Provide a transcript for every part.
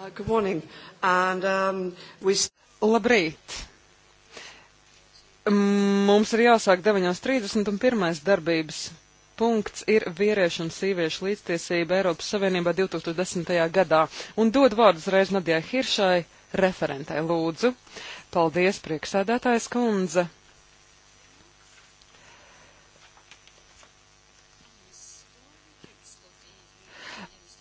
Uh, good morning. And, um, we... Labrīt! Mums ir jāsāk 9.30 un pirmais darbības punkts ir vīriešu un sieviešu līdztiesība Eiropas Savienībā 2010. gadā. Un dod vārdu uzreiz Nadijai Hiršai, referentai lūdzu. Paldies, prieksēdētājs kundze!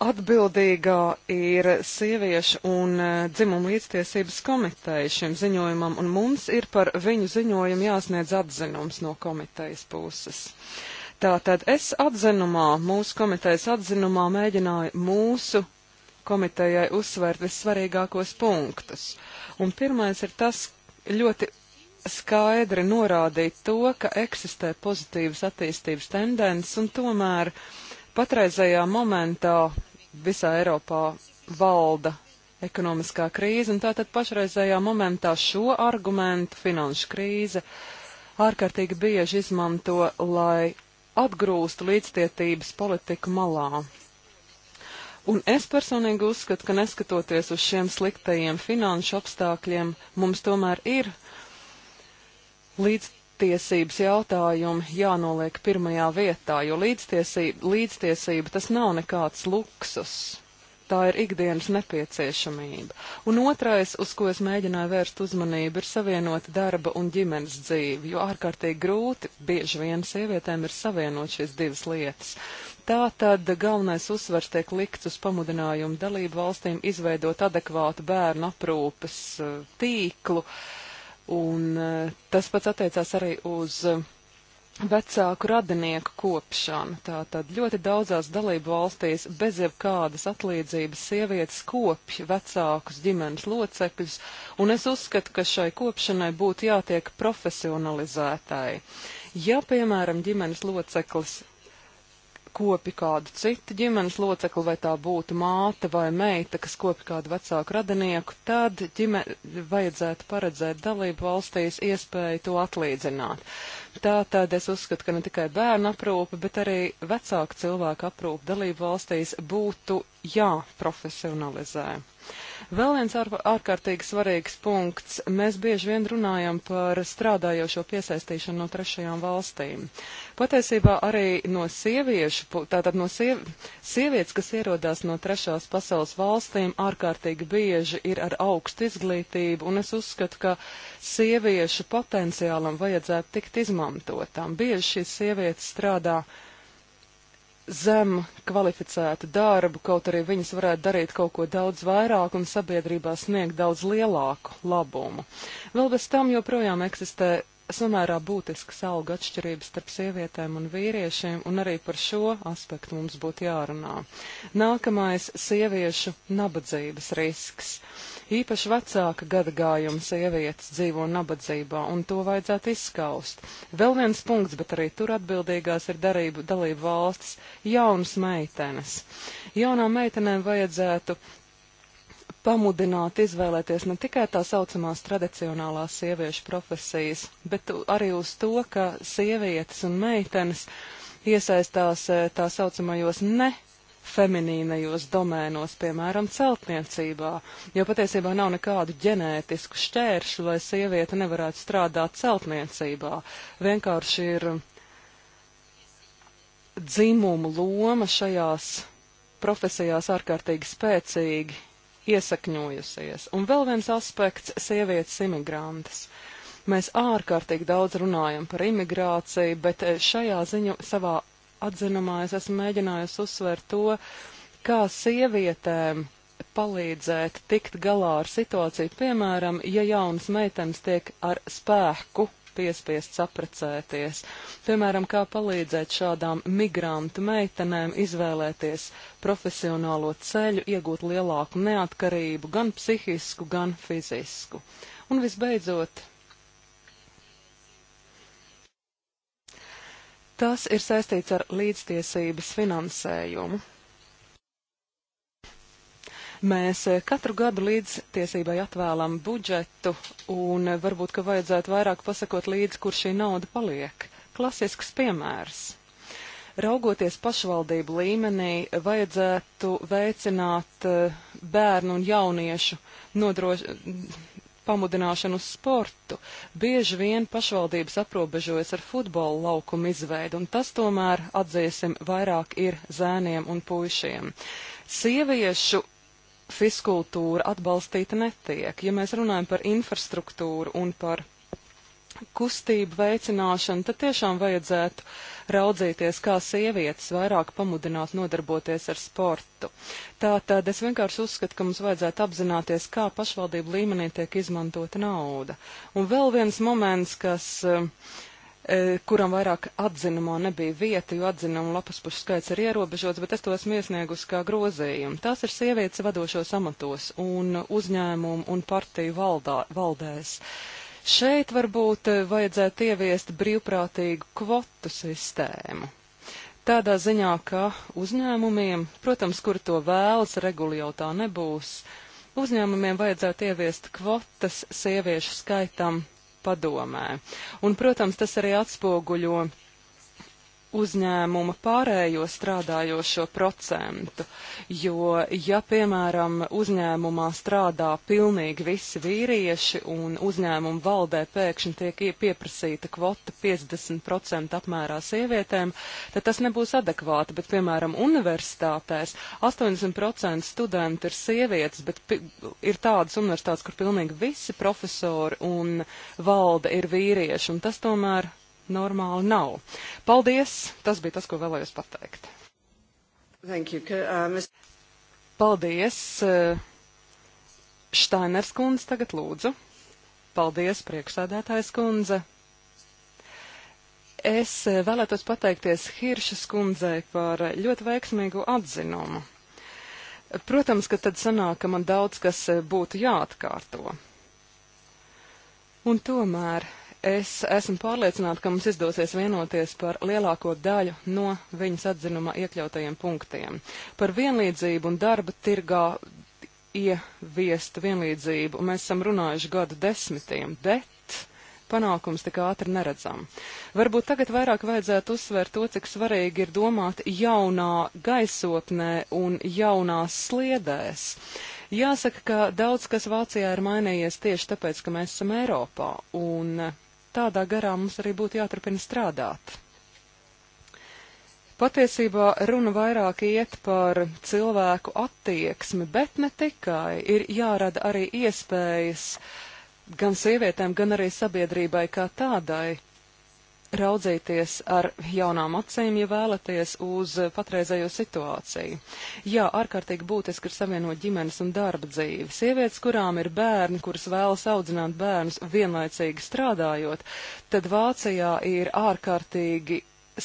atbildīgā ir sieviešu un e, dzimumu līdztiesības komiteja šim ziņojumam, un mums ir par viņu ziņojumu jāsniedz atzinums no komitejas puses. Tātad es atzinumā, mūsu komitejas atzinumā mēģināju mūsu komitejai uzsvērt vissvarīgākos punktus. Un pirmais ir tas ļoti skaidri norādīt to, ka eksistē pozitīvas attīstības tendences un tomēr patreizajā momentā visā Eiropā valda ekonomiskā krīze, un tātad pašreizējā momentā šo argumentu finanšu krīze ārkārtīgi bieži izmanto, lai atgrūstu līdztietības politiku malā. Un es personīgi uzskatu, ka neskatoties uz šiem sliktajiem finanšu apstākļiem, mums tomēr ir līdz līdztiesības jautājumi jānoliek pirmajā vietā, jo līdztiesība, līdztiesība tas nav nekāds luksus. Tā ir ikdienas nepieciešamība. Un otrais, uz ko es mēģināju vērst uzmanību, ir savienot darba un ģimenes dzīvi, jo ārkārtīgi grūti bieži vien sievietēm ir savienot šīs divas lietas. Tā tad galvenais uzsvers tiek likts uz pamudinājumu dalību valstīm izveidot adekvātu bērnu aprūpes eh, tīklu. Uh, Un eh, tas pats attiecās arī uz eh, vecāku radinieku kopšanu. Tātad ļoti daudzās dalību valstīs bez jebkādas atlīdzības sievietes kopj vecākus ģimenes locekļus, un es uzskatu, ka šai kopšanai būtu jātiek profesionalizētai. Ja, piemēram, ģimenes loceklis kopi kādu citu ģimenes locekli, vai tā būtu māte vai meita, kas kopi kādu vecāku radinieku, tad ģime, vajadzētu paredzēt dalību valstīs iespēju to atlīdzināt. Tātad es uzskatu, ka ne tikai bērnu aprūpe, bet arī vecāku cilvēku aprūpe dalību valstīs būtu jāprofesionalizē. Vēl viens ārkārtīgi svarīgs punkts. Mēs bieži vien runājam par strādājošo piesaistīšanu no trešajām valstīm. Patiesībā arī no sieviešu, tātad no siev, sievietes, kas ierodās no trešās pasaules valstīm, ārkārtīgi bieži ir ar augstu izglītību, un es uzskatu, ka sieviešu potenciālam vajadzētu tikt izmantotam. Bieži šīs sievietes strādā strādā zem kvalificētu darbu, kaut arī viņas varētu darīt kaut ko daudz vairāk un sabiedrībā sniegt daudz lielāku labumu. Vēl bez tam joprojām eksistē samērā būtiskas algu atšķirības starp sievietēm un vīriešiem, un arī par šo aspektu mums būtu jārunā. Nākamais - sieviešu nabadzības risks. Īpaši vecāka gadagājuma sievietes dzīvo nabadzībā, un to vajadzētu izskaust. Vēl viens punkts, bet arī tur atbildīgās ir darību, dalību valstis - jaunas meitenes. Jaunām meitenēm vajadzētu pamudināt izvēlēties ne tikai tā saucamās tradicionālās sieviešu profesijas, bet arī uz to, ka sievietes un meitenes iesaistās eh, tā saucamajos ne feminīnajos domēnos, piemēram, celtniecībā, jo patiesībā nav nekādu ģenētisku šķēršu, lai sieviete nevarētu strādāt celtniecībā. Vienkārši ir dzimumu loma šajās profesijās ārkārtīgi spēcīgi iesakņojusies. Un vēl viens aspekts - sievietes imigrantas. Mēs ārkārtīgi daudz runājam par imigrāciju, bet šajā ziņu savā atzinumā es esmu mēģinājusi uzsvērt to, kā sievietēm palīdzēt tikt galā ar situāciju, piemēram, ja jaunas meitenes tiek ar spēku piespiest saprecēties. Piemēram, kā palīdzēt šādām migrantu meitenēm izvēlēties profesionālo ceļu, iegūt lielāku neatkarību, gan psihisku, gan fizisku. Un visbeidzot, Tas ir saistīts ar līdztiesības finansējumu. Mēs eh, katru gadu līdztiesībai atvēlam budžetu, un varbūt, ka vajadzētu vairāk pasakot līdzi, kur šī nauda paliek. Klasisks piemērs. Raugoties pašvaldību līmenī, vajadzētu veicināt eh, bērnu un jauniešu nodroš pamudināšanu uz sportu. Bieži vien pašvaldības aprobežojas ar futbola laukumu izveidu, un tas tomēr, atzīsim, vairāk ir zēniem un puišiem. Sieviešu fiskultūra atbalstīta netiek. Ja mēs runājam par infrastruktūru un par kustību veicināšanu, tad tiešām vajadzētu raudzīties, kā sievietes vairāk pamudināt nodarboties ar sportu. Tātad es vienkārši uzskatu, ka mums vajadzētu apzināties, kā pašvaldību līmenī tiek izmantota nauda. Un vēl viens moments, kas uh, kuram vairāk atzinumā nebija vieta, jo atzinumu lapas pušu skaits ir ierobežots, bet es to esmu iesniegusi kā grozījumu. Tās ir sievietes vadošos amatos un uzņēmumu un partiju valdā, valdēs. Šeit varbūt eh, vajadzētu ieviest brīvprātīgu kvotu sistēmu. Tādā ziņā, ka uzņēmumiem, protams, kur to vēlas, regula jau tā nebūs, uzņēmumiem vajadzētu ieviest kvotas sieviešu skaitam padomē. Un, protams, tas arī atspoguļo uzņēmuma pārējo strādājošo procentu, jo, ja, piemēram, uzņēmumā strādā pilnīgi visi vīrieši un uzņēmuma valdē pēkšņi tiek pieprasīta kvota 50% apmērā sievietēm, tad tas nebūs adekvāti, bet, piemēram, universitātēs 80% studenti ir sievietes, bet ir tādas universitātes, kur pilnīgi visi profesori un valde ir vīrieši, un tas tomēr normāli nav. Paldies! Tas bija tas, ko vēlējos pateikt. Thank you. Uh, Ms... Paldies! Uh, Štainers kundze tagad lūdzu. Paldies, priekšsēdētājs kundze. Es uh, vēlētos pateikties Hiršas kundzei par ļoti veiksmīgu atzinumu. Protams, ka tad sanāk, ka man daudz kas uh, būtu jāatkārto. Un tomēr Es esmu pārliecināta, ka mums izdosies vienoties par lielāko daļu no viņas atzinuma iekļautajiem punktiem. Par vienlīdzību un darba tirgā ieviest vienlīdzību mēs esam runājuši gadu desmitiem, bet panākums tik ātri neredzam. Varbūt tagad vairāk vajadzētu uzsvērt to, cik svarīgi ir domāt jaunā gaisotnē un jaunās sliedēs. Jāsaka, ka daudz kas Vācijā ir mainījies tieši tāpēc, ka mēs esam Eiropā, un tādā garā mums arī būtu jāturpina strādāt. Patiesībā runa vairāk iet par cilvēku attieksmi, bet ne tikai. Ir jārada arī iespējas gan sievietēm, gan arī sabiedrībai kā tādai raudzīties ar jaunām acīm, ja vēlaties, uz patreizējo situāciju. Jā, ārkārtīgi būtiski ir savienot ģimenes un darba dzīvi. Sievietes, kurām ir bērni, kuras vēlas audzināt bērnus vienlaicīgi strādājot, tad Vācijā ir ārkārtīgi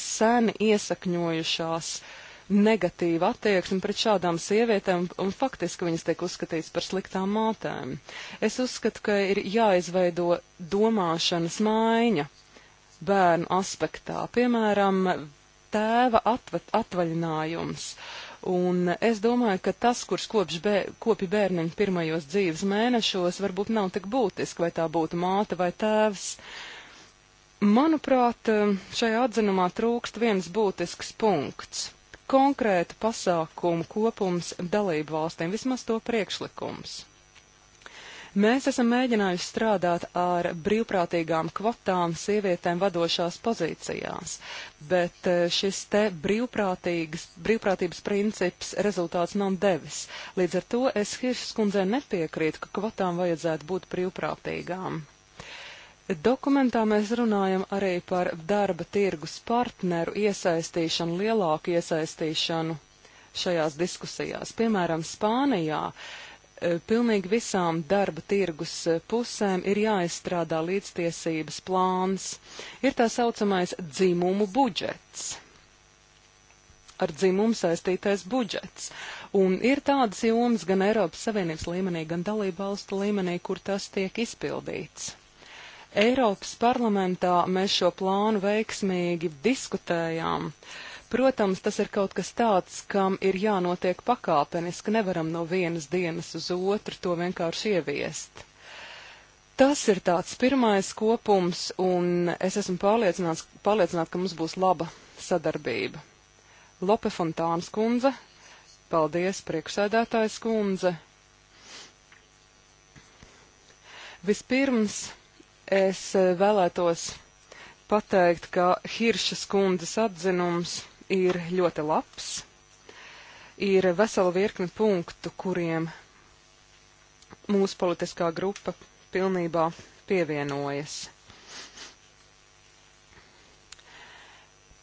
sen iesakņojušās negatīva attieksme pret šādām sievietēm, un faktiski viņas tiek uzskatītas par sliktām mātēm. Es uzskatu, ka ir jāizveido domāšanas maiņa bērnu aspektā, piemēram, tēva atvat, atvaļinājums. Un es domāju, ka tas, kurš kopš bē, kopi bērniņu pirmajos dzīves mēnešos, varbūt nav tik būtiski, vai tā būtu māte vai tēvs. Manuprāt, šajā atzinumā trūkst viens būtisks punkts - konkrēta pasākuma kopums dalību valstīm, vismaz to priekšlikums. Mēs esam mēģinājuši strādāt ar brīvprātīgām kvotām sievietēm vadošās pozīcijās, bet eh, šis te brīvprātības princips rezultāts nav devis. Līdz ar to es Hiršas kundzē nepiekrītu, ka kvotām vajadzētu būt brīvprātīgām. Dokumentā mēs runājam arī par darba tirgus partneru iesaistīšanu, lielāku iesaistīšanu šajās diskusijās. Piemēram, Spānijā uh, Eh, pilnīgi visām darba tirgus eh, pusēm ir jāizstrādā līdztiesības plāns. Ir tā saucamais dzimumu budžets ar dzimumu saistītais budžets. Un ir tādas jomas gan Eiropas Savienības līmenī, gan dalību valstu līmenī, kur tas tiek izpildīts. Eiropas parlamentā mēs šo plānu veiksmīgi diskutējām. Uh, Protams, tas ir kaut kas tāds, kam ir jānotiek pakāpeniski, nevaram no vienas dienas uz otru to vienkārši ieviest. Tas ir tāds pirmais kopums, un es esmu pārliecināts, pārliecināts ka mums būs laba sadarbība. Lope Fontāns kundze, paldies priekšsēdētājs kundze. Vispirms es eh, vēlētos pateikt, ka Hiršas kundzes atzinums ir ļoti labs. Ir vesela virkne punktu, kuriem mūsu politiskā grupa pilnībā pievienojas.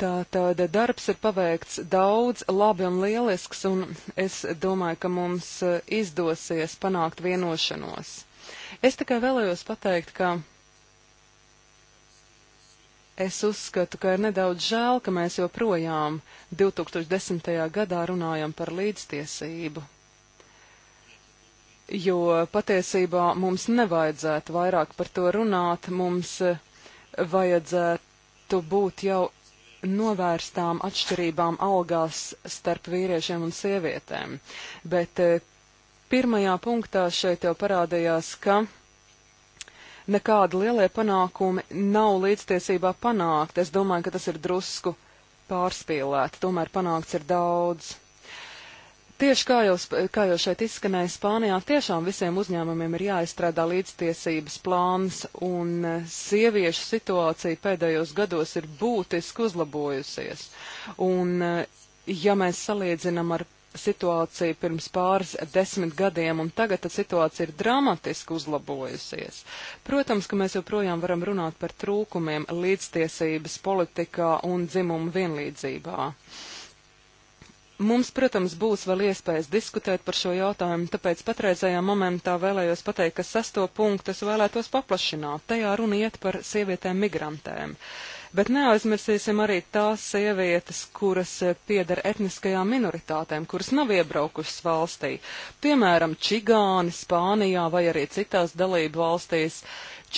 Tātad darbs ir paveikts daudz labi un lielisks, un es domāju, ka mums izdosies panākt vienošanos. Es tikai vēlējos pateikt, ka Es uzskatu, ka ir nedaudz žēl, ka mēs joprojām 2010. gadā runājam par līdztiesību. Jo patiesībā mums nevajadzētu vairāk par to runāt, mums eh, vajadzētu būt jau novērstām atšķirībām algās starp vīriešiem un sievietēm. Bet eh, pirmajā punktā šeit jau parādījās, ka nekādi lielie panākumi nav līdztiesībā panākti. Es domāju, ka tas ir drusku pārspīlēti, tomēr panākts ir daudz. Tieši kā jau, kā jau šeit izskanēja Spānijā, tiešām visiem uzņēmumiem ir jāizstrādā līdztiesības plāns, un e, sieviešu situācija pēdējos gados ir būtiski uzlabojusies. Un, e, ja mēs salīdzinām ar situācija pirms pāris desmit gadiem, un tagad tad situācija ir dramatiski uzlabojusies. Protams, ka mēs joprojām varam runāt par trūkumiem līdztiesības politikā un dzimumu vienlīdzībā. Mums, protams, būs vēl iespējas diskutēt par šo jautājumu, tāpēc patreizajā momentā vēlējos pateikt, ka sesto punktu es vēlētos paplašināt. Tajā runa iet par sievietēm migrantēm. Uh, Bet neaizmirsīsim arī tās sievietes, kuras eh, pieder etniskajām minoritātēm, kuras nav iebraukušas valstī. Piemēram, Čigāni, Spānijā vai arī citās dalību valstīs.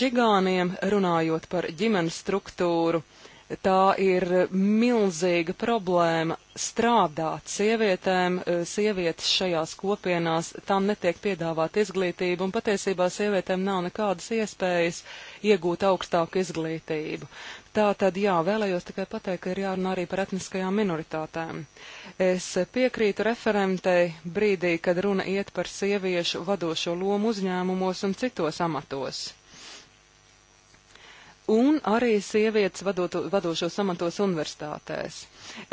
Čigāniem runājot par ģimenes struktūru. Uh, tā ir milzīga problēma strādāt sievietēm. Eh, sievietes šajās kopienās tam netiek piedāvāt izglītību, un patiesībā sievietēm nav nekādas iespējas iegūt augstāku izglītību. Tā tad, jā, vēlējos tikai pateikt, ka ir jārunā arī par etniskajām minoritātēm. Es piekrītu referentei brīdī, kad runa iet par sieviešu vadošo lomu uzņēmumos un citos amatos un arī sievietes vadoto, vadošos amatos universitātēs.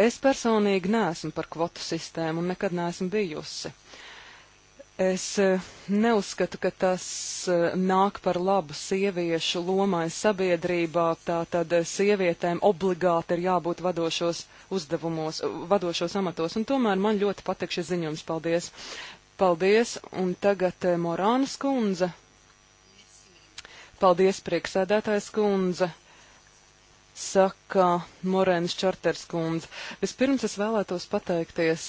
Es personīgi neesmu par kvotu sistēmu un nekad neesmu bijusi. Es e, neuzskatu, ka tas e, nāk par labu sieviešu lomai sabiedrībā, tātad e, sievietēm obligāti ir jābūt vadošos uzdevumos, vadošos amatos, un tomēr man ļoti patīk šis ziņojums. Paldies! Paldies! Un tagad Morānas kundze Paldies, prieksēdētājs kundze! Saka Morēnas Čarters kundze. Vispirms es vēlētos pateikties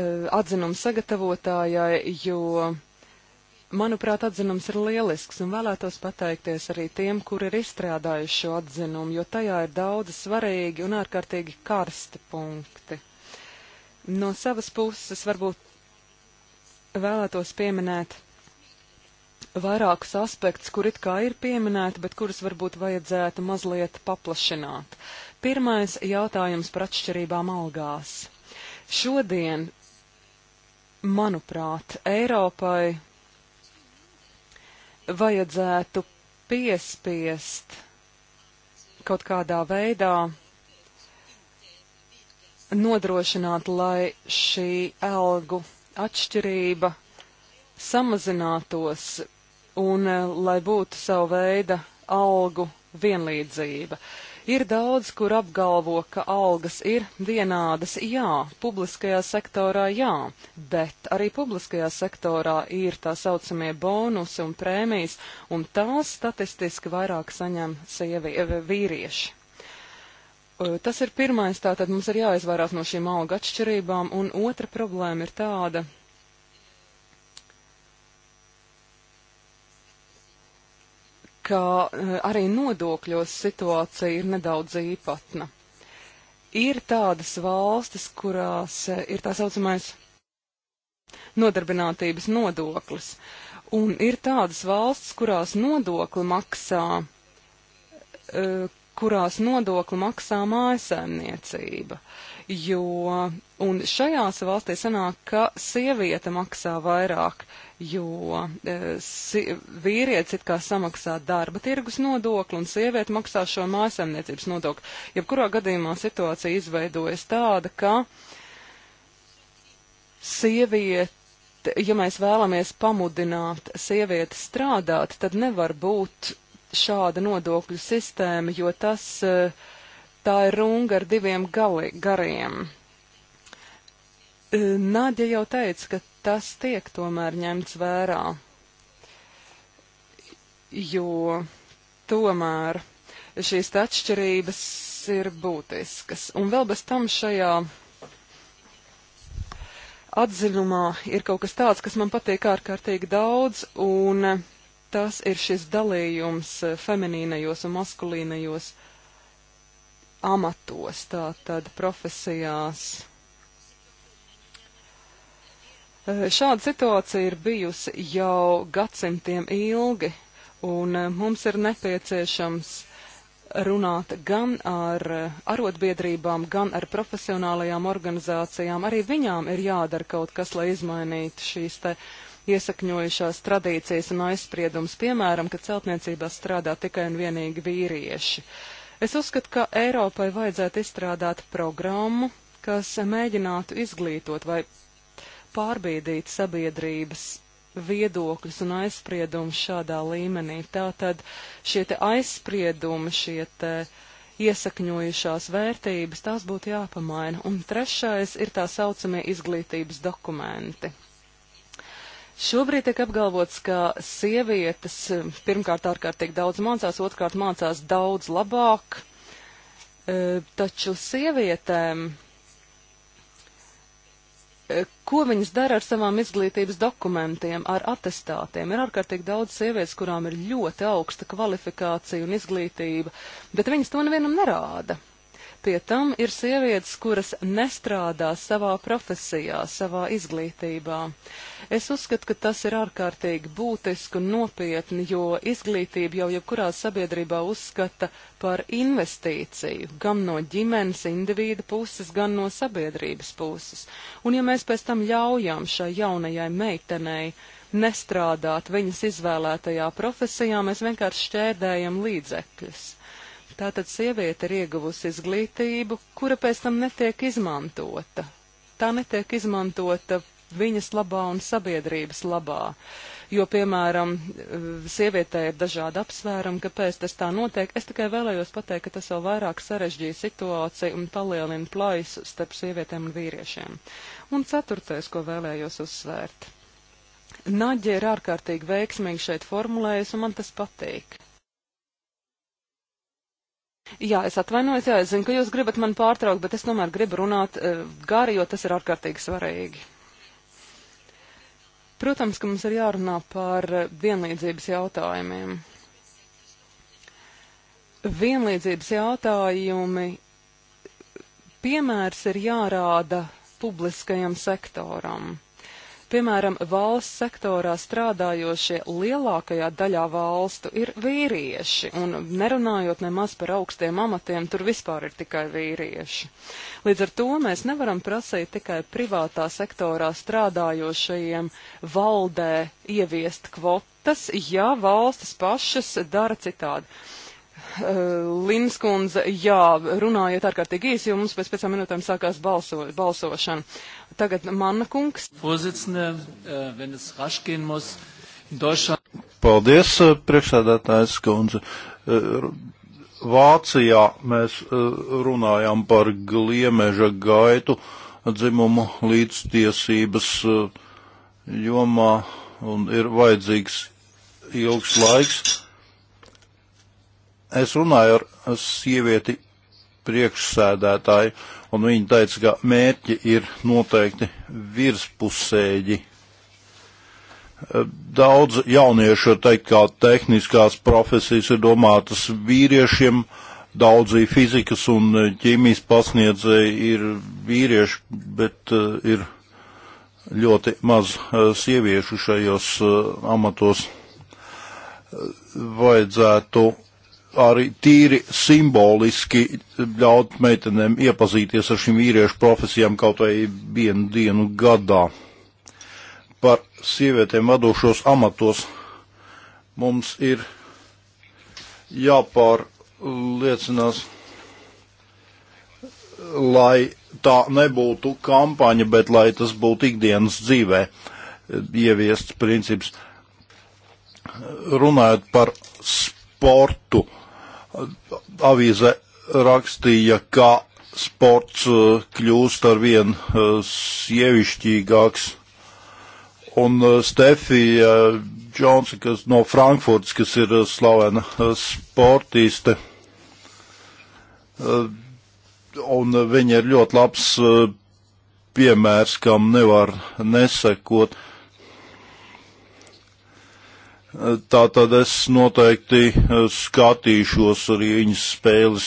e, atzinumu sagatavotājai, jo manuprāt, atzinums ir lielisks, un vēlētos pateikties arī tiem, kuri ir izstrādājuši šo atzinumu, jo tajā ir daudzi svarīgi un ārkārtīgi karsti punkti. No savas puses varbūt vēlētos pieminēt vairākus aspektus, kur it kā ir pieminēti, bet kurus varbūt vajadzētu mazliet paplašināt. Pirmais jautājums par atšķirībām algās. Šodien, manuprāt, Eiropai vajadzētu piespiest kaut kādā veidā nodrošināt, lai šī algu atšķirība samazinātos un eh, lai būtu savu veidu algu vienlīdzība. Ir daudz, kur apgalvo, ka algas ir vienādas, jā, publiskajā sektorā jā, bet arī publiskajā sektorā ir tā saucamie bonusi un prēmijas, un tās statistiski vairāk saņem sievi, eh, vīrieši. Eh, tas ir pirmais, tātad mums ir jāizvairās no šīm alga atšķirībām, un otra problēma ir tāda, ka eh, arī nodokļos situācija ir nedaudz īpatna. Ir tādas valstis, kurās eh, ir tā saucamais nodarbinātības nodoklis, un ir tādas valstis, kurās nodokli maksā, eh, kurās nodokli maksā mājasēmniecība. Uh, jo, un šajās valstīs sanāk, ka sieviete maksā vairāk, jo e, si, vīrietis it kā samaksā darba tirgus nodokli un sieviete maksā šo mājasemniecības nodokli. Jebkurā gadījumā situācija izveidojas tāda, ka sieviete ja mēs vēlamies pamudināt sievieti strādāt, tad nevar būt šāda nodokļu sistēma, jo tas uh, Tā ir runga ar diviem gali, gariem. Nādja jau teica, ka tas tiek tomēr ņemts vērā, jo tomēr šīs atšķirības ir būtiskas. Un vēl bez tam šajā atzinumā ir kaut kas tāds, kas man patīk ārkārtīgi daudz, un tas ir šis dalījums feminīnajos un maskulīnajos amatos, tātad profesijās. Eh, šāda situācija ir bijusi jau gadsimtiem ilgi, un eh, mums ir nepieciešams runāt gan ar eh, arotbiedrībām, gan ar profesionālajām organizācijām. Arī viņām ir jādara kaut kas, lai izmainītu šīs te iesakņojušās tradīcijas un aizspriedums, piemēram, ka celtniecībā strādā tikai un vienīgi vīrieši. Uh, Es uzskatu, ka Eiropai vajadzētu izstrādāt programmu, kas mēģinātu izglītot vai pārbīdīt sabiedrības viedokļus un aizspriedumus šādā līmenī. Tātad šie te aizspriedumi, šie te iesakņojušās vērtības, tās būtu jāpamaina. Un trešais ir tā saucamie izglītības dokumenti. Šobrīd tiek apgalvots, ka sievietes eh, pirmkārt ārkārtīgi daudz mācās, otrkārt mācās daudz labāk, e, taču sievietēm, e, ko viņas dara ar savām izglītības dokumentiem, ar atestātiem? Ir ārkārtīgi daudz sievietes, kurām ir ļoti augsta kvalifikācija un izglītība, bet viņas to nevienam nerāda. Pie tam ir sievietes, kuras nestrādā savā profesijā, savā izglītībā. Es uzskatu, ka tas ir ārkārtīgi būtiski un nopietni, jo izglītība jau jebkurā sabiedrībā uzskata par investīciju, gan no ģimenes individa puses, gan no sabiedrības puses. Un ja mēs pēc tam ļaujam šai jaunajai meitenei nestrādāt viņas izvēlētajā profesijā, mēs vienkārši šķērdējam līdzekļus. Tātad sieviete ir ieguvusi izglītību, kura pēc tam netiek izmantota. Tā netiek izmantota viņas labā un sabiedrības labā. Jo, piemēram, sievietē ir dažādi apsvērumi, kāpēc tas tā notiek. Es tikai vēlējos pateikt, ka tas vēl vairāk sarežģīja situāciju un palielina plaisu starp sievietēm un vīriešiem. Un ceturtais, ko vēlējos uzsvērt. Naģa ir ārkārtīgi veiksmīgi šeit formulējusi, un man tas patīk. Jā, es atvainojos, jā, es zinu, ka jūs gribat man pārtraukt, bet es tomēr gribu runāt uh, gari, jo tas ir ārkārtīgi svarīgi. Protams, ka mums ir jārunā par eh, vienlīdzības jautājumiem. Vienlīdzības jautājumi piemērs ir jārāda publiskajam sektoram. Piemēram, valsts sektorā strādājošie lielākajā daļā valstu ir vīrieši, un nerunājot nemaz par augstiem amatiem, tur vispār ir tikai vīrieši. Līdz ar to mēs nevaram prasīt tikai privātā sektorā strādājošajiem valdē ieviest kvotas, ja valstis pašas dara citādi. Eh, Linskundze, jā, runājiet ārkārtīgi īsi, jo mums pēc piecām minūtēm sākās balso, balsošana. Tagad Manna kungs. Eh, Paldies, eh, priekšsēdētājs kundze. Vācijā mēs runājam par gliemeža gaitu dzimumu līdztiesības jomā un ir vajadzīgs ilgs laiks Es runāju ar sievieti priekšsēdētāju, un viņa teica, ka mērķi ir noteikti virspusēji. Daudz jauniešu, teikt, kā tehniskās profesijas ir domātas vīriešiem, daudzi fizikas un ķīmijas pasniedzēji ir vīrieši, bet eh, ir ļoti maz eh, sieviešu šajos eh, amatos. Vajadzētu arī tīri simboliski ļaut meitenēm iepazīties ar šīm vīriešu profesijām kaut vai vienu dienu gadā. Par sievietēm vadošos amatos mums ir jāpārliecinās, lai tā nebūtu kampaņa, bet lai tas būtu ikdienas dzīvē ieviests princips. Runājot par sportu, uh, avīze rakstīja, ka sports uh, kļūst ar vien uh, sievišķīgāks. Un uh, Stefija Džonsa, kas no Frankfurts, kas ir slavena sportīste, un viņa ir ļoti labs piemērs, kam nevar nesekot. Uh, Tātad es noteikti e, skatīšos arī viņas spēles.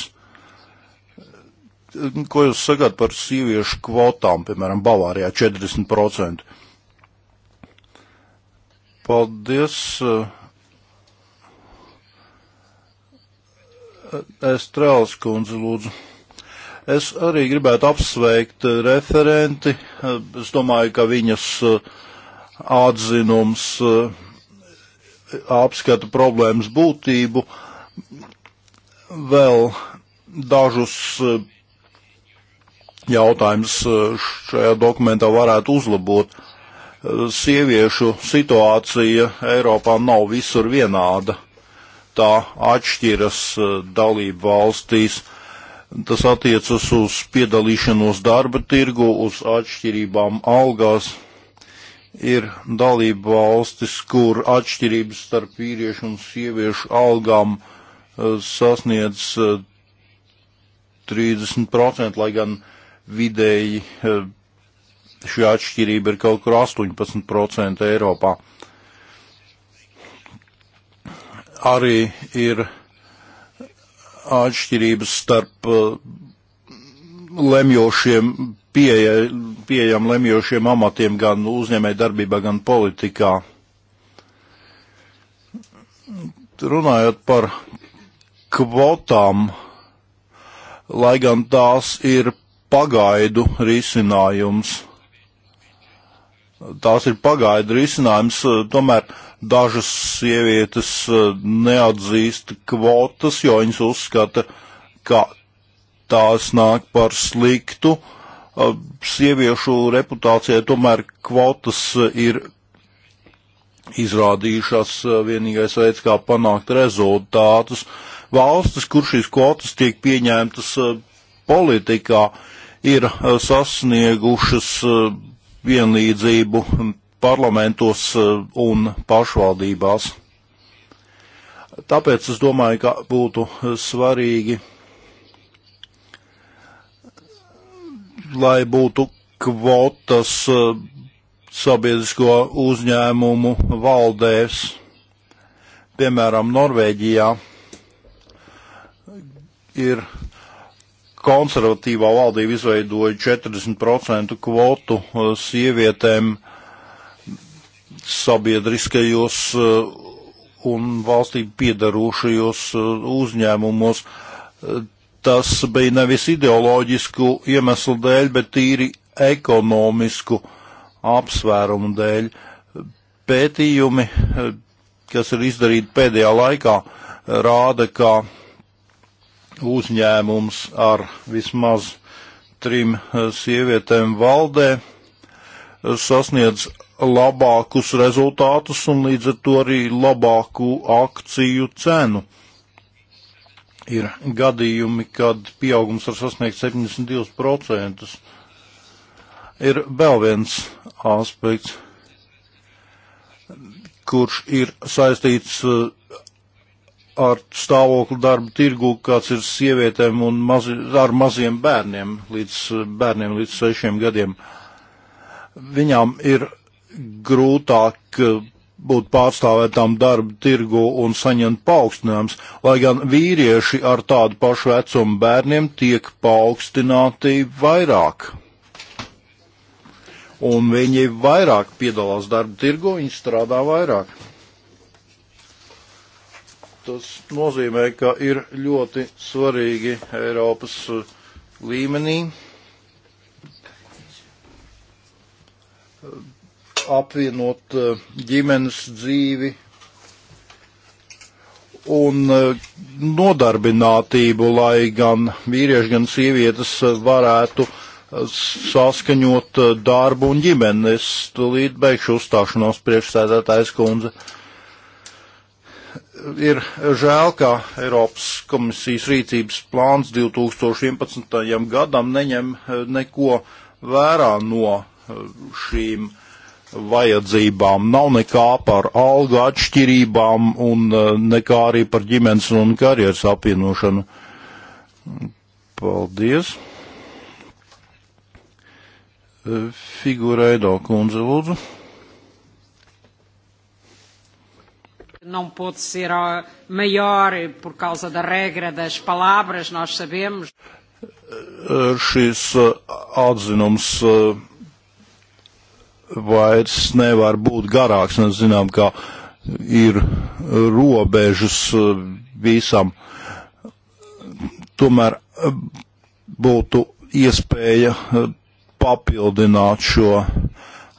E, ko jūs sagāt par sieviešu kvotām, piemēram, Bavārijā 40%? Paldies. E, Estrēls kundze, lūdzu. Es arī gribētu apsveikt referenti. Es domāju, ka viņas atzinums apskata problēmas būtību, vēl dažus e, jautājumus e, šajā dokumentā varētu uzlabot. E, sieviešu situācija Eiropā nav visur vienāda. Tā atšķiras dalību valstīs. Tas attiecas uz piedalīšanos darba tirgu, uz atšķirībām algās, ir dalība valstis, kur atšķirības starp vīriešu un sieviešu algām eh, sasniedz 30%, eh, lai gan vidēji eh, šī atšķirība ir kaut kur 18% Eiropā. Arī ir atšķirības starp lemjošiem pieeja, pieejam lemjošiem amatiem gan uzņēmē darbībā, gan politikā. Runājot par kvotām, lai gan tās ir pagaidu risinājums. Tās ir pagaidu risinājums, tomēr dažas sievietes eh, neatzīst kvotas, jo viņas uzskata, ka tās nāk par sliktu uh, sieviešu reputācijai tomēr kvotas e, ir izrādījušās e, vienīgais veids, kā panākt rezultātus. Valstis, kur šīs kvotas tiek pieņemtas e, politikā, ir sasniegušas vienlīdzību parlamentos un pašvaldībās. Tāpēc es domāju, ka būtu svarīgi lai būtu kvotas eh, sabiedrisko uzņēmumu valdēs, piemēram, Norvēģijā ir konservatīvā valdība izveidoja 40% kvotu eh, sievietēm sabiedriskajos eh, un valstī piedarošajos uzņēmumos tas bija nevis ideoloģisku iemeslu dēļ, bet tīri ekonomisku apsvērumu dēļ. Pētījumi, kas ir izdarīti pēdējā laikā, rāda, ka uzņēmums ar vismaz trim sievietēm valdē sasniedz labākus rezultātus un līdz ar to arī labāku akciju cenu ir gadījumi, kad pieaugums var sasniegt 72%. Ir vēl viens aspekts, kurš ir saistīts eh, ar stāvokli darba tirgu, kāds ir sievietēm un mazi, ar maziem bērniem līdz, bērniem līdz sešiem gadiem. Viņām ir grūtāk eh, būt pārstāvētām darba tirgu un saņemt paaugstinājums, lai gan vīrieši ar tādu pašu vecumu bērniem tiek paaugstināti vairāk. Un viņi vairāk piedalās darba tirgu, viņi strādā vairāk. Tas nozīmē, ka ir ļoti svarīgi Eiropas uh, līmenī apvienot eh, ģimenes dzīvi un eh, nodarbinātību, lai gan vīrieši, gan sievietes eh, varētu saskaņot darbu un ģimeni. Es tūlīt beigšu uzstāšanos priekšsēdētājs kundze. Ir žēl, ka Eiropas komisijas rīcības plāns 2011. gadam neņem neko vērā no šīm uh, vajadzībām. Nav nekā par algu atšķirībām un e, nekā arī par ģimenes un karjeras apvienošanu. Paldies. E, Figuraido kundze, lūdzu. Não pode ser maior e por causa da regra das palavras, nós sabemos. Šis atzinums uh, vairs nevar būt garāks. Mēs zinām, ka ir robežas eh, visam. Tomēr eh, būtu iespēja eh, papildināt šo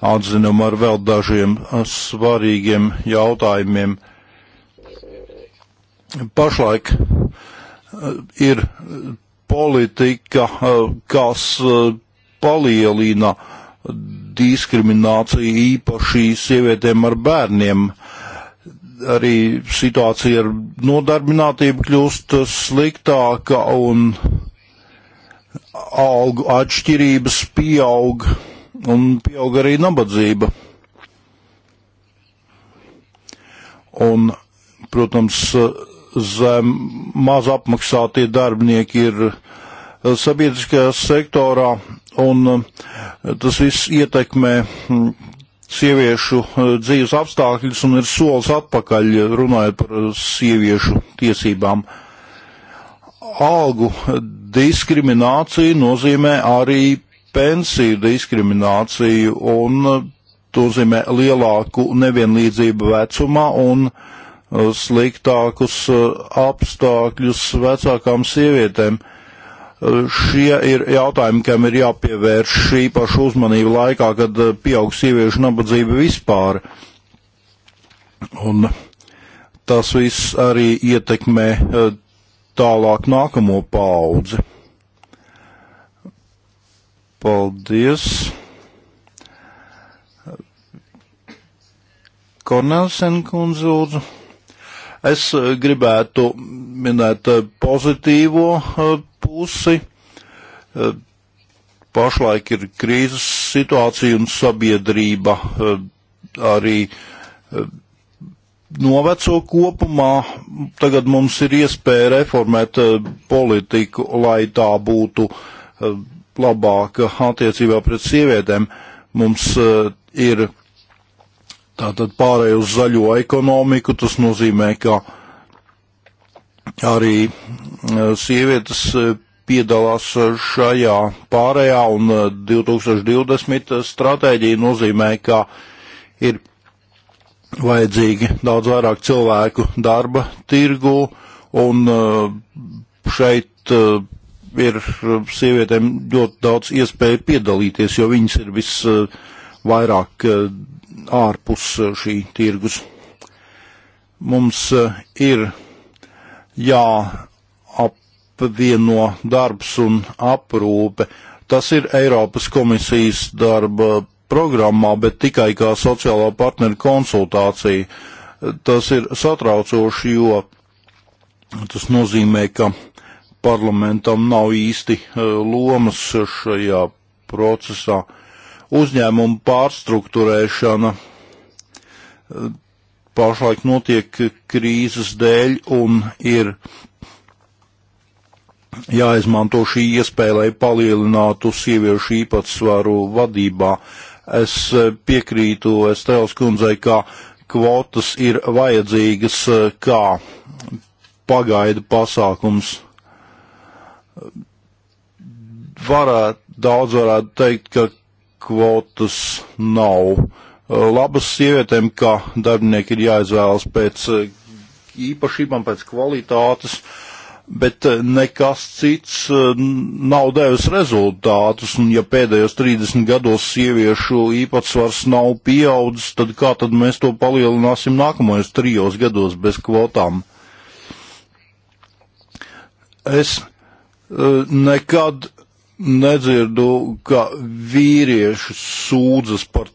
atzinumu ar vēl dažiem svarīgiem jautājumiem. Pašlaik ir politika, kas palielina diskriminācija īpaši sievietēm ar bērniem. Arī situācija ar nodarbinātību kļūst sliktāka un algu atšķirības pieaug un pieaug arī nabadzība. Un, protams, zem maz apmaksātie darbinieki ir sabiedriskajā sektorā un um, tas viss ietekmē mm, sieviešu uh, dzīves apstākļus un ir solis atpakaļ runājot par uh, sieviešu tiesībām. Algu diskriminācija nozīmē arī pensiju diskrimināciju un uh, nozīmē lielāku nevienlīdzību vecumā un sliktākus apstākļus vecākām sievietēm. Uh, Šie ir jautājumi, kam ir jāpievērš īpašu uzmanību laikā, kad eh, pieaug sieviešu nabadzība vispār. Un tas viss arī ietekmē eh, tālāk nākamo paudzi. Paldies! Kornelsen kundze lūdzu. Es eh, gribētu minēt pozitīvo pusi. E, pašlaik ir krīzes situācija un sabiedrība e, arī e, noveco kopumā. Tagad mums ir iespēja reformēt politiku, lai tā būtu labāka attiecībā pret sievietēm. Mums ir tātad pārēj uz zaļo ekonomiku, tas nozīmē, ka arī sievietes piedalās eh, šajā pārējā, un 2020 eh, eh, stratēģija nozīmē, ka ir vajadzīgi daudz vairāk cilvēku darba tirgu, un šeit ir sievietēm ļoti daudz iespēju piedalīties, jo viņas ir visvairāk ārpus šī tirgus. Mums ir jā apvieno darbs un aprūpe. Tas ir Eiropas komisijas darba programmā, bet tikai kā sociālā partneru konsultācija. Tas ir satraucoši, jo tas nozīmē, ka parlamentam nav īsti e, lomas šajā procesā. Uzņēmuma pārstruktūrēšana e, pašlaik notiek krīzes dēļ un ir jāizmanto šī iespēja, lai palielinātu sieviešu īpatsvaru vadībā. Es eh, piekrītu Estēlas kundzei, ka kvotas ir vajadzīgas eh, kā pagaida pasākums. Varētu, daudz varētu teikt, ka kvotas nav. Eh, labas sievietēm, ka darbinieki ir jāizvēlas pēc īpašībām, pēc kvalitātes. Uh, bet eh, nekas cits eh, nav devis rezultātus, un ja pēdējos 30 gados sieviešu īpatsvars nav pieaudzis, tad kā tad mēs to palielināsim nākamajos trijos gados bez kvotām? Es eh, nekad nedzirdu, ka vīrieši sūdzas par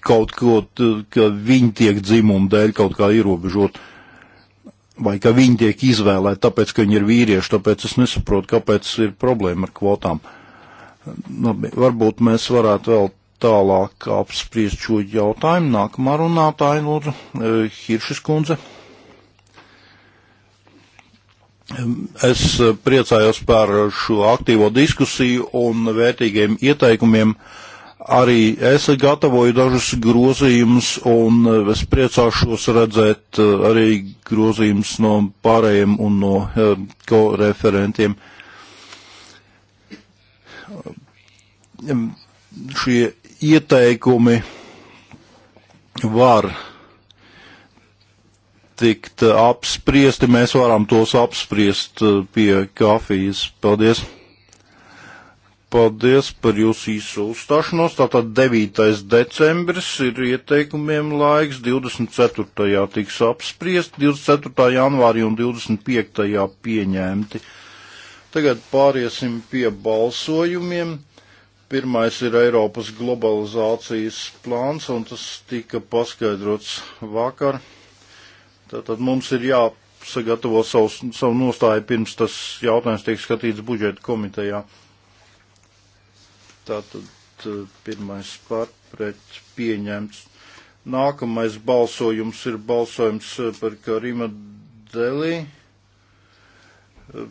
kaut ko, ka viņi tiek dzimumu dēļ kaut kā ierobežot. Uh, vai ka viņi tiek izvēlēti tāpēc, ka viņi ir vīrieši, tāpēc es nesaprotu, kāpēc ir problēma ar kvotām. Labi, nu, varbūt mēs varētu vēl tālāk apspriest šo jautājumu. Nākamā runātāja, lūdzu, e, Hiršas kundze. Es e, priecājos par šo aktīvo diskusiju un vērtīgiem ieteikumiem. Uh, Arī es gatavoju dažus grozījumus, un eh, es priecāšos redzēt eh, arī grozījumus no pārējiem un no eh, koreferentiem. Šie ieteikumi var tikt apspriesti, mēs varam tos apspriest pie kafijas. Paldies! Paldies par jūsu īso uzstāšanos. Tātad 9. decembris ir ieteikumiem laiks, 24. tiks apspriest, 24. janvārī un 25. pieņemti. Tagad pāriesim pie balsojumiem. Pirmais ir Eiropas globalizācijas plāns, un tas tika paskaidrots vakar. Tātad mums ir jāsagatavo savu, savu nostāju pirms tas jautājums tiek skatīts budžeta komitejā. Tātad eh, pirmais par pret pieņemts. Nākamais balsojums ir balsojums eh, par Karima Delī eh,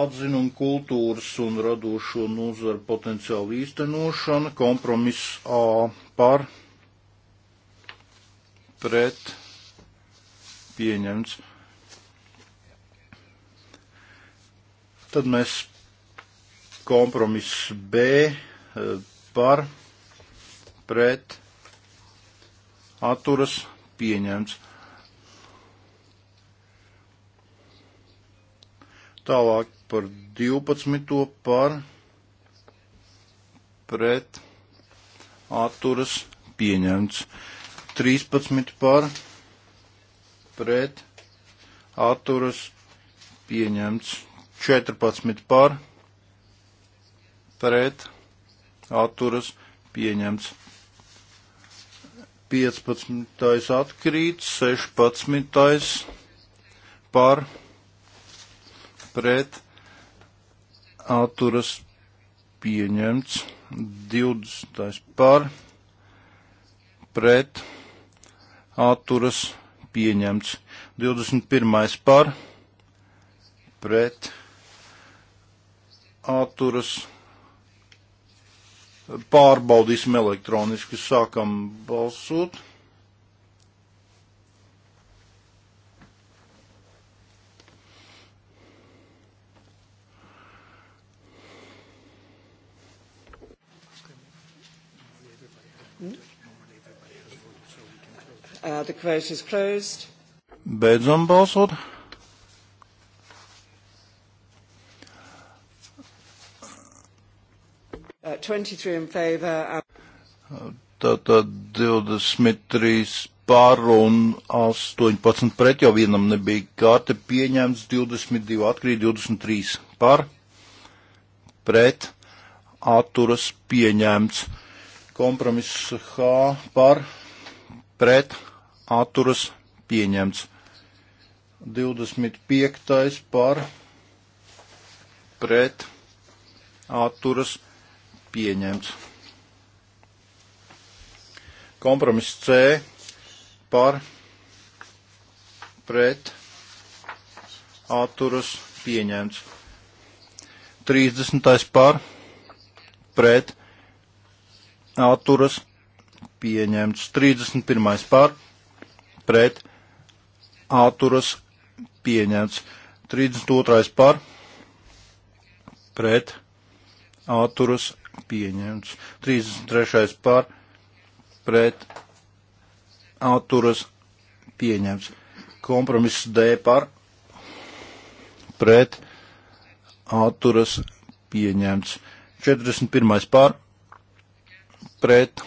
atzinumu kultūras un radošo nozaru potenciālu īstenošana, kompromiss A par pret pieņemts. Tad mēs kompromiss B par pret atturas pieņemts. Tālāk par 12. par pret atturas pieņemts. 13 par pret atturas pieņemts. 14 par pret atturas pieņemts. 15. atkrīt, 16. par pret atturas pieņemts, 20. par pret atturas pieņemts, 21. par pret atturas pieņemts Pārbaudīsim elektroniski, sākam balsot. Uh, the quote is closed. Beidzam balsot. Uh, uh, Tātad 23 par un 18 pret, jo vienam nebija kārta pieņemts, 22 atkrīt, 23 par, pret, atturas pieņemts. Kompromiss H par, pret, atturas pieņemts. 25. par, pret, atturas pieņemts. Kompromiss C par pret atturas pieņemts. 30. par pret atturas pieņemts. 31. par pret atturas pieņemts. 32. par pret atturas pieņemts. 33. par pret atturas pieņemts. Kompromiss D par pret atturas pieņemts. 41. par pret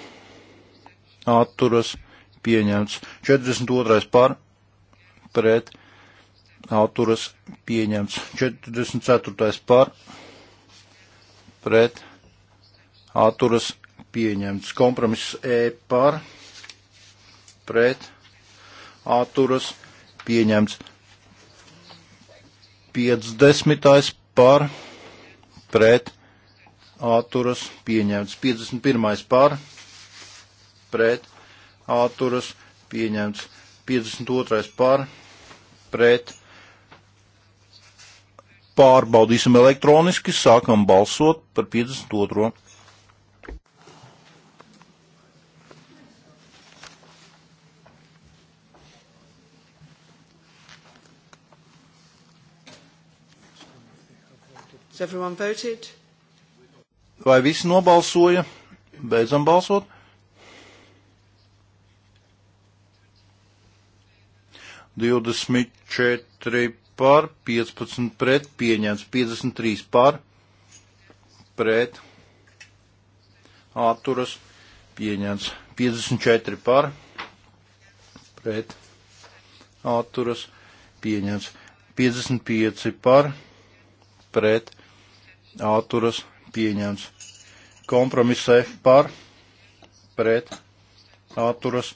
atturas pieņemts. 42. par pret atturas pieņemts. 44. par pret atturas pieņemts. Kompromiss E par pret atturas pieņemts. 50. par pret atturas pieņemts. 51. par pret atturas pieņemts. 52. par pret pārbaudīsim elektroniski, sākam balsot par 52. Has everyone voted? Vai visi nobalsoja? Beidzam balsot. Divdesmit četri par, piecpadsmit pret, pieņemts piecdesmit trīs par, pret, atturas, pieņemts piecdesmit četri par, pret, atturas, pieņemts piecdesmit pieci par, pret, atturas pieņemts. Kompromisē par pret atturas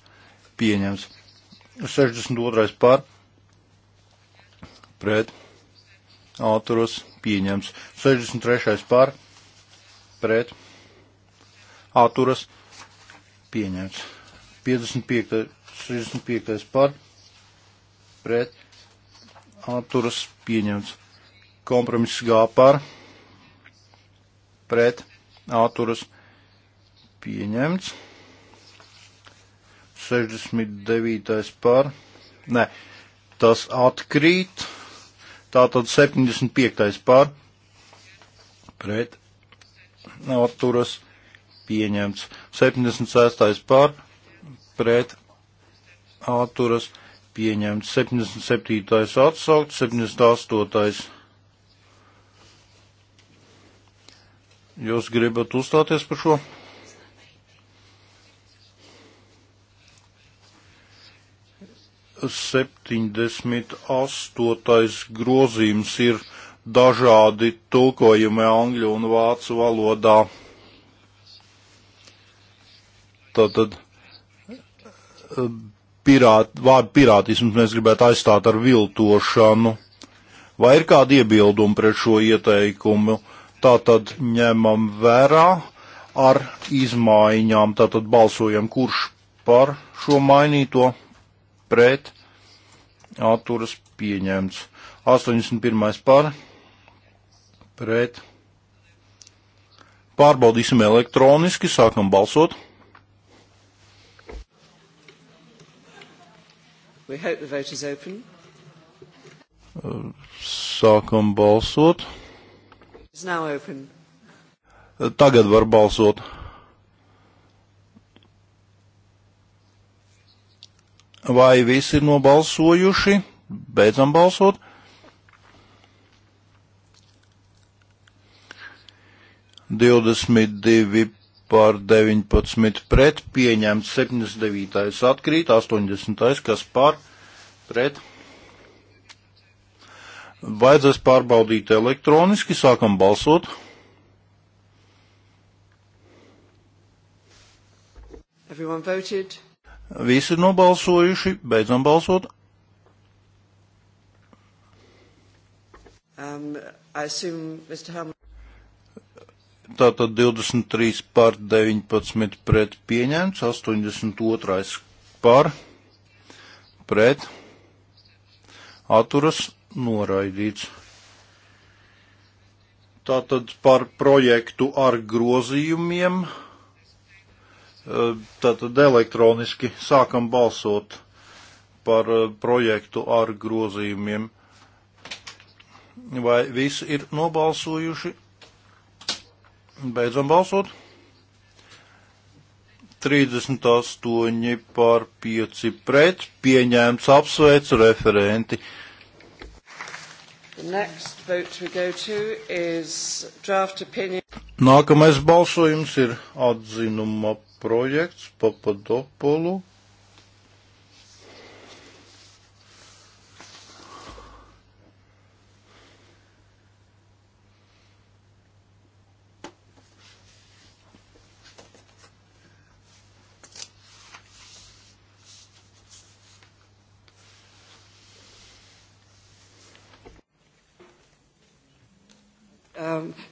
pieņemts. 62. par pret atturas pieņemts. 63. par pret atturas pieņemts. 55. 65. par pret atturas pieņemts. Kompromiss gā par pret pret āturas pieņemts. 69. par. Nē, tas atkrīt. Tātad 75. par. Pret āturas pieņemts. 76. par. Pret āturas pieņemts. 77. atsaukt. 78 Jūs gribat uzstāties par šo? Septiņdesmit astotais grozījums ir dažādi tulkojumi angļu un vācu valodā. Tātad eh, pirāt, vārdu pirātisms mēs gribētu aizstāt ar viltošanu. Vai ir kādi iebildumi pret šo ieteikumu? tātad ņemam vērā ar izmaiņām, tātad balsojam, kurš par šo mainīto pret atturas pieņemts. 81. par pret. Pārbaudīsim elektroniski, sākam balsot. Sākam balsot. Tagad var balsot. Vai visi ir nobalsojuši? Beidzam balsot. Divdesmit divi pār 19 pret, pieņemts 79. atkrīt, 80. kas pār pret Vajadzēs pārbaudīt elektroniski, sākam balsot. Visi nobalsojuši, beidzam balsot. Um, Tātad 23 pār 19 pret pieņemts, 82 pār pret atturas noraidīts. Tātad par projektu ar grozījumiem. Eh, tātad elektroniski sākam balsot par eh, projektu ar grozījumiem. Vai visi ir nobalsojuši? Beidzam balsot. 38 par 5 pret, pieņēmts apsveicu referenti. Uh, The next vote we go to is draft opinion. Nākamais balsojums ir atzinuma projekts Papadopolu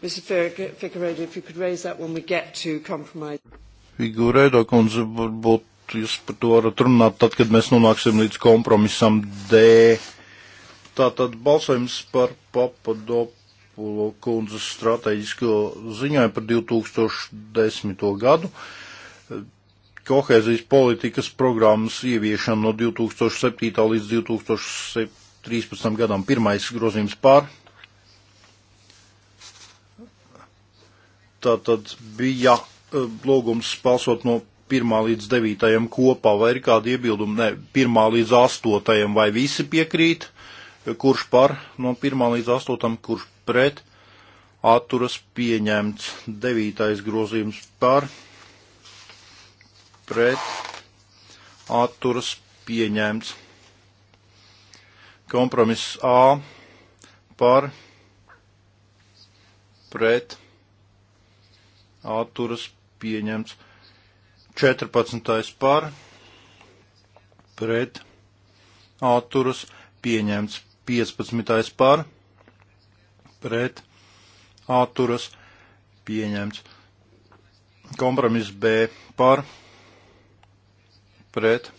Mr. Figueiredo, if you could raise that when we get to compromise. Figueiredo, kundze, varbūt jūs par to varat runāt tad, kad mēs nonāksim līdz kompromisam D. Tātad balsojums par Papadopulo kundzes strateģisko ziņojumu par 2010. gadu kohēzijas politikas programmas ieviešana no 2007. līdz 2013. gadam. Pirmais grozījums pār, Tā tad bija eh, lūgums balsot no 1 līdz 9 kopā, vai ir kādi iebildumi? Nē, 1 līdz 8 vai visi piekrīt, kurš par no 1 līdz 8, kurš pret, atturas pieņemts, 9 grozījums par, pret, atturas pieņemts. Kompromiss A par, pret, atturas pieņemts. 14. par pret atturas pieņemts. 15. par pret atturas pieņemts. Kompromiss B par pret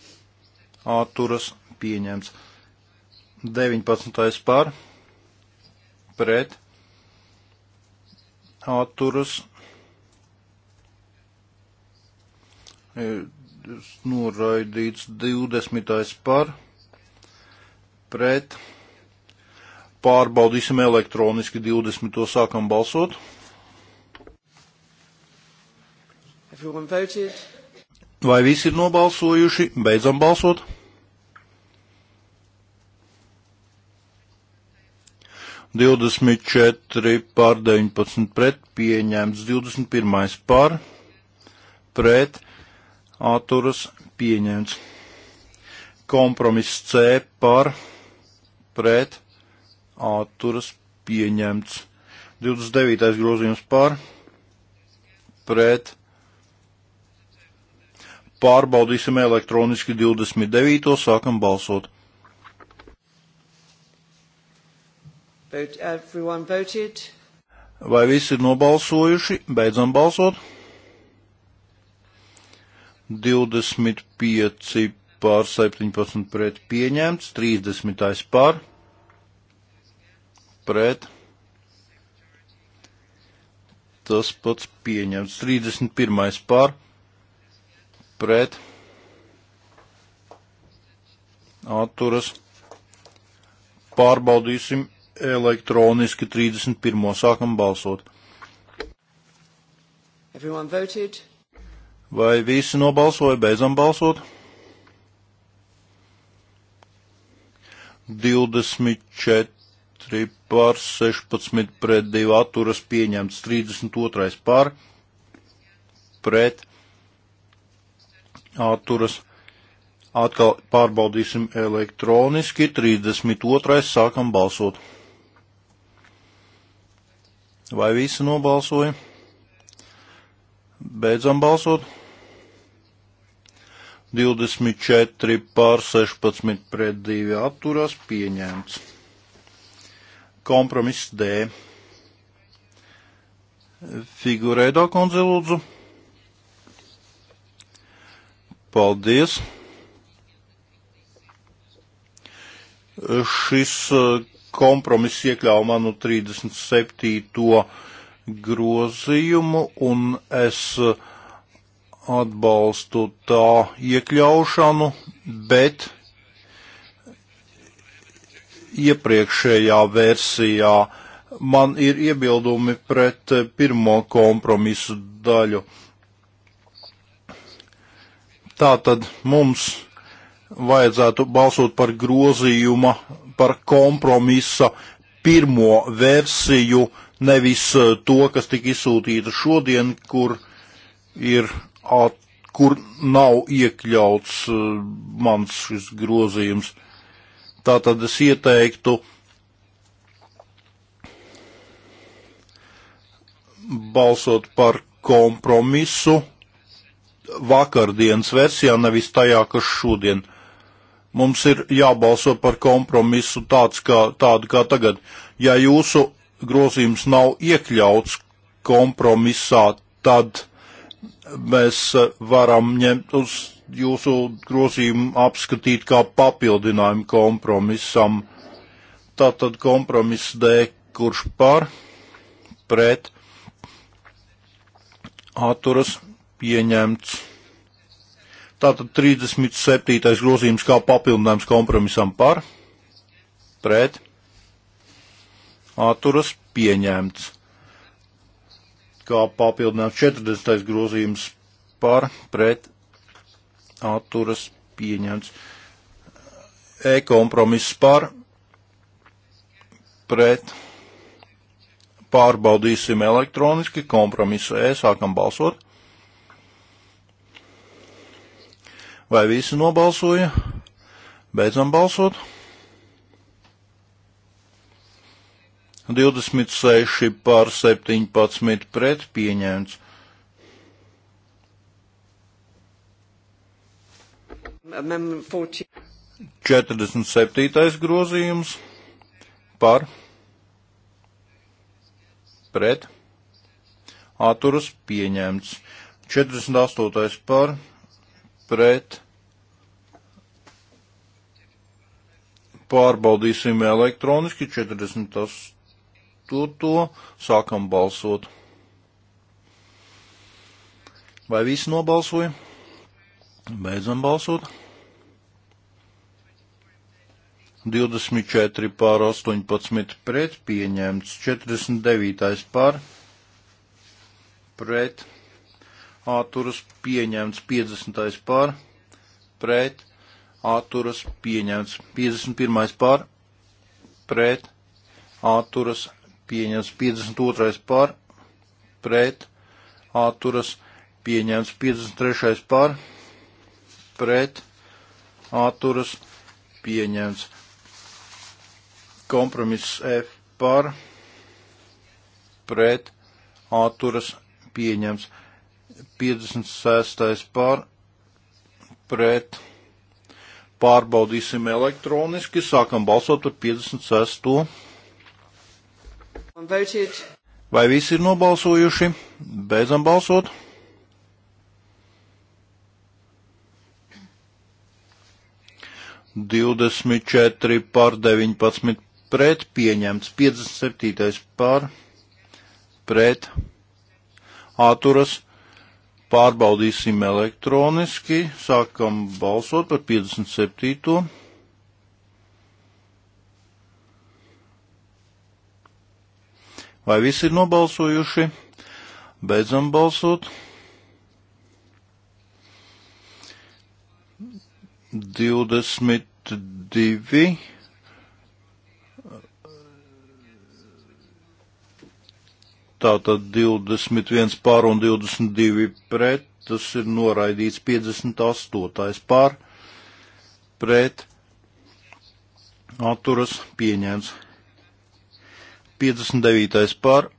atturas pieņemts. 19. par pret atturas pieņemts atturas noraidīts 20. par pret. Pārbaudīsim elektroniski 20. sākam balsot. Vai visi ir nobalsojuši? Beidzam balsot. Divdesmit četri pār deviņpadsmit pret pieņemts, divdesmit pirmais pār pret atturas pieņemts. Kompromiss C par pret atturas pieņemts. 29. grozījums par pret. Pārbaudīsim elektroniski 29. sākam balsot. Vote, Vai visi ir nobalsojuši? Beidzam balsot. 25 pār 17 pret pieņemts, 30 pār pret. Tas pats pieņemts. 31 pār pret. Atturas. Pārbaudīsim elektroniski 31. sākam balsot. Everyone voted. Vai visi nobalsoja, beidzam balsot? 24 pār 16 pret 2 atturas pieņemts, 32 pār pret atturas. Atkal pārbaudīsim elektroniski, 32. sākam balsot. Vai visi nobalsoja? Beidzam balsot. 24 pār 16 pret 2 atturās pieņemts. Kompromiss D. Figurēdā kundze lūdzu. Paldies. Šis uh, kompromiss iekļāva manu 37. grozījumu un es uh, atbalstu tā iekļaušanu, bet iepriekšējā versijā man ir iebildumi pret pirmo kompromisu daļu. Tātad mums vajadzētu balsot par grozījuma, par kompromisa pirmo versiju, nevis to, kas tika izsūtīta šodien, kur ir at, kur nav iekļauts eh, mans šis grozījums. Tātad es ieteiktu balsot par kompromisu vakardienas versijā, nevis tajā, kas šodien. Mums ir jābalso par kompromisu tāds kā, tādu kā tagad. Ja jūsu grozījums nav iekļauts kompromisā, tad mēs eh, varam ņemt uz jūsu grozījumu apskatīt kā papildinājumu kompromisam. Tātad kompromiss D, kurš par, pret, atturas pieņemts. Tātad 37. grozījums kā papildinājums kompromisam par, pret, atturas pieņemts kā papildināt 40. grozījums par pret atturas pieņemts. E kompromiss par pret pārbaudīsim elektroniski kompromisu E, sākam balsot. Vai visi nobalsoja? Beidzam balsot. 26 pār 17 pret pieņemts. Amem 47. grozījums par pret atturas pieņemts. 48. par pret pārbaudīsim elektroniski 48 ceturto sākam balsot. Vai visi nobalsoja? Beidzam balsot. 24 pār 18 pret pieņemts, 49 pār pret āturas pieņemts, 50 pār pret āturas pieņemts, 51 pār pret āturas pieņems 52. par, pret, atturas, pieņems 53. par, pret, atturas, pieņems kompromiss F par, pret, atturas, pieņems 56. par, pret, pārbaudīsim elektroniski, sākam balsot par 56. Vai visi ir nobalsojuši? Beidzam balsot. Divdesmit četri pār deviņpadsmit pret pieņemts, piecdesmit septītais pār pret āturas. Pārbaudīsim elektroniski, sākam balsot par 57. Vai visi ir nobalsojuši? Beidzam balsot. 22. Tātad 21 pār un 22 pret, tas ir noraidīts 58 pār pret, atturas pieņēmts 59. par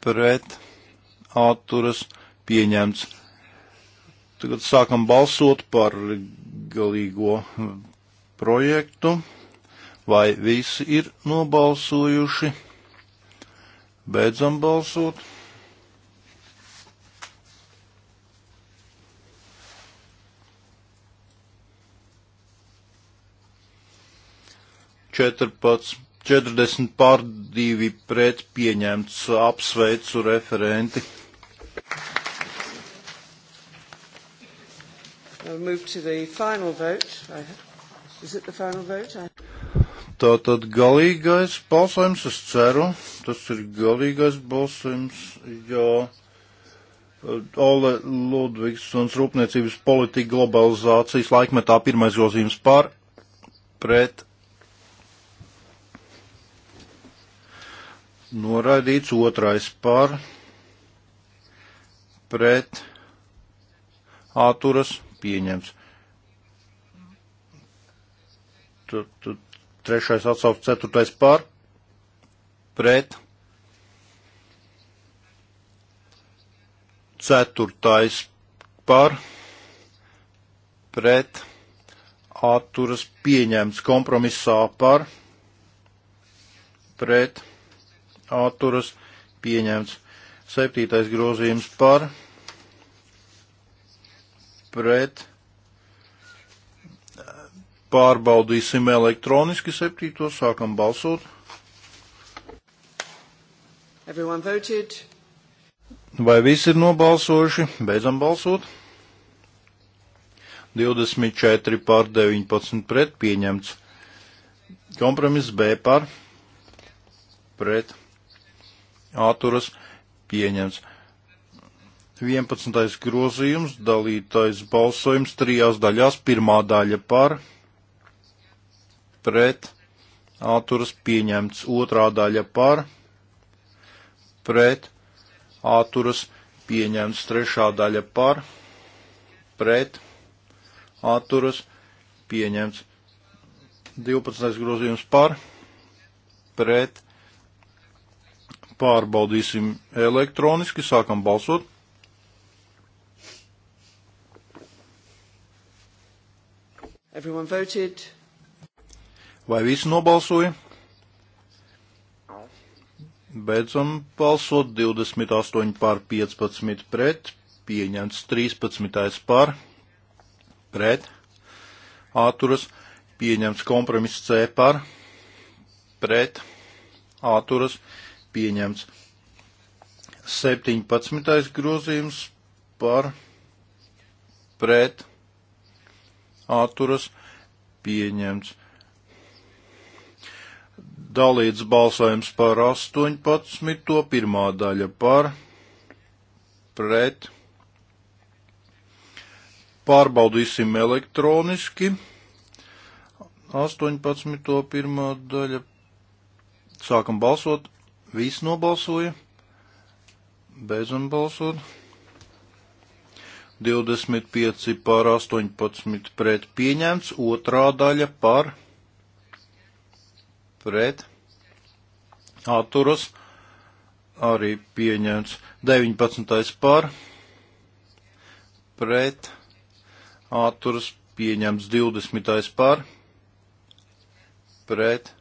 pret atturas pieņemts. Tagad sākam balsot par galīgo projektu. Vai visi ir nobalsojuši? Beidzam balsot. Četrpadsmit 40 pār 2 pret pieņemts. Apsveicu referenti. Tātad galīgais balsojums, es ceru, tas ir galīgais balsojums, jo eh, Ole Ludvigsons rūpniecības politika globalizācijas laikmetā pirmais grozījums pār pret noraidīts, otrais par, pret, atturas, pieņems. Tad, tad trešais atsauc, ceturtais par, pret, ceturtais par, pret, atturas, pieņems, kompromisā par, pret, atturas pieņemts. Septītais grozījums par pret pārbaudīsim elektroniski septīto, sākam balsot. Vai visi ir nobalsojuši? Beidzam balsot. 24 pār 19 pret pieņemts. Kompromiss B par pret atturas pieņemts. 11. grozījums, dalītais balsojums trijās daļās, pirmā daļa par, pret, atturas pieņemts, otrā daļa par, pret, atturas pieņemts, trešā daļa par, pret, atturas pieņemts, 12. grozījums par, pret, pārbaudīsim elektroniski, sākam balsot. Vai visi nobalsoja? Beidzam balsot 28 pār 15 pret, pieņemts 13 pār pret, āturas, pieņemts kompromiss C pār pret, āturas, pieņemts pieņemts. 17. grozījums par pret atturas pieņemts. Dalīts balsojums par 18. pirmā daļa par pret. Pārbaudīsim elektroniski. 18. pirmā daļa. Sākam balsot. Visi nobalsoja. Beidzam balsot. 25 pār 18 pret pieņemts, otrā daļa par pret atturas arī pieņemts, 19 pār pret atturas pieņemts, 20 pār pret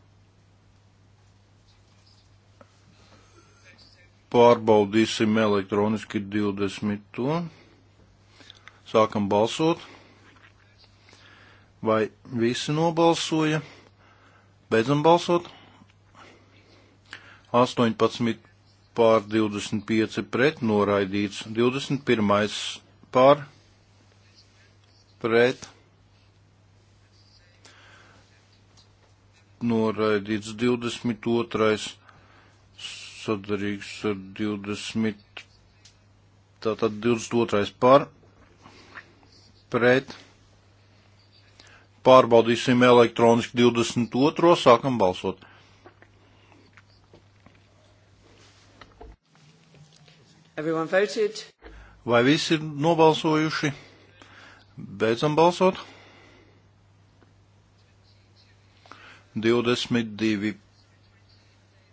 Pārbaudīsim elektroniski 20. Sākam balsot. Vai visi nobalsoja? Beidzam balsot. 18 pār 25 pret noraidīts. 21 pār pret noraidīts. 22 sadarīgs ar 20, tātad 22. par, pret. Pārbaudīsim elektroniski 22. sākam balsot. Vai visi ir nobalsojuši? Beidzam balsot. 22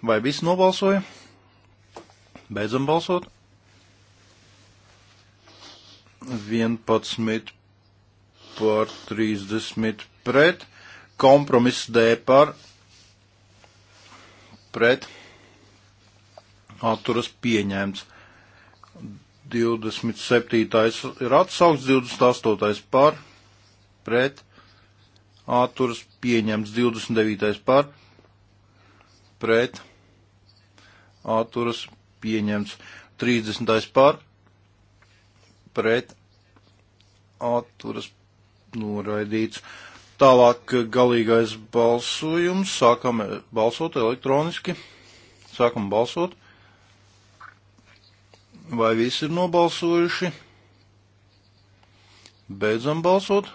Vai visi nobalsoja? Beidzam balsot. 11 par 30 pret. Kompromiss D par pret. Atturas pieņemts. 27. ir atsaukts, 28. par, pret, āturs pieņemts, 29. par, pret, atturas pieņemts. 30. par pret atturas noraidīts. Tālāk galīgais balsojums. Sākam balsot elektroniski. Sākam balsot. Vai visi ir nobalsojuši? Beidzam balsot.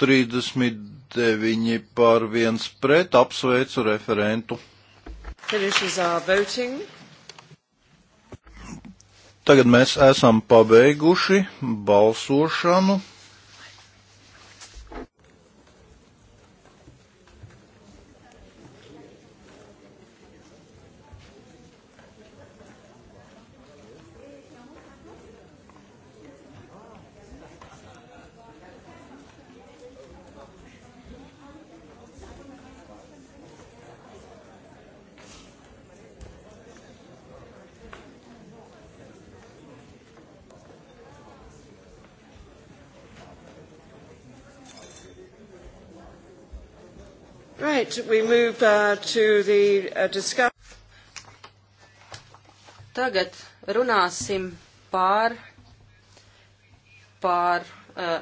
39 pār 1 pret apsveicu referentu. Tagad mēs esam pabeiguši balsošanu. right, we move uh, to the uh, discussion. Tagad runāsim pār, pār uh,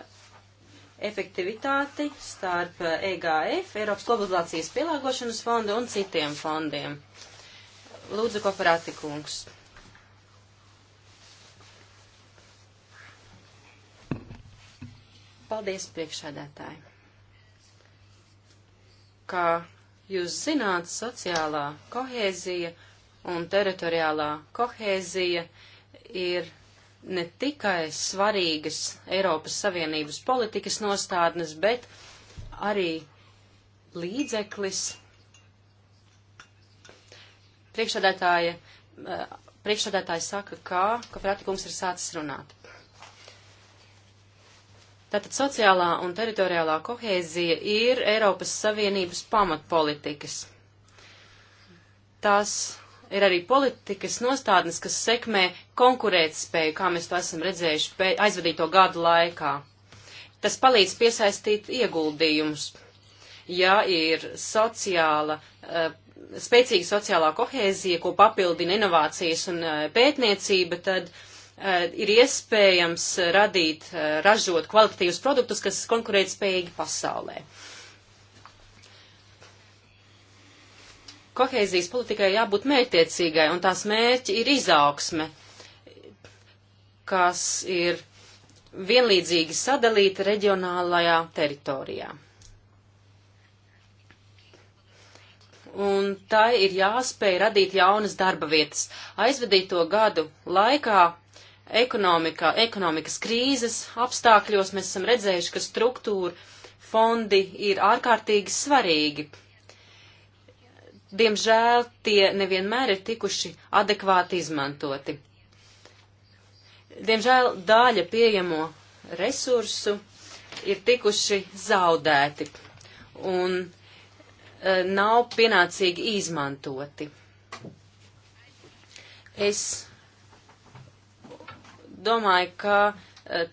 efektivitāti starp uh, EGF, Eiropas globalizācijas pielāgošanas fondu un citiem fondiem. Lūdzu, koperāti kungs. Paldies, priekšsēdētāji. Kā jūs zināt, sociālā kohēzija un teritoriālā kohēzija ir ne tikai svarīgas Eiropas Savienības politikas nostādnes, bet arī līdzeklis priekšsēdētāja, eh, priekšsēdētāja saka, kā, ka Prātikums ir sācis runāt. Tātad sociālā un teritoriālā kohēzija ir Eiropas Savienības pamatpolitikas. Tās ir arī politikas nostādnes, kas sekmē konkurētspēju, kā mēs to esam redzējuši aizvadīto gadu laikā. Tas palīdz piesaistīt ieguldījumus. Ja ir sociāla, eh, spēcīga sociālā kohēzija, ko papildina inovācijas un eh, pētniecība, tad uh, Eh, ir iespējams eh, radīt, eh, ražot kvalitatīvus produktus, kas konkurēt spējīgi pasaulē. Kohēzijas politikai jābūt mērķtiecīgai, un tās mērķi ir izaugsme, kas ir vienlīdzīgi sadalīta reģionālajā teritorijā. un tai ir jāspēj radīt jaunas darba vietas. Aizvadīto gadu laikā ekonomikā, ekonomikas krīzes apstākļos mēs esam redzējuši, ka struktūra fondi ir ārkārtīgi svarīgi. Diemžēl tie nevienmēr ir tikuši adekvāti izmantoti. Diemžēl daļa pieejamo resursu ir tikuši zaudēti un e, nav pienācīgi izmantoti. Es domāju, ka eh,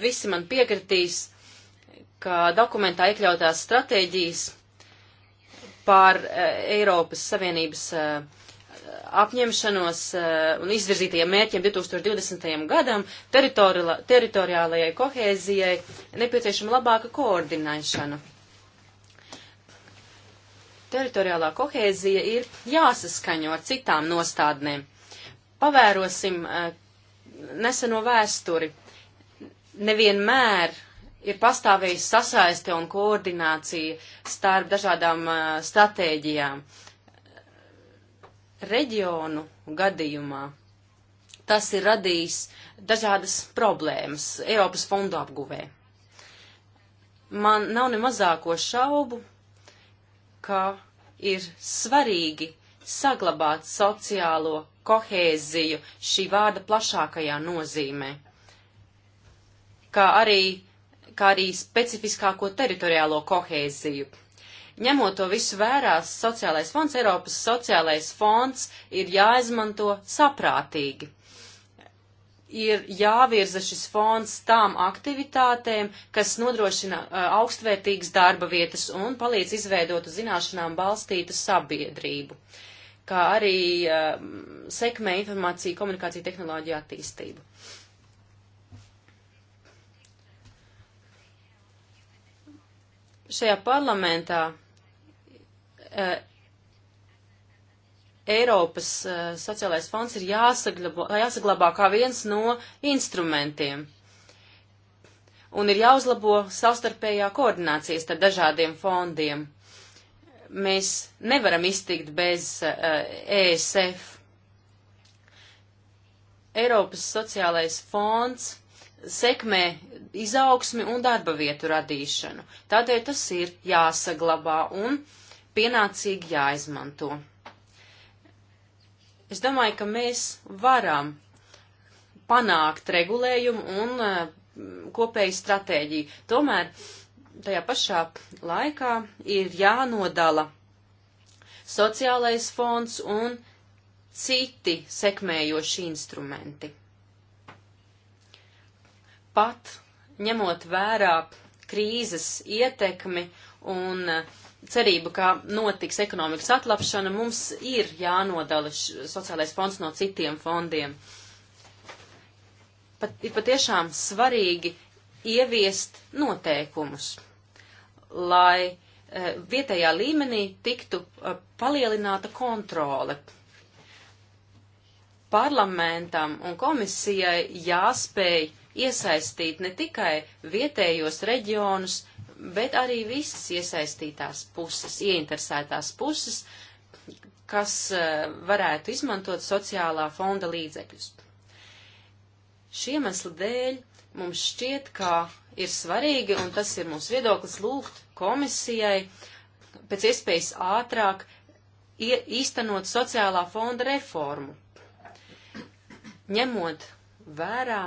visi man piekritīs, ka dokumentā iekļautās stratēģijas pār eh, Eiropas Savienības eh, apņemšanos un izvirzītajiem mērķiem 2020. gadam teritori teritoriālajai kohēzijai nepieciešama labāka koordinēšana. Teritoriālā kohēzija ir jāsaskaņo ar citām nostādnēm. Pavērosim, neseno vēsturi. Nevienmēr ir pastāvējusi sasaiste un koordinācija starp dažādām uh, stratēģijām. Reģionu gadījumā tas ir radījis dažādas problēmas Eiropas fondu apguvē. Man nav ne mazāko šaubu, ka ir svarīgi saglabāt sociālo kohēziju šī vārda plašākajā nozīmē, kā arī, kā arī specifiskāko teritoriālo kohēziju. Ņemot to visu vērā, sociālais fonds, Eiropas sociālais fonds ir jāizmanto saprātīgi. Ir jāvirza šis fonds tām aktivitātēm, kas nodrošina uh, augstvērtīgas darba vietas un palīdz izveidot zināšanām balstītu sabiedrību. Uh, kā arī um, sekmē informāciju komunikāciju tehnoloģiju attīstību. Šajā parlamentā uh, Eiropas uh, sociālais fonds ir jāsaglabā, jāsaglabā kā viens no instrumentiem un ir jāuzlabo savstarpējā koordinācija starp dažādiem fondiem mēs nevaram iztikt bez uh, eh, ESF. Eiropas sociālais fonds sekmē izaugsmi un darba vietu radīšanu. Tādēļ tas ir jāsaglabā un pienācīgi jāizmanto. Es domāju, ka mēs varam panākt regulējumu un uh, kopēju stratēģiju. Tomēr uh, tajā pašā laikā ir jānodala sociālais fonds un citi sekmējoši instrumenti. Pat ņemot vērā krīzes ietekmi un cerību, ka notiks ekonomikas atlapšana, mums ir jānodala sociālais fonds no citiem fondiem. Pat, ir patiešām svarīgi ieviest noteikumus, lai eh, vietējā līmenī tiktu eh, palielināta kontrole. Parlamentam un komisijai jāspēj iesaistīt ne tikai vietējos reģionus, bet arī visas iesaistītās puses, ieinteresētās puses, kas eh, varētu izmantot sociālā fonda līdzekļus. Šiem eslu dēļ mums šķiet, ka ir svarīgi, un tas ir mūsu viedoklis, lūgt komisijai pēc iespējas ātrāk īstenot sociālā fonda reformu, ņemot vērā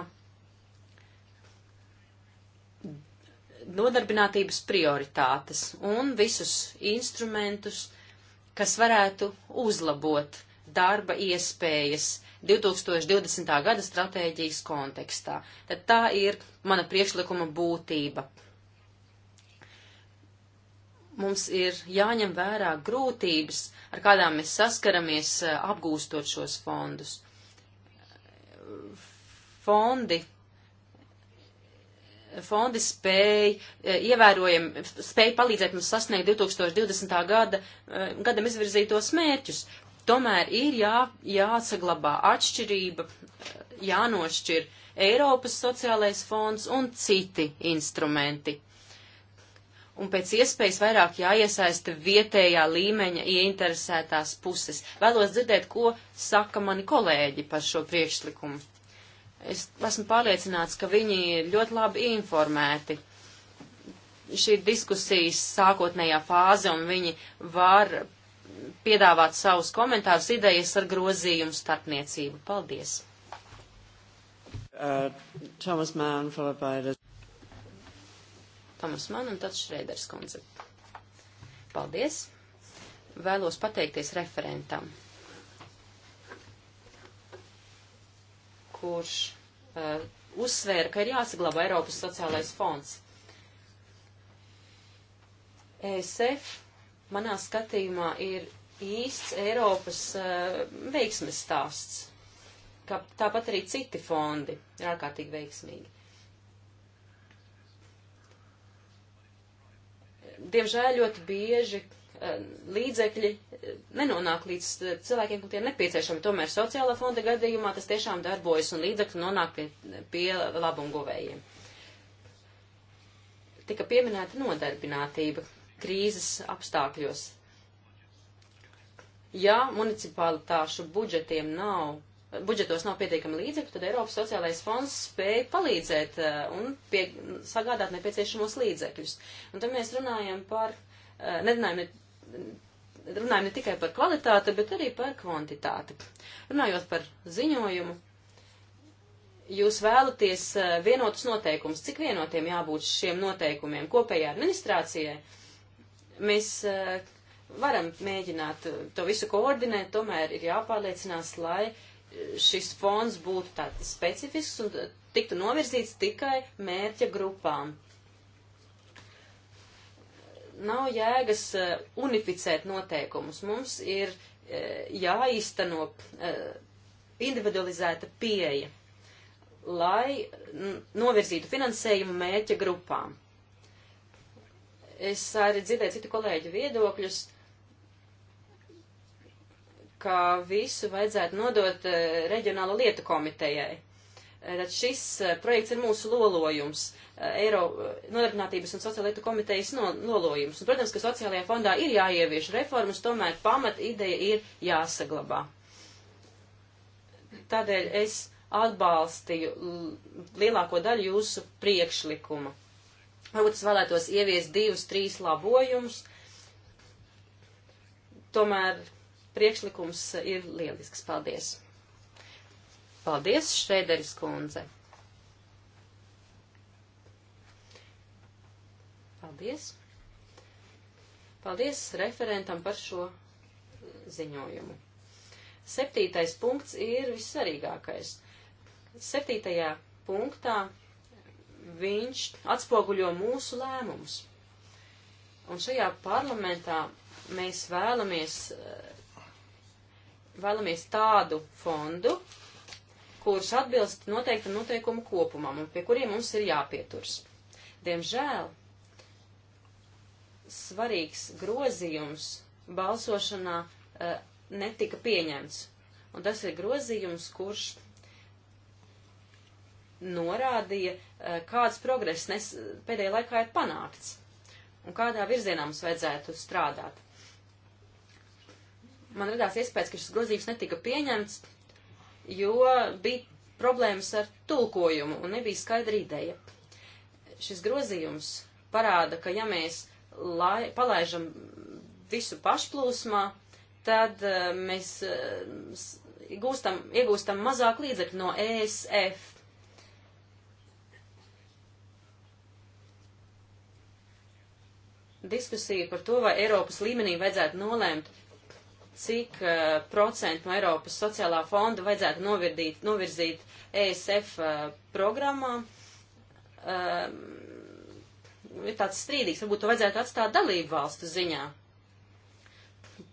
nodarbinātības prioritātes un visus instrumentus, kas varētu uzlabot darba iespējas, 2020. gada stratēģijas kontekstā. Tad tā ir mana priekšlikuma būtība. Mums ir jāņem vērā grūtības, ar kādām mēs saskaramies eh, apgūstot šos fondus. Fondi fondi spēja eh, ievērojami, spēja palīdzēt mums sasniegt 2020. gada, eh, gadam izvirzītos mērķus. Tomēr ir jā, jāsaglabā atšķirība, jānošķir Eiropas sociālais fonds un citi instrumenti. Un pēc iespējas vairāk jāiesaista vietējā līmeņa ieinteresētās puses. Vēlos dzirdēt, ko saka mani kolēģi par šo priekšlikumu. Es esmu pārliecināts, ka viņi ir ļoti labi informēti šī diskusijas sākotnējā fāze, un viņi var piedāvāt savus komentārus, idejas ar grozījumu starpniecību. Paldies! Uh, Tomas Mann, followed by the... Tomas Mann un tad Šreiders kundze. Paldies! Vēlos pateikties referentam, kurš uh, uzsvēra, ka ir jāsaglabā Eiropas sociālais fonds. ESF manā skatījumā ir īsts Eiropas uh, veiksmes stāsts. Kā, tāpat arī citi fondi ir ārkārtīgi veiksmīgi. Diemžēl ļoti bieži uh, līdzekļi eh, nenonāk līdz uh, cilvēkiem, kuriem nepieciešami. Tomēr sociālā fonda gadījumā tas tiešām darbojas un līdzekļi nonāk pie, pie labumguvējiem. Tika pieminēta nodarbinātība, krīzes apstākļos. Ja municipalitāšu budžetiem nav, budžetos nav pietiekami līdzekļi, tad Eiropas sociālais fonds spēja palīdzēt eh, un pie, sagādāt nepieciešamos līdzekļus. Un tad mēs runājam par, eh, nerunājam ne, runājam ne tikai par kvalitāti, bet arī par kvantitāti. Runājot par ziņojumu, jūs vēlaties eh, vienotus noteikumus, cik vienotiem jābūt šiem noteikumiem kopējai administrācijai, Mēs eh, varam mēģināt eh, to visu koordinēt, tomēr ir jāpārliecinās, lai eh, šis fonds būtu tāds specifisks un tiktu novirzīts tikai mērķa grupām. Nav jēgas unificēt noteikumus. Mums ir jāīsteno individualizēta pieeja, lai novirzītu finansējumu mērķa grupām. Es arī dzirdēju citu kolēģu viedokļus, ka visu vajadzētu nodot e, reģionālo lietu komitejai. E, tad šis e, projekts ir mūsu lolojums, Eiro nodarbinātības un sociālā lietu komitejas no, lolojums. Un, protams, ka sociālajā fondā ir jāievieš reformas, tomēr pamat ideja ir jāsaglabā. Tādēļ es atbalstīju lielāko daļu jūsu priekšlikuma. Varbūt es vēlētos ieviest divus, trīs labojumus. Tomēr priekšlikums ir lielisks. Paldies! Paldies, Šrēderis kundze! Paldies! Paldies referentam par šo ziņojumu. Septītais punkts ir vissvarīgākais. Septītajā punktā viņš atspoguļo mūsu lēmumus. Un šajā parlamentā mēs vēlamies, eh, vēlamies tādu fondu, kurš atbilst noteiktam noteikumu kopumam un pie kuriem mums ir jāpieturs. Diemžēl svarīgs grozījums balsošanā eh, netika pieņemts. Un tas ir grozījums, kurš norādīja, eh, kāds progress nes, pēdējā laikā ir panākts un kādā virzienā mums vajadzētu strādāt. Man radās iespējas, ka šis grozījums netika pieņemts, jo bija problēmas ar tulkojumu un nebija skaidra ideja. Šis grozījums parāda, ka ja mēs lai, palaižam visu pašplūsmā, tad uh, mēs uh, gūstam, iegūstam mazāk līdzekļu no ESF diskusija par to, vai Eiropas līmenī vajadzētu nolēmt, cik uh, procentu no Eiropas sociālā fonda vajadzētu novirdīt, novirzīt ESF uh, programmām. Um, uh, ir tāds strīdīgs, varbūt to vajadzētu atstāt dalību valstu ziņā.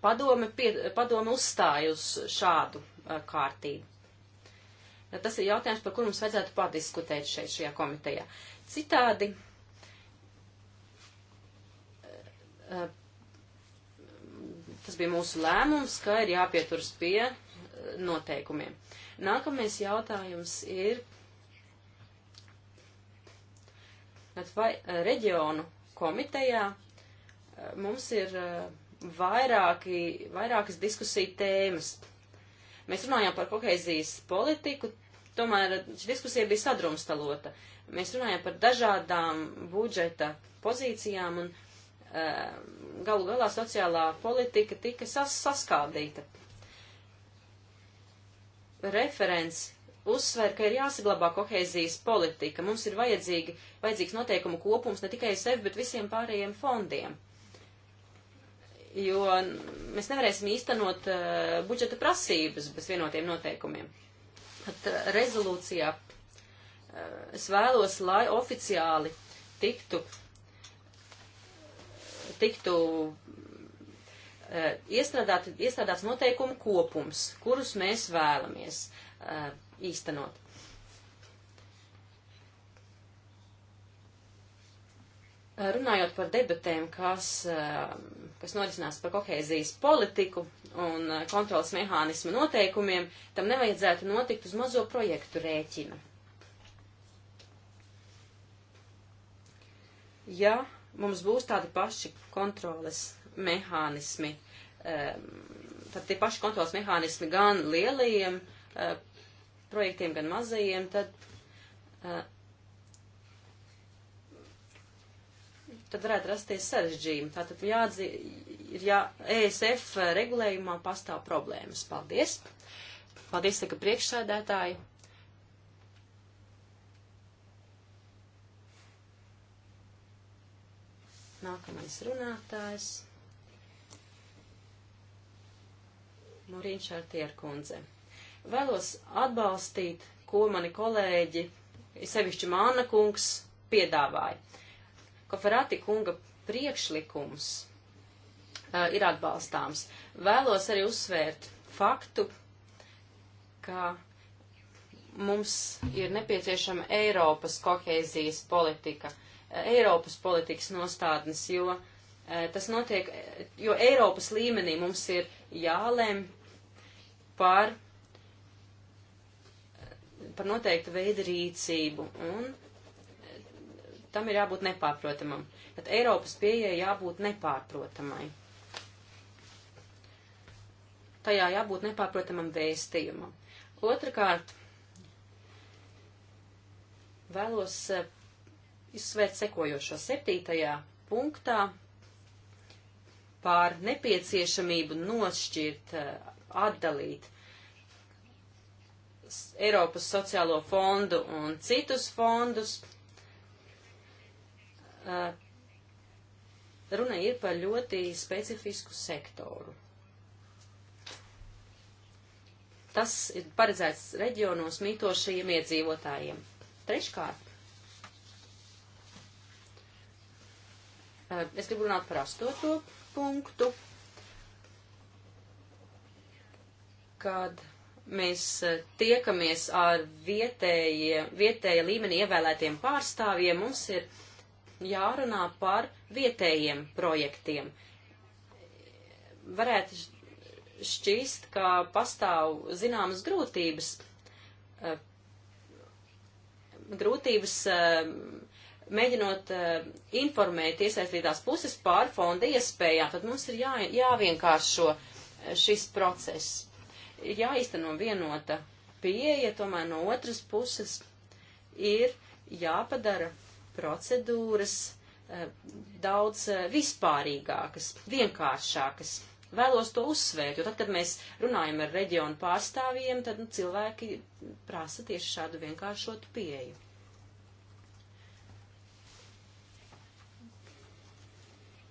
Padome, pie, padome uzstāja uz šādu uh, kārtību. Tas ir jautājums, par kuru mums vajadzētu padiskutēt šeit šajā komitejā. Citādi Eh, tas bija mūsu lēmums, ka ir jāpieturas pie eh, noteikumiem. Nākamais jautājums ir, vai eh, reģionu komitejā mums ir vairāki, vairākas diskusija tēmas. Mēs runājām par kohēzijas politiku, tomēr šī diskusija bija sadrumstalota. Mēs runājām par dažādām budžeta pozīcijām un Eh, galu galā sociālā politika tika sas saskaldīta. Referents uzsver, ka ir jāsaglabā kohēzijas politika. Mums ir vajadzīgi, vajadzīgs noteikumu kopums ne tikai sev, bet visiem pārējiem fondiem. Jo mēs nevarēsim īstenot uh, budžeta prasības bez vienotiem noteikumiem. Pat uh, rezolūcijā uh, es vēlos, lai oficiāli tiktu uh, tiktu eh, iestrādāt, iestrādāts noteikumu kopums, kurus mēs vēlamies uh, īstenot. Eh, runājot par debatēm, kas, uh, kas norisinās par kohēzijas politiku un kontrolas mehānismu noteikumiem, tam nevajadzētu notikt uz mazo projektu rēķina. Ja mums būs tādi paši kontroles mehānismi, ehm, tad tie paši kontrolas mehānismi gan lielajiem eh, projektiem, gan mazajiem, tad, eh, tad varētu rasties sarežģījumi. Tātad jāatzi, ir jā, ESF regulējumā pastāv problēmas. Paldies! Paldies, saka priekšsēdētāji! nākamais runātājs. Morīņš Artierkundze. Vēlos atbalstīt, ko mani kolēģi, sevišķi Māna kungs, piedāvāja. Koferati kunga priekšlikums uh, ir atbalstāms. Vēlos arī uzsvērt faktu, ka mums ir nepieciešama Eiropas kohēzijas politika – Eiropas politikas nostādnes, jo eh, tas notiek, jo Eiropas līmenī mums ir jālem par, par noteiktu veidu rīcību, un eh, tam ir jābūt nepārprotamam. Tad Eiropas pieeja jābūt nepārprotamai. Tajā jābūt nepārprotamam vēstījumam. Otrakārt, vēlos eh, izsvērt sekojošo septītajā punktā pār nepieciešamību nošķirt, eh, atdalīt Eiropas sociālo fondu un citus fondus. Eh, runa ir par ļoti specifisku sektoru. Tas ir paredzēts reģionos mītošajiem iedzīvotājiem. Treškārt, Es gribu runāt par astoto punktu, kad mēs tiekamies ar vietējie, vietēja līmenī ievēlētiem pārstāvjiem, mums ir jārunā par vietējiem projektiem. Varētu šķīst, ka pastāv zināmas grūtības, grūtības mēģinot uh, informēt iesaistītās puses pār fonda iespējām, tad mums ir jā, jāvienkāršo eh, šis process. Jāizteno vienota pieeja, tomēr no otras puses ir jāpadara procedūras uh, daudz uh, vispārīgākas, vienkāršākas. Vēlos to uzsvērt, jo tad, kad mēs runājam ar reģionu pārstāvjiem, tad nu, cilvēki prasa tieši šādu vienkāršotu pieeju.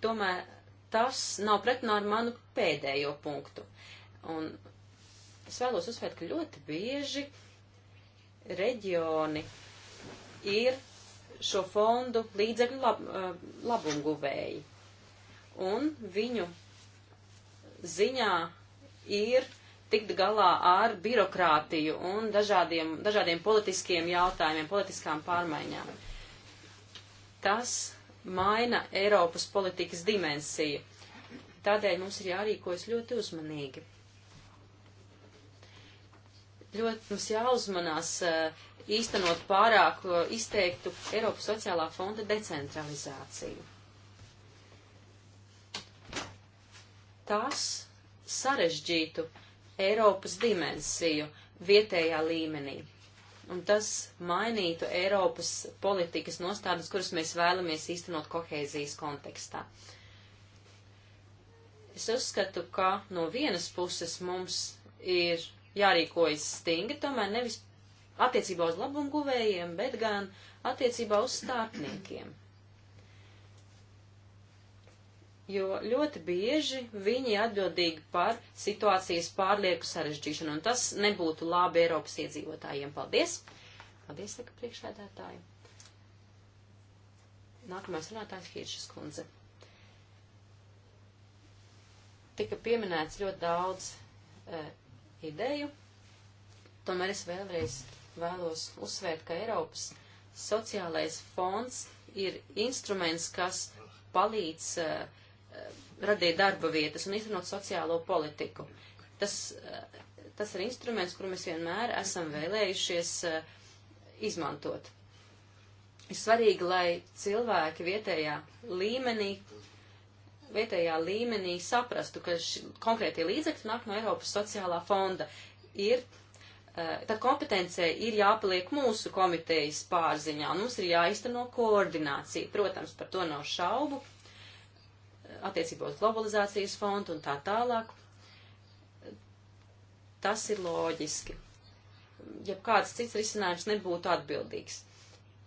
tomēr tas nav pretrunā ar manu pēdējo punktu. Un es vēlos uzsvērt, ka ļoti bieži reģioni ir šo fondu līdzekļu lab, eh, labumguvēji. Un viņu ziņā ir tikt galā ar birokrātiju un dažādiem, dažādiem politiskiem jautājumiem, politiskām pārmaiņām. Tas maina Eiropas politikas dimensiju. Tādēļ mums ir jārīkojas ļoti uzmanīgi. Ļoti mums jāuzmanās eh, īstenot pārāk eh, izteiktu Eiropas sociālā fonda decentralizāciju. Tas sarežģītu Eiropas dimensiju vietējā līmenī un tas mainītu Eiropas politikas nostādas, kuras mēs vēlamies īstenot kohēzijas kontekstā. Es uzskatu, ka no vienas puses mums ir jārīkojas stingri, tomēr nevis attiecībā uz labumguvējiem, bet gan attiecībā uz starpniekiem jo ļoti bieži viņi atbildīgi par situācijas pārlieku sarežģīšanu, un tas nebūtu labi Eiropas iedzīvotājiem. Paldies! Paldies, saka priekšēdētāji. Nākamais runātājs Hiršas kundze. Tika pieminēts ļoti daudz e, ideju, tomēr es vēlreiz vēlos uzsvērt, ka Eiropas sociālais fonds ir instruments, kas palīdz uh, Eh, radīt darba vietas un izrunāt sociālo politiku. Tas, eh, tas ir instruments, kuru mēs vienmēr esam vēlējušies eh, izmantot. Ir svarīgi, lai cilvēki vietējā līmenī, vietējā līmenī saprastu, ka ši, konkrētie līdzekļi nāk no Eiropas sociālā fonda. Ir tad kompetencija ir jāpaliek mūsu komitejas pārziņā, un mums ir jāizteno koordinācija. Protams, par to nav šaubu, attiecībā uz globalizācijas fondu un tā tālāk. Tas ir loģiski. Ja kāds cits risinājums nebūtu atbildīgs.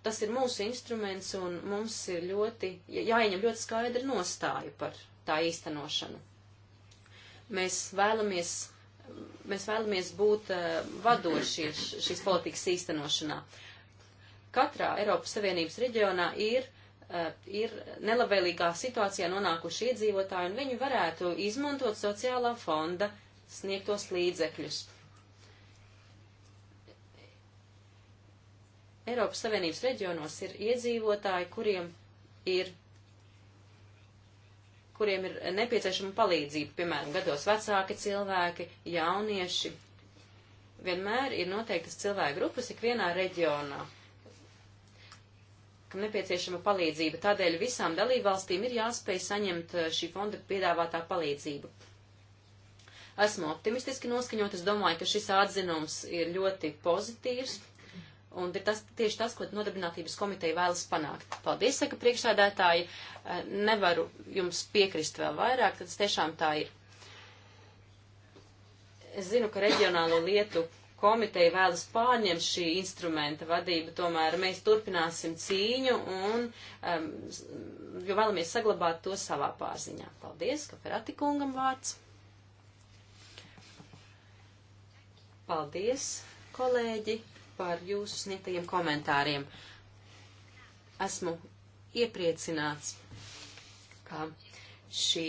Tas ir mūsu instruments un mums ir ļoti, jāieņem ļoti skaidra nostāja par tā īstenošanu. Mēs vēlamies, mēs vēlamies būt uh, vadošie šīs politikas īstenošanā. Katrā Eiropas Savienības reģionā ir uh, Eh, ir nelabvēlīgā situācijā nonākuši iedzīvotāji, un viņi varētu izmantot sociālā fonda sniegtos līdzekļus. Eiropas Savienības reģionos ir iedzīvotāji, kuriem ir kuriem ir nepieciešama palīdzība, piemēram, gados vecāki cilvēki, jaunieši. Vienmēr ir noteiktas cilvēku grupas ikvienā reģionā ka nepieciešama palīdzība. Tādēļ visām dalībvalstīm ir jāspēj saņemt eh, šī fonda piedāvātā palīdzību. Esmu optimistiski noskaņot, es domāju, ka šis atzinums ir ļoti pozitīvs, un ir tas, tieši tas, ko nodarbinātības komiteja vēlas panākt. Paldies, saka priekšsēdētāji, eh, nevaru jums piekrist vēl vairāk, tad tiešām tā ir. Es zinu, ka reģionālo lietu komiteja vēlas pārņemt šī instrumenta vadību, tomēr mēs turpināsim cīņu un um, jo vēlamies saglabāt to savā pārziņā. Paldies, ka Ferati kungam vārds. Paldies, kolēģi, par jūsu sniegtajiem komentāriem. Esmu iepriecināts, ka šī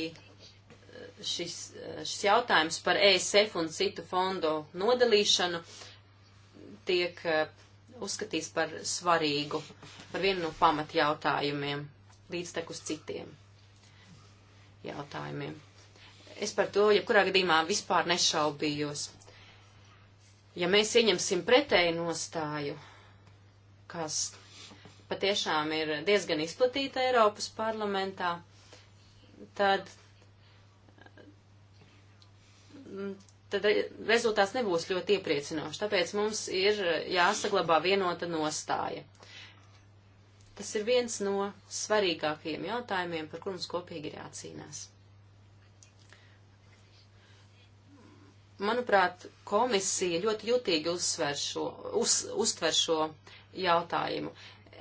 šis, eh, šis jautājums par ESF un citu fondu nodalīšanu tiek eh, uzskatīts par svarīgu, par vienu no pamatjautājumiem, līdztekus citiem jautājumiem. Es par to, ja kurā gadījumā vispār nešaubījos. Ja mēs ieņemsim pretēju nostāju, kas patiešām ir diezgan izplatīta Eiropas parlamentā, tad Mm, tad rezultāts nebūs ļoti iepriecinošs. Tāpēc mums ir jāsaglabā vienota nostāja. Tas ir viens no svarīgākajiem jautājumiem, par kur mums kopīgi ir jācīnās. Manuprāt, komisija ļoti jutīgi uzsver šo, uz, uztver šo jautājumu.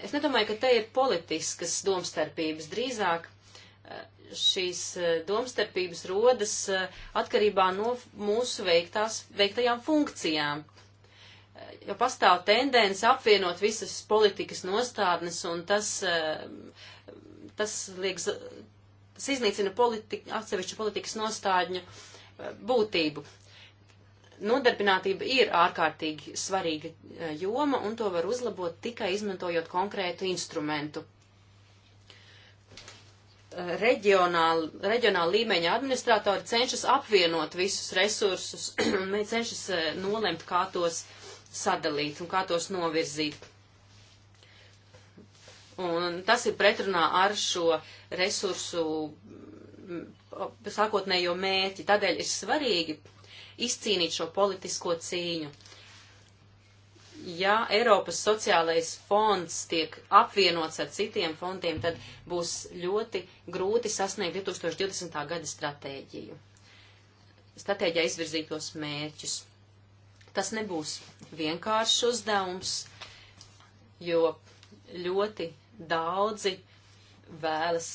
Es nedomāju, ka te ir politiskas domstarpības. Drīzāk eh, šīs eh, domstarpības rodas eh, atkarībā no mūsu veiktās, veiktajām funkcijām. Eh, jo pastāv tendence apvienot visas politikas nostādnes, un tas, tas, liek, tas iznīcina politika, atsevišķu politikas nostādņu būtību. Nodarbinātība ir ārkārtīgi svarīga joma, un to var uzlabot tikai izmantojot konkrētu instrumentu Eh, reģionāla, reģionāla līmeņa administratori cenšas apvienot visus resursus un cenšas eh, nolemt, kā tos sadalīt un kā tos novirzīt. Un tas ir pretrunā ar šo resursu sākotnējo mērķi. Tādēļ ir svarīgi izcīnīt šo politisko cīņu ja Eiropas sociālais fonds tiek apvienots ar citiem fondiem, tad būs ļoti grūti sasniegt 2020. gada stratēģiju. Stratēģijā izvirzītos mērķus. Tas nebūs vienkāršs uzdevums, jo ļoti daudzi vēlas,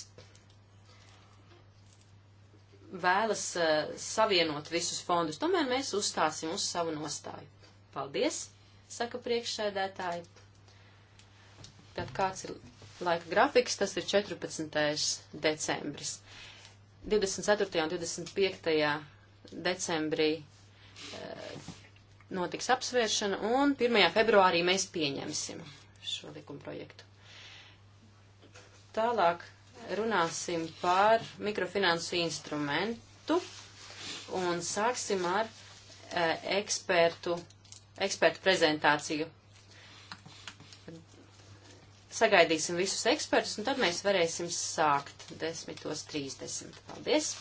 vēlas uh, savienot visus fondus. Tomēr mēs uzstāsim uz savu nostāju. Paldies! saka priekšsēdētāji. Tad kāds ir laika grafiks, tas ir 14. decembris. 24. un 25. decembrī eh, notiks apsvēršana, un 1. februārī mēs pieņemsim šo likuma projektu. Tālāk runāsim par mikrofinansu instrumentu un sāksim ar eh, ekspertu ekspertu prezentāciju. Sagaidīsim visus ekspertus, un tad mēs varēsim sākt 10.30. Paldies!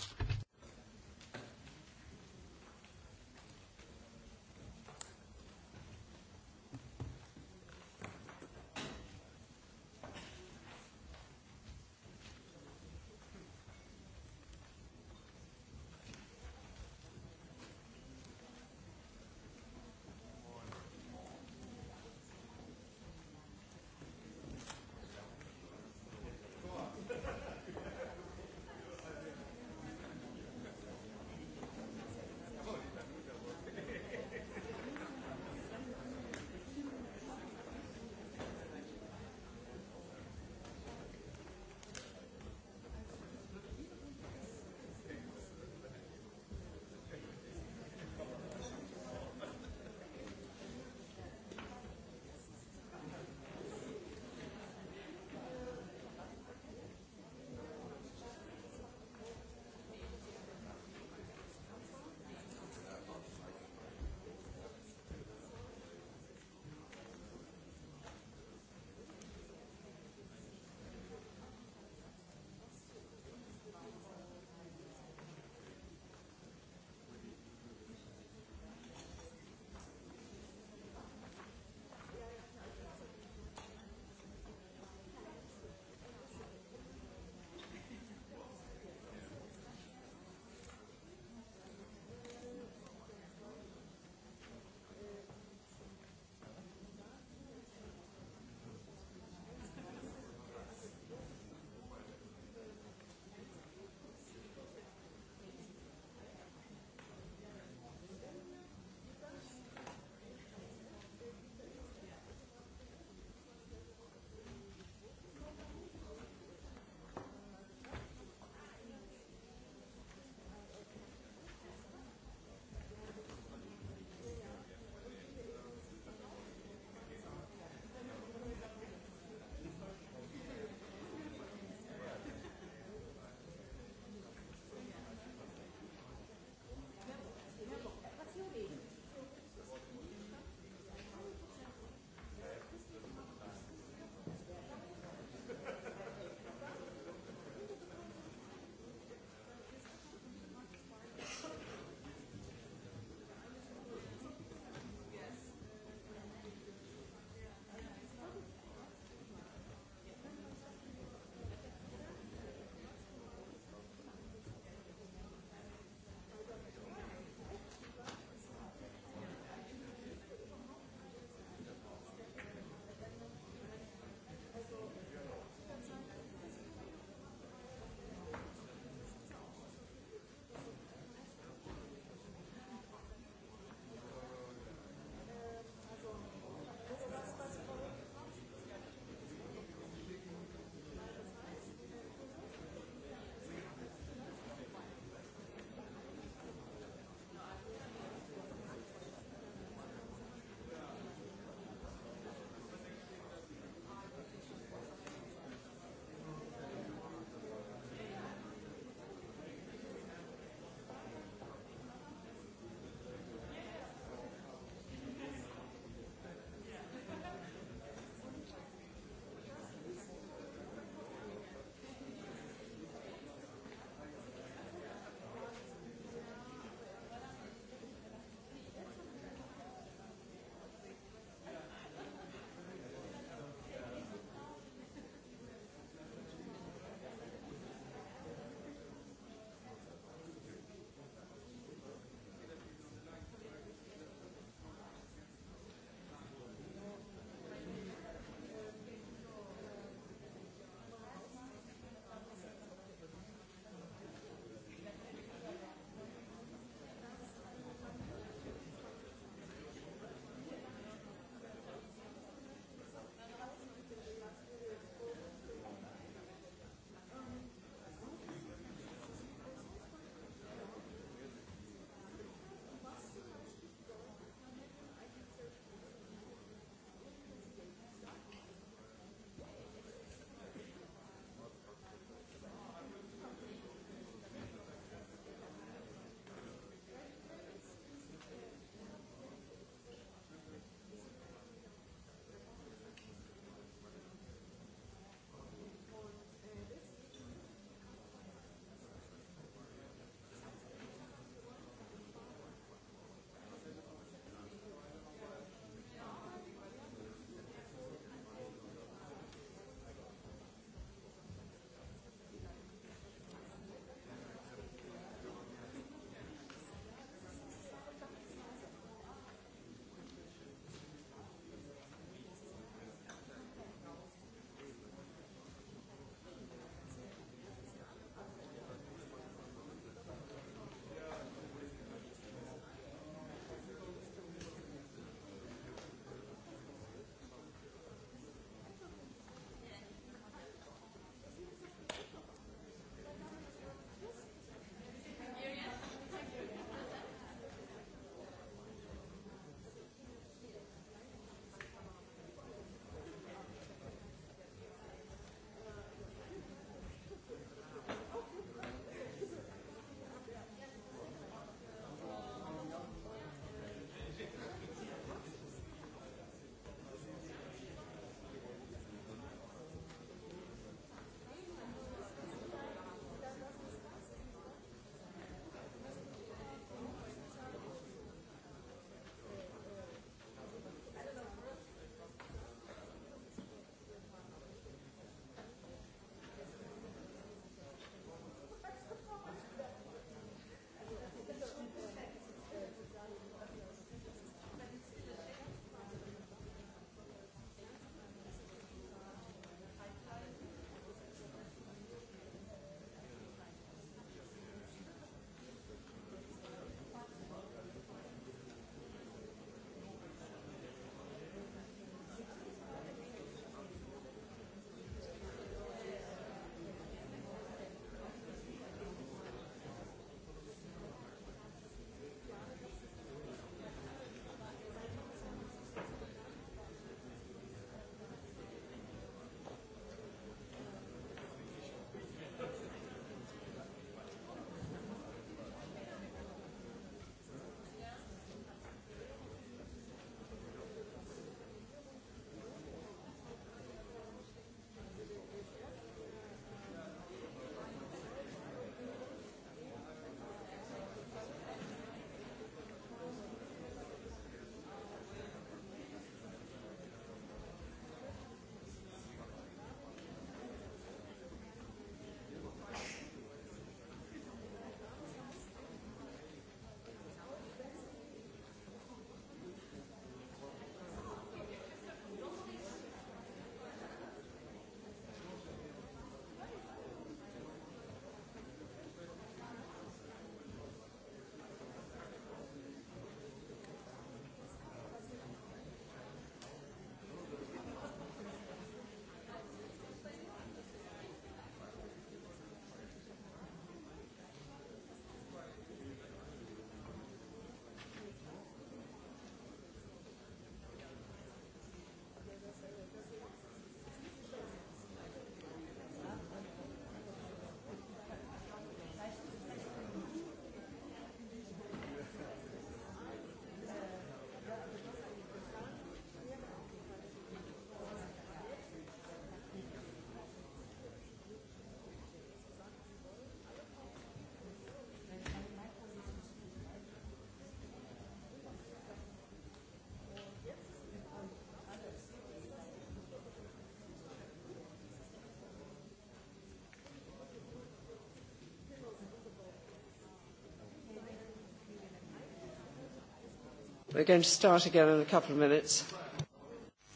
We're going to start again in a couple of minutes.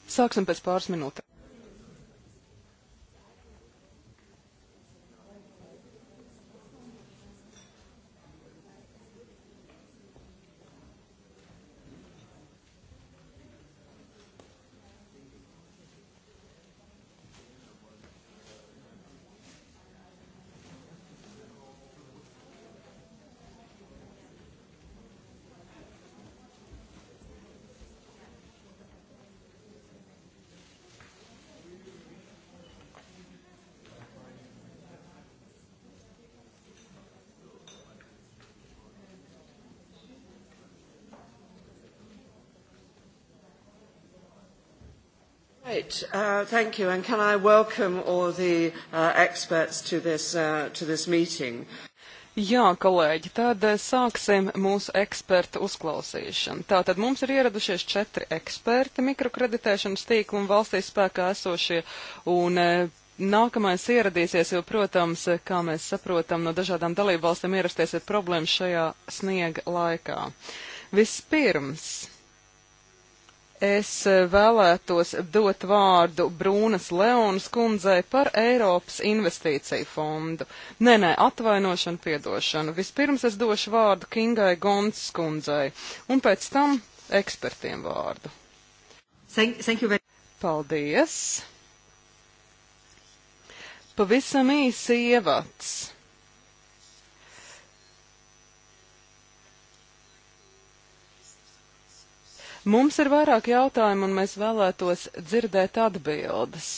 Sāksim pēc pāris minūtēm. Great. Uh, thank you. And can I welcome all the uh, experts to this, uh, to this meeting? Jā, kolēģi, tad uh, sāksim mūsu eksperta uzklausīšanu. Tātad mums ir ieradušies četri eksperti mikrokreditēšanas tīklu un valstī spēkā esošie. Un, uh, Nākamais ieradīsies, jo, protams, uh, kā mēs saprotam, no dažādām dalībvalstīm ierasties ir problēmas šajā sniega laikā. Vispirms Es eh, vēlētos dot vārdu Brūnas Leonas kundzei par Eiropas investīciju fondu. Nē, nē, atvainošanu, piedošanu. Vispirms es došu vārdu Kingai Gons kundzei un pēc tam ekspertiem vārdu. Thank, thank you very... Paldies! Pavisam īsi ievads. Mums ir vairāk jautājumu, un mēs vēlētos dzirdēt atbildes.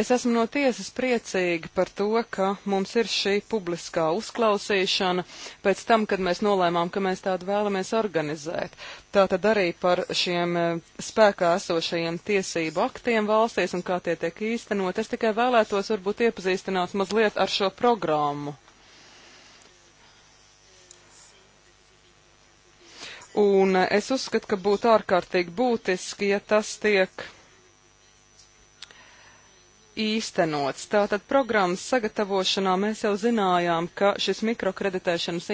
Es esmu no tiesas priecīga par to, ka mums ir šī publiskā uzklausīšana pēc tam, kad mēs nolēmām, ka mēs tādu vēlamies organizēt. Tātad arī par šiem eh, spēkā esošajiem tiesību aktiem valstīs un kā tie tiek īstenot. Es tikai vēlētos varbūt iepazīstināt mazliet ar šo programmu. Un es uzskatu, ka būtu ārkārtīgi būtiski, ja tas tiek īstenots. Tātad programmas sagatavošanā mēs jau zinājām, ka šis mikrokreditēšanas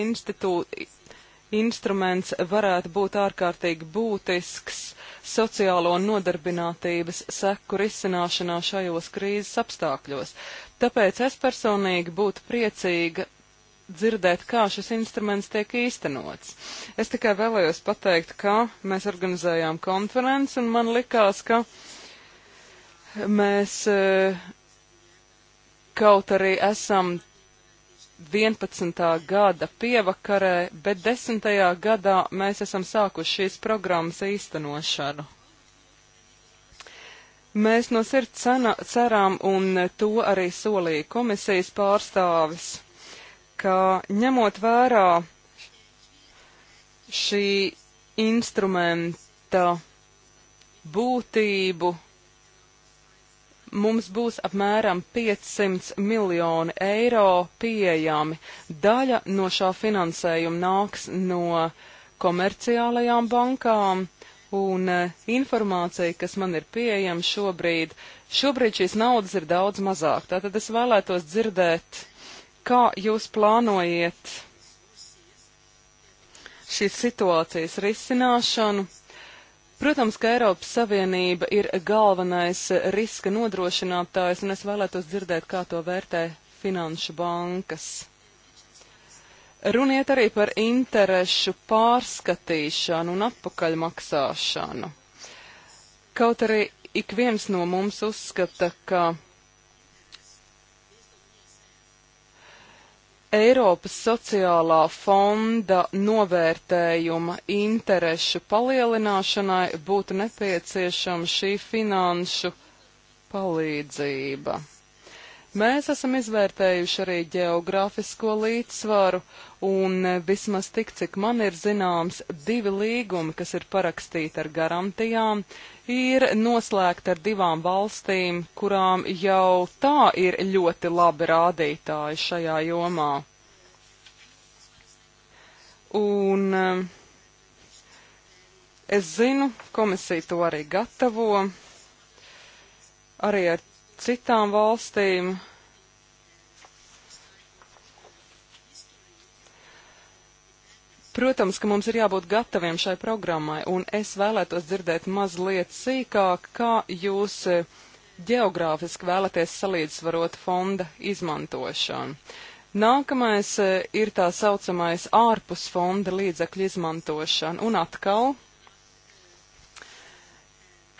instruments varētu būt ārkārtīgi būtisks sociālo nodarbinātības seku risināšanā šajos krīzes apstākļos. Tāpēc es personīgi būtu priecīga dzirdēt, kā šis instruments tiek īstenots. Es tikai vēlējos pateikt, ka mēs organizējām konferenci un man likās, ka mēs e, kaut arī esam 11. gada pievakarē, bet 10. gadā mēs esam sākuši šīs programmas īstenošanu. Mēs no sirds cerām, un to arī solīja komisijas pārstāvis ka ņemot vērā šī instrumenta būtību, mums būs apmēram 500 miljoni eiro pieejami. Daļa no šā finansējuma nāks no komerciālajām bankām, un eh, informācija, kas man ir pieejama šobrīd, šobrīd šīs naudas ir daudz mazāk. Tātad es vēlētos dzirdēt kā jūs plānojat šīs situācijas risināšanu? Protams, ka Eiropas Savienība ir galvenais riska nodrošinātājs, un es vēlētos dzirdēt, kā to vērtē finanšu bankas. Runiet arī par interešu pārskatīšanu un apakaļmaksāšanu. Kaut arī ik viens no mums uzskata, ka Eiropas sociālā fonda novērtējuma interešu palielināšanai būtu nepieciešama šī finanšu palīdzība. Mēs esam izvērtējuši arī geogrāfisko līdzsvaru, un vismaz tik, cik man ir zināms, divi līgumi, kas ir parakstīti ar garantijām, ir noslēgta ar divām valstīm, kurām jau tā ir ļoti labi rādītāji šajā jomā. Un um, es zinu, komisija to arī gatavo, arī ar citām valstīm Protams, ka mums ir jābūt gataviem šai programmai, un es vēlētos dzirdēt mazliet sīkāk, kā jūs ģeogrāfiski eh, vēlaties salīdzvarot fonda izmantošanu. Nākamais eh, ir tā saucamais ārpus fonda līdzekļu izmantošana. Un atkal,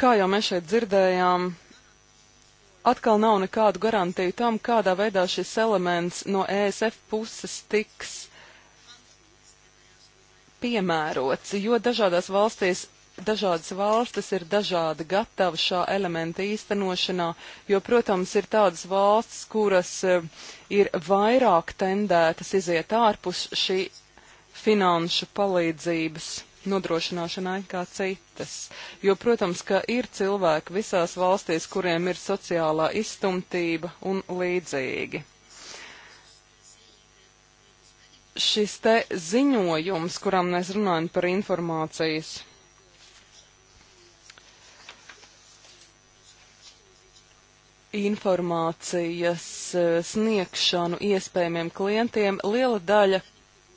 kā jau mēs šeit dzirdējām, atkal nav nekādu garantiju tam, kādā veidā šis elements no ESF puses tiks piemērots, jo dažādās valstīs dažādas valstis ir dažādi gatavi šā elementa īstenošanā, jo, protams, ir tādas valstis, kuras eh, ir vairāk tendētas iziet ārpus šī finanšu palīdzības nodrošināšanai kā citas. Jo, protams, ka ir cilvēki visās valstīs, kuriem ir sociālā izstumtība un līdzīgi šis te ziņojums, kuram mēs runājam par informācijas. informācijas eh, sniegšanu iespējamiem klientiem, liela daļa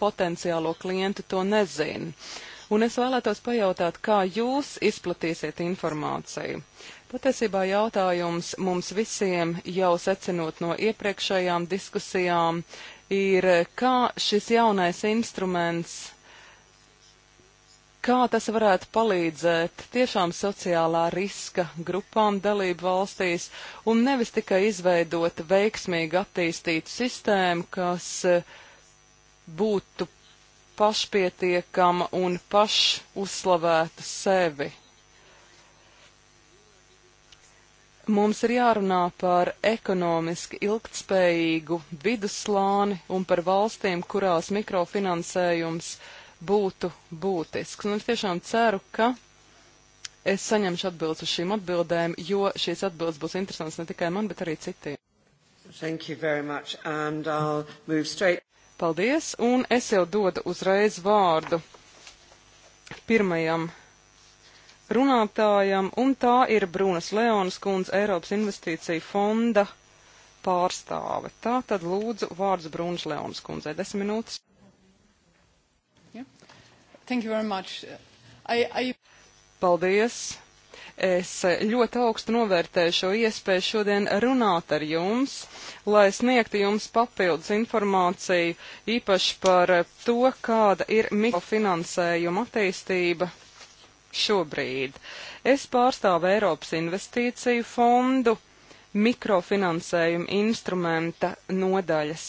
potenciālo klientu to nezina. Un es vēlētos pajautāt, kā jūs izplatīsiet informāciju. Patiesībā jautājums mums visiem jau secinot no iepriekšējām diskusijām ir, kā šis jaunais instruments, kā tas varētu palīdzēt tiešām sociālā riska grupām dalību valstīs un nevis tikai izveidot veiksmīgi attīstītu sistēmu, kas būtu pašpietiekama un pašuzslavēta sevi. mums ir jārunā par ekonomiski ilgtspējīgu vidusslāni un par valstīm, kurās mikrofinansējums būtu būtisks. Un es tiešām ceru, ka es saņemšu atbildes uz šīm atbildēm, jo šīs atbildes būs interesants ne tikai man, bet arī citiem. Thank you very much, and I'll move straight. Paldies, un es jau dodu uzreiz vārdu pirmajam runātājam, un tā ir Brunas Leonas kundze Eiropas investīcija fonda pārstāve. Tā tad lūdzu vārds Brunas Leonas kundzei. Desmit minūtes. Yeah. Thank you very much. I, I... Paldies. Es ļoti augstu novērtēju šo iespēju šodien runāt ar jums, lai sniegtu jums papildus informāciju īpaši par to, kāda ir mikrofinansējuma attīstība šobrīd. Es pārstāvu Eiropas investīciju fondu mikrofinansējuma instrumenta nodaļas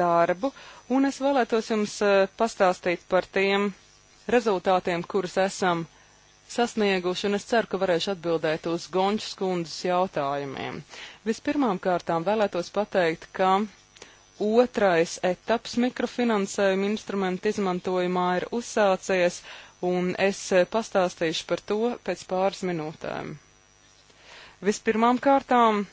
darbu, un es vēlētos jums e, pastāstīt par tiem rezultātiem, kurus esam sasnieguši, un es ceru, ka varēšu atbildēt uz Gončas kundzes jautājumiem. Vispirmām kārtām vēlētos pateikt, ka otrais etaps mikrofinansējuma instrumentu izmantojumā ir uzsācies, un es eh, pastāstīšu par to pēc pāris minūtēm. Vispirmām kārtām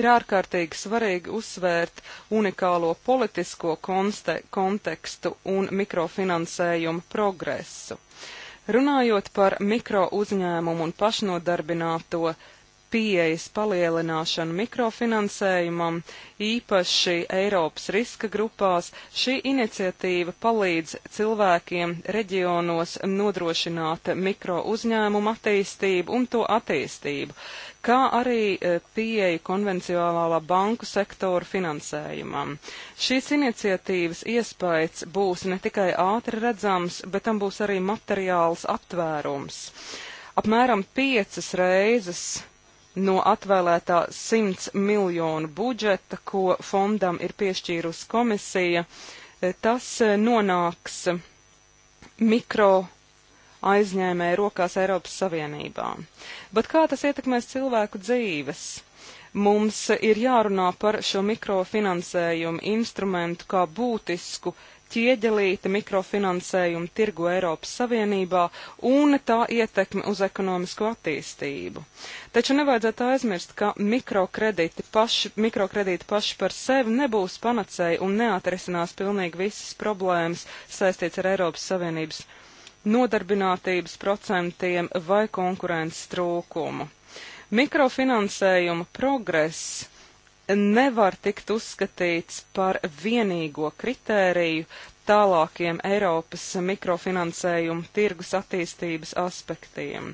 ir ārkārtīgi svarīgi uzsvērt unikālo politisko konste, kontekstu un mikrofinansējumu progresu. Runājot par mikro uzņēmumu un pašnodarbināto pieejas palielināšanu mikrofinansējumam, īpaši Eiropas riska grupās, šī iniciatīva palīdz cilvēkiem reģionos nodrošināt mikro uzņēmumu attīstību un to attīstību, kā arī e, pieeja konvencionālā banku sektora finansējumam. Šīs iniciatīvas iespējas būs ne tikai ātri redzams, bet tam būs arī materiāls aptvērums. Apmēram piecas reizes no atvēlētā 100 miljonu budžeta, ko fondam ir piešķīrusi komisija, e, tas e, nonāks mikro aizņēmēju rokās Eiropas Savienībā. Bet kā tas ietekmēs cilvēku dzīves? Mums ir jārunā par šo mikrofinansējumu instrumentu kā būtisku ķieģelīta mikrofinansējuma tirgu Eiropas Savienībā un tā ietekme uz ekonomisko attīstību. Taču nevajadzētu aizmirst, ka mikrokredīti paši, mikrokredīti paši par sevi nebūs panacēji un neatrisinās pilnīgi visas problēmas saistīts ar Eiropas Savienības nodarbinātības procentiem vai konkurences trūkumu. Mikrofinansējuma progress nevar tikt uzskatīts par vienīgo kritēriju tālākiem Eiropas mikrofinansējuma tirgus attīstības aspektiem.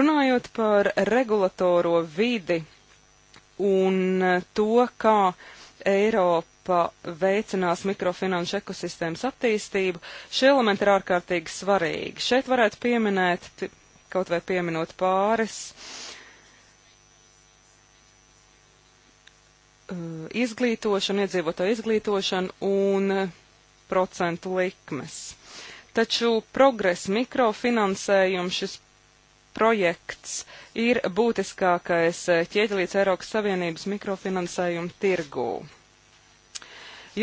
Runājot par regulatoro vidi un to, kā Eiropa veicinās mikrofinanšu ekosistēmas attīstību, šie elementi ir ārkārtīgi svarīgi. Šeit varētu pieminēt, kaut vai pieminot pāris, uh, Uh, izglītošanu, iedzīvotāju izglītošanu un uh, procentu likmes. Taču progresa mikrofinansējums šis projekts ir būtiskākais uh, ķieģelīts Eiropas Savienības mikrofinansējuma tirgū.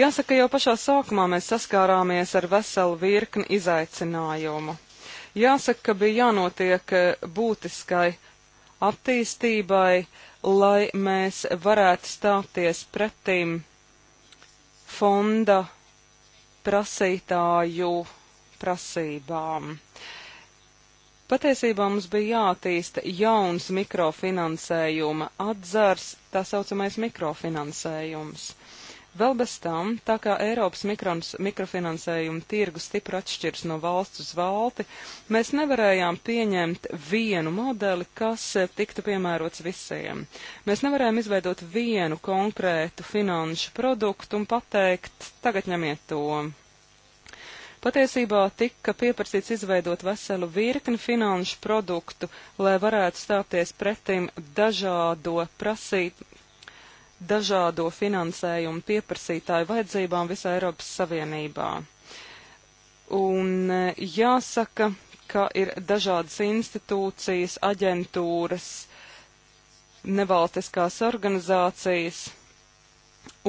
Jāsaka, jau pašā sākumā mēs saskārāmies ar veselu virkni izaicinājumu. Jāsaka, ka bija jānotiek būtiskai attīstībai, uh, lai mēs varētu stāties pretim fonda prasītāju prasībām. Patiesībā mums bija jātīsta jauns mikrofinansējuma atzars, tā saucamais mikrofinansējums. Vēl bez tam, tā kā Eiropas mikrons, mikrofinansējuma tirgus stipri atšķirs no valsts uz valti, mēs nevarējām pieņemt vienu modeli, kas tiktu piemērots visiem. Mēs nevarējām izveidot vienu konkrētu finanšu produktu un pateikt, tagad ņemiet to. Patiesībā tika pieprasīts izveidot veselu virkni finanšu produktu, lai varētu stāties pretim dažādo prasību dažādo finansējumu pieprasītāju vajadzībām visā Eiropas Savienībā. Un eh, jāsaka, ka ir dažādas institūcijas, aģentūras, nevalstiskās organizācijas,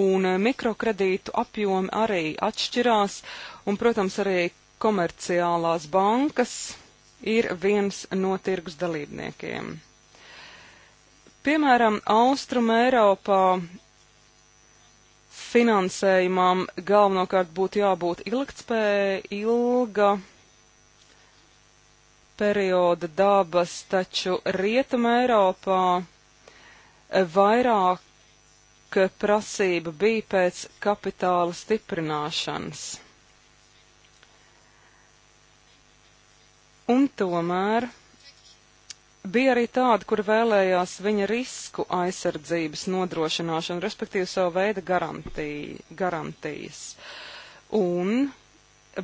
un eh, mikrokredītu apjomi arī atšķirās, un, protams, arī komerciālās bankas ir viens no tirgus dalībniekiem. Piemēram, Austrum Eiropā finansējumam galvenokārt būtu jābūt ilgtspēja, ilga perioda dabas, taču Rietuma Eiropā vairāk prasība bija pēc kapitāla stiprināšanas. Un tomēr Bija arī tādi, kur vēlējās viņa risku aizsardzības nodrošināšanu, respektīvi savu veidu garantiju, garantijas. Un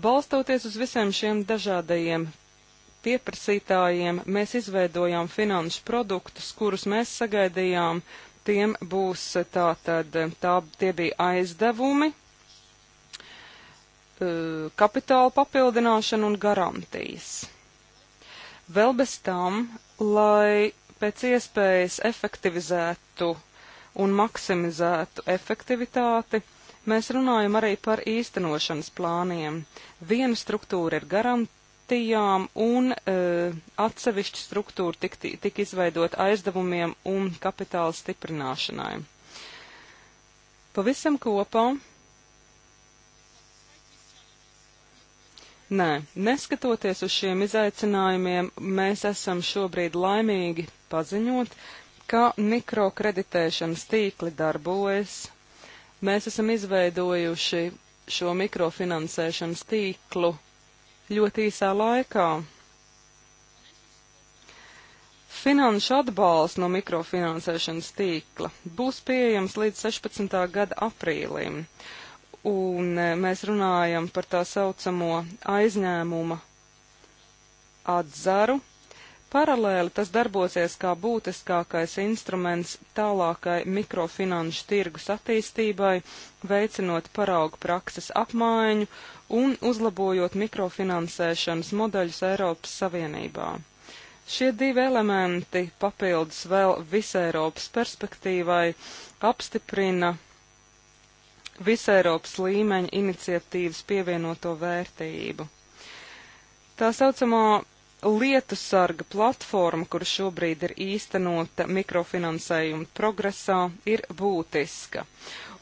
balstoties uz visiem šiem dažādajiem pieprasītājiem, mēs izveidojām finanšu produktus, kurus mēs sagaidījām, tiem būs tā tad, tā, tie bija aizdevumi, eh, kapitāla papildināšana un garantijas. Vēl bez tam lai pēc iespējas efektivizētu un maksimizētu efektivitāti, mēs runājam arī par īstenošanas plāniem. Viena struktūra ir garantijām un e, atsevišķa struktūra tika tik izveidot aizdevumiem un kapitāla stiprināšanai. Pavisam kopā Nē, neskatoties uz šiem izaicinājumiem, mēs esam šobrīd laimīgi paziņot, ka mikrokreditēšanas tīkli darbojas. Mēs esam izveidojuši šo mikrofinansēšanas tīklu ļoti īsā laikā. Finanšu atbalsts no mikrofinansēšanas tīkla būs pieejams līdz 16. gada aprīlim. Uh, un e, mēs runājam par tā saucamo aizņēmuma atzaru. Paralēli tas darbosies kā būtiskākais instruments tālākai mikrofinanšu tirgus attīstībai, veicinot paraugu prakses apmaiņu un uzlabojot mikrofinansēšanas modeļus Eiropas Savienībā. Šie divi elementi papildus vēl visai Eiropas perspektīvai apstiprina visai Eiropas līmeņa iniciatīvas pievienoto vērtību. Tā saucamā lietu sarga platforma, kur šobrīd ir īstenota mikrofinansējuma progresā, ir būtiska.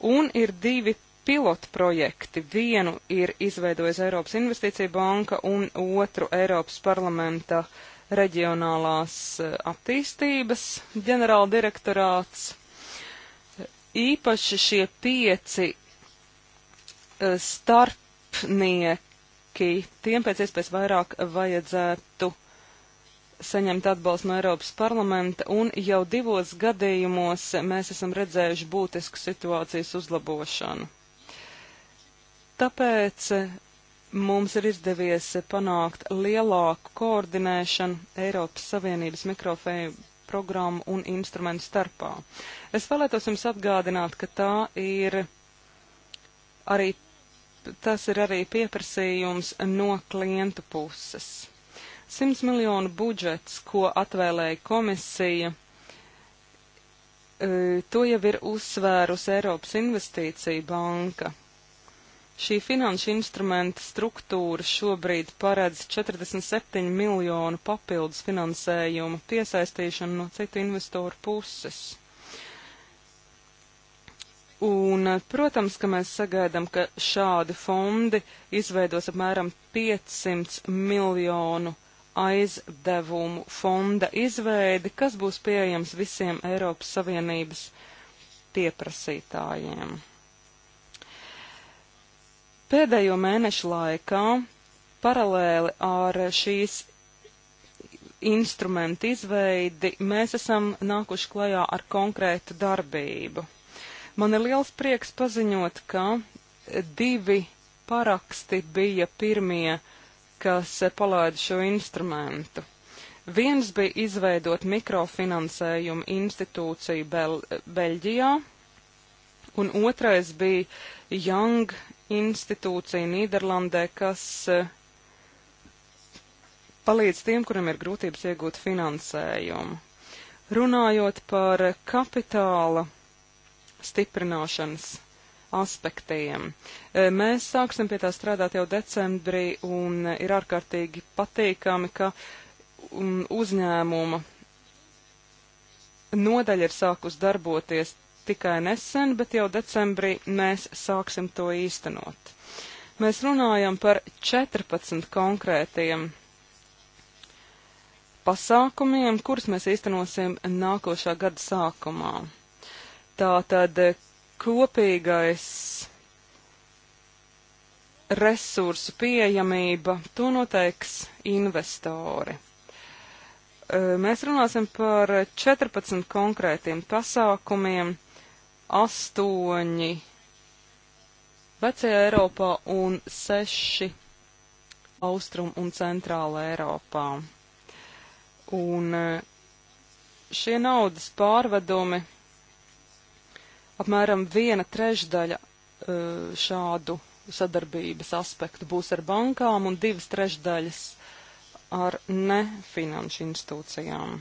Un ir divi pilotprojekti. Vienu ir izveidojusi Eiropas Investīcija banka un otru Eiropas parlamenta reģionālās e, attīstības ģenerāldirektorāts. Īpaši šie pieci Eh, starpnieki, tiem pēc iespējas vairāk vajadzētu saņemt atbalstu no Eiropas parlamenta, un jau divos gadījumos mēs esam redzējuši būtisku situācijas uzlabošanu. Tāpēc eh, mums ir izdevies panākt lielāku koordinēšanu Eiropas Savienības mikrofēju programmu un instrumentu starpā. Es vēlētos jums atgādināt, ka tā ir arī tas ir arī pieprasījums no klientu puses. 100 miljonu budžets, ko atvēlēja komisija, e, to jau ir uzsvērusi Eiropas investīcija banka. Šī finanšu instrumenta struktūra šobrīd paredz 47 miljonu papildus finansējumu piesaistīšanu no citu investoru puses. Un, protams, ka mēs sagaidām, ka šādi fondi izveidos apmēram 500 miljonu aizdevumu fonda izveidi, kas būs pieejams visiem Eiropas Savienības pieprasītājiem. Pēdējo mēnešu laikā paralēli ar šīs instrumentu izveidi mēs esam nākuši klajā ar konkrētu darbību. Man ir liels prieks paziņot, ka divi paraksti bija pirmie, kas palaida šo instrumentu. Viens bija izveidot mikrofinansējumu institūciju Bel Beļģijā, un otrais bija Young institūcija Nīderlandē, kas eh, palīdz tiem, kuriem ir grūtības iegūt finansējumu. Runājot par kapitāla stiprināšanas aspektiem. E, mēs sāksim pie tā strādāt jau decembrī un ir ārkārtīgi patīkami, ka um, uzņēmuma nodaļa ir sākus darboties tikai nesen, bet jau decembrī mēs sāksim to īstenot. Mēs runājam par 14 konkrētiem pasākumiem, kurus mēs īstenosim nākošā gada sākumā. Tātad kopīgais resursu pieejamība, to noteiks investori. Mēs runāsim par 14 konkrētiem pasākumiem, 8 vecajā Eiropā un 6 austrum un centrāla Eiropā. Un šie naudas pārvedumi apmēram viena trešdaļa e, šādu sadarbības aspektu būs ar bankām un divas trešdaļas ar nefinanšu institūcijām.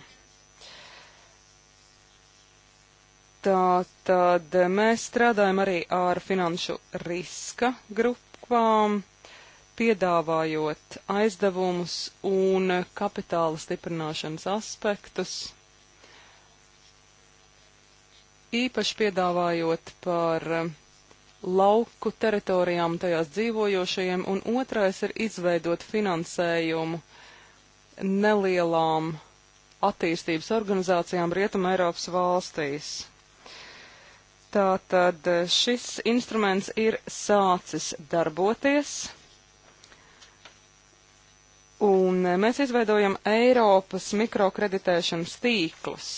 Tā tad mēs strādājam arī ar finanšu riska grupām, piedāvājot aizdevumus un kapitāla stiprināšanas aspektus īpaši piedāvājot par eh, lauku teritorijām tajās dzīvojošajiem, un otrais ir izveidot finansējumu nelielām attīstības organizācijām Rietuma Eiropas valstīs. Tātad eh, šis instruments ir sācis darboties, un eh, mēs izveidojam Eiropas mikrokreditēšanas tīklus.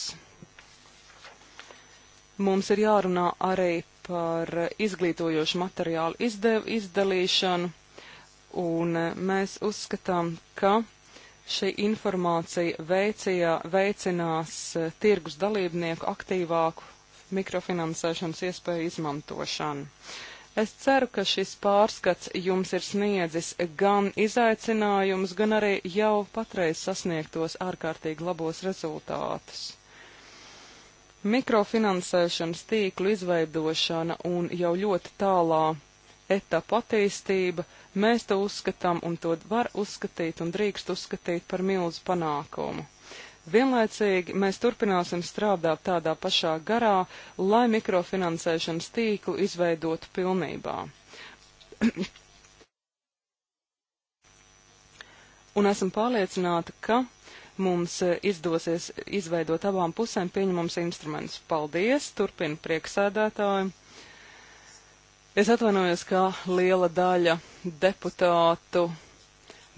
Mums ir jārunā arī par izglītojošu materiālu izdev, izdalīšanu, un mēs uzskatām, ka šī informācija veicijā, veicinās tirgus dalībnieku aktīvāku mikrofinansēšanas iespēju izmantošanu. Es ceru, ka šis pārskats jums ir sniedzis gan izaicinājumus, gan arī jau patreiz sasniegtos ārkārtīgi labos rezultātus. Mikrofinansēšanas tīklu izveidošana un jau ļoti tālā etapa attīstība, mēs to uzskatām un to var uzskatīt un drīkst uzskatīt par milzu panākumu. Vienlaicīgi mēs turpināsim strādāt tādā pašā garā, lai mikrofinansēšanas tīklu izveidotu pilnībā. un esam pārliecināti, ka mums eh, izdosies izveidot abām pusēm pieņemams instruments. Paldies, turpina prieksēdētāji. Es atvainojos, ka liela daļa deputātu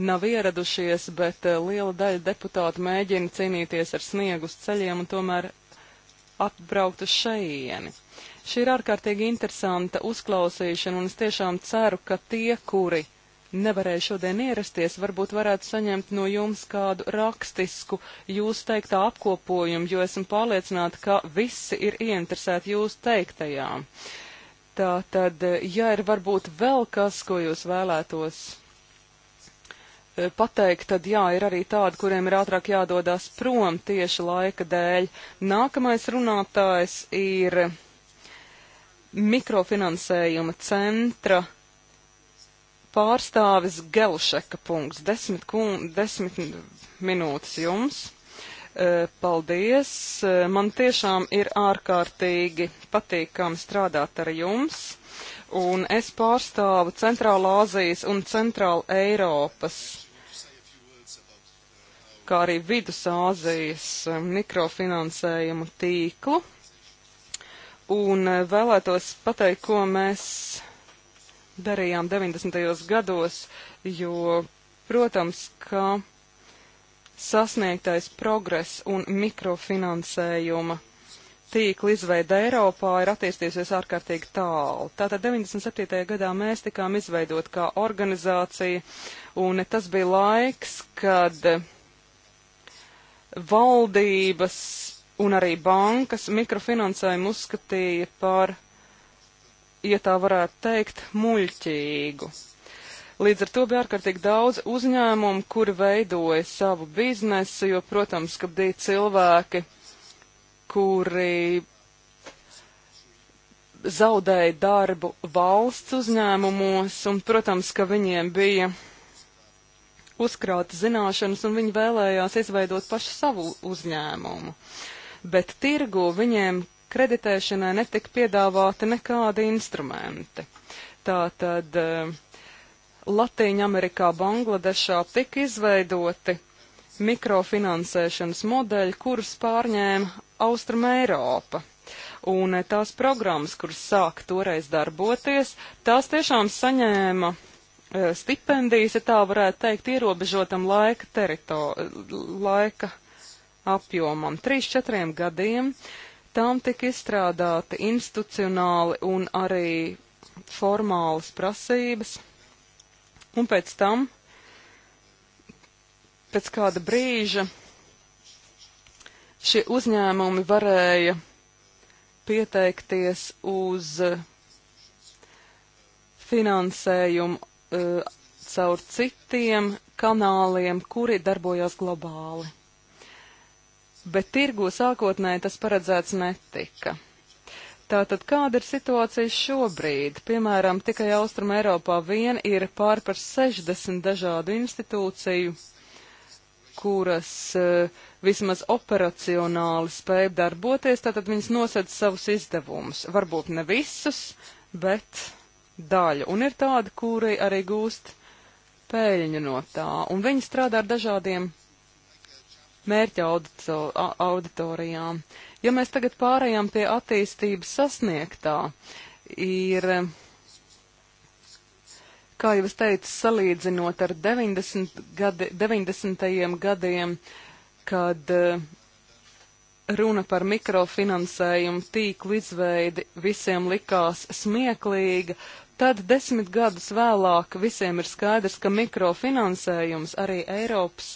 nav ieradušies, bet eh, liela daļa deputātu mēģina cīnīties ar sniegu uz ceļiem un tomēr atbraukt uz šeieni. Šī ir ārkārtīgi interesanta uzklausīšana, un es tiešām ceru, ka tie, kuri nevarēju šodien ierasties, varbūt varētu saņemt no jums kādu rakstisku jūs teiktā apkopojumu, jo esmu pārliecināta, ka visi ir ieinteresēti jūs teiktajā. Tā tad, ja ir varbūt vēl kas, ko jūs vēlētos eh, pateikt, tad jā, ir arī tādi, kuriem ir ātrāk jādodās prom tieši laika dēļ. Nākamais runātājs ir mikrofinansējuma centra pārstāvis Gelušeka punkts. Desmit, kum, desmit minūtes jums. E, paldies! E, man tiešām ir ārkārtīgi patīkami strādāt ar jums. Un es pārstāvu Centrālā Azijas un Centrāla Eiropas, kā arī Vidusāzijas e, mikrofinansējumu tīklu. Un vēlētos pateikt, ko mēs darījām 90. gados, jo, protams, ka sasniegtais progress un mikrofinansējuma tīkla izveida Eiropā ir attīstījusies ārkārtīgi tālu. Tātad 97. gadā mēs tikām izveidot kā organizācija, un tas bija laiks, kad valdības un arī bankas mikrofinansējumu uzskatīja par ja tā varētu teikt, muļķīgu. Līdz ar to bija ārkārtīgi daudz uzņēmumu, kuri veidoja savu biznesu, jo, protams, ka bija cilvēki, kuri zaudēja darbu valsts uzņēmumos, un, protams, ka viņiem bija uzkrāta zināšanas, un viņi vēlējās izveidot pašu savu uzņēmumu. Bet tirgu viņiem kreditēšanai netika piedāvāti nekādi instrumenti. Tātad eh, Latīņa Amerikā, Bangladešā tika izveidoti mikrofinansēšanas modeļi, kurus pārņēma Austrum Eiropa. Un eh, tās programmas, kuras sāka toreiz darboties, tās tiešām saņēma eh, stipendijas, ja tā varētu teikt, ierobežotam laika, terito, laika apjomam, 3-4 gadiem. Uh, Tām tika izstrādāti institucionāli un arī formālas prasības, un pēc tam, pēc kāda brīža, šie uzņēmumi varēja pieteikties uz eh, finansējumu uh, caur citiem kanāliem, kuri darbojās globāli bet tirgu sākotnēji tas paredzēts netika. Tātad kāda ir situācija šobrīd? Piemēram, tikai Austrum Eiropā vien ir pār par 60 dažādu institūciju, kuras uh, vismaz operacionāli spēja darboties, tātad viņas nosedz savus izdevumus. Varbūt ne visus, bet daļu. Un ir tādi, kuri arī gūst pēļņu no tā. Un viņi strādā ar dažādiem mērķa auditorijām. Ja mēs tagad pārējām pie attīstības sasniegtā, ir, kā jau es teicu, salīdzinot ar 90. Gadi, 90. gadiem, kad e, runa par mikrofinansējumu tīklu izveidi visiem likās smieklīga, tad desmit gadus vēlāk visiem ir skaidrs, ka mikrofinansējums arī Eiropas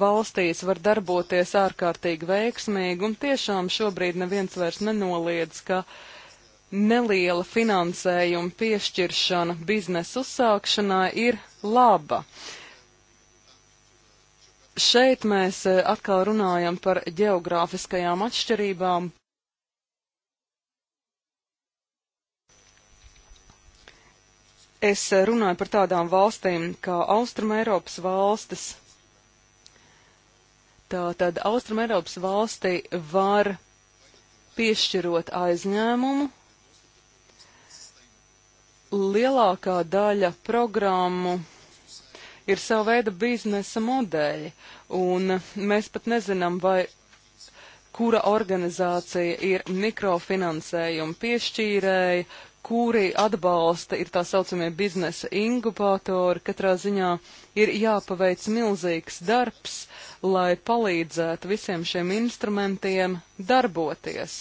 valstīs var darboties ārkārtīgi veiksmīgi, un tiešām šobrīd neviens vairs nenoliedz, ka neliela finansējuma piešķiršana biznesa uzsākšanai ir laba. Šeit mēs eh, atkal runājam par geogrāfiskajām atšķirībām. Es eh, runāju par tādām valstīm kā Austruma Eiropas valstis, Tātad Austrum Eiropas valstī var piešķirot aizņēmumu. Lielākā daļa programmu ir sava veida biznesa modeļi, un mēs pat nezinām, vai kura organizācija ir mikrofinansējuma piešķīrēja, kuri atbalsta ir tā saucamie biznesa inkubatori. Katrā ziņā ir jāpaveic milzīgs darbs, lai palīdzētu visiem šiem instrumentiem darboties.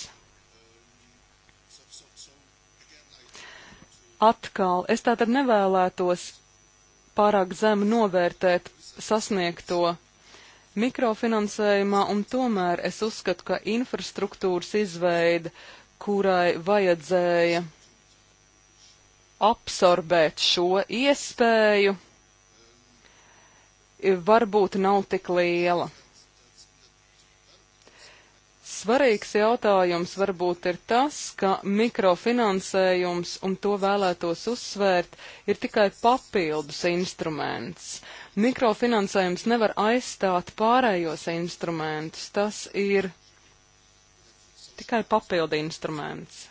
Atkal, es tātad nevēlētos pārāk zemu novērtēt sasniegto mikrofinansējumā, un tomēr es uzskatu, ka infrastruktūras izveida, kurai vajadzēja absorbēt šo iespēju varbūt nav tik liela. Svarīgs jautājums varbūt ir tas, ka mikrofinansējums, un to vēlētos uzsvērt, ir tikai papildus instruments. Mikrofinansējums nevar aizstāt pārējos instrumentus, tas ir tikai papildu instruments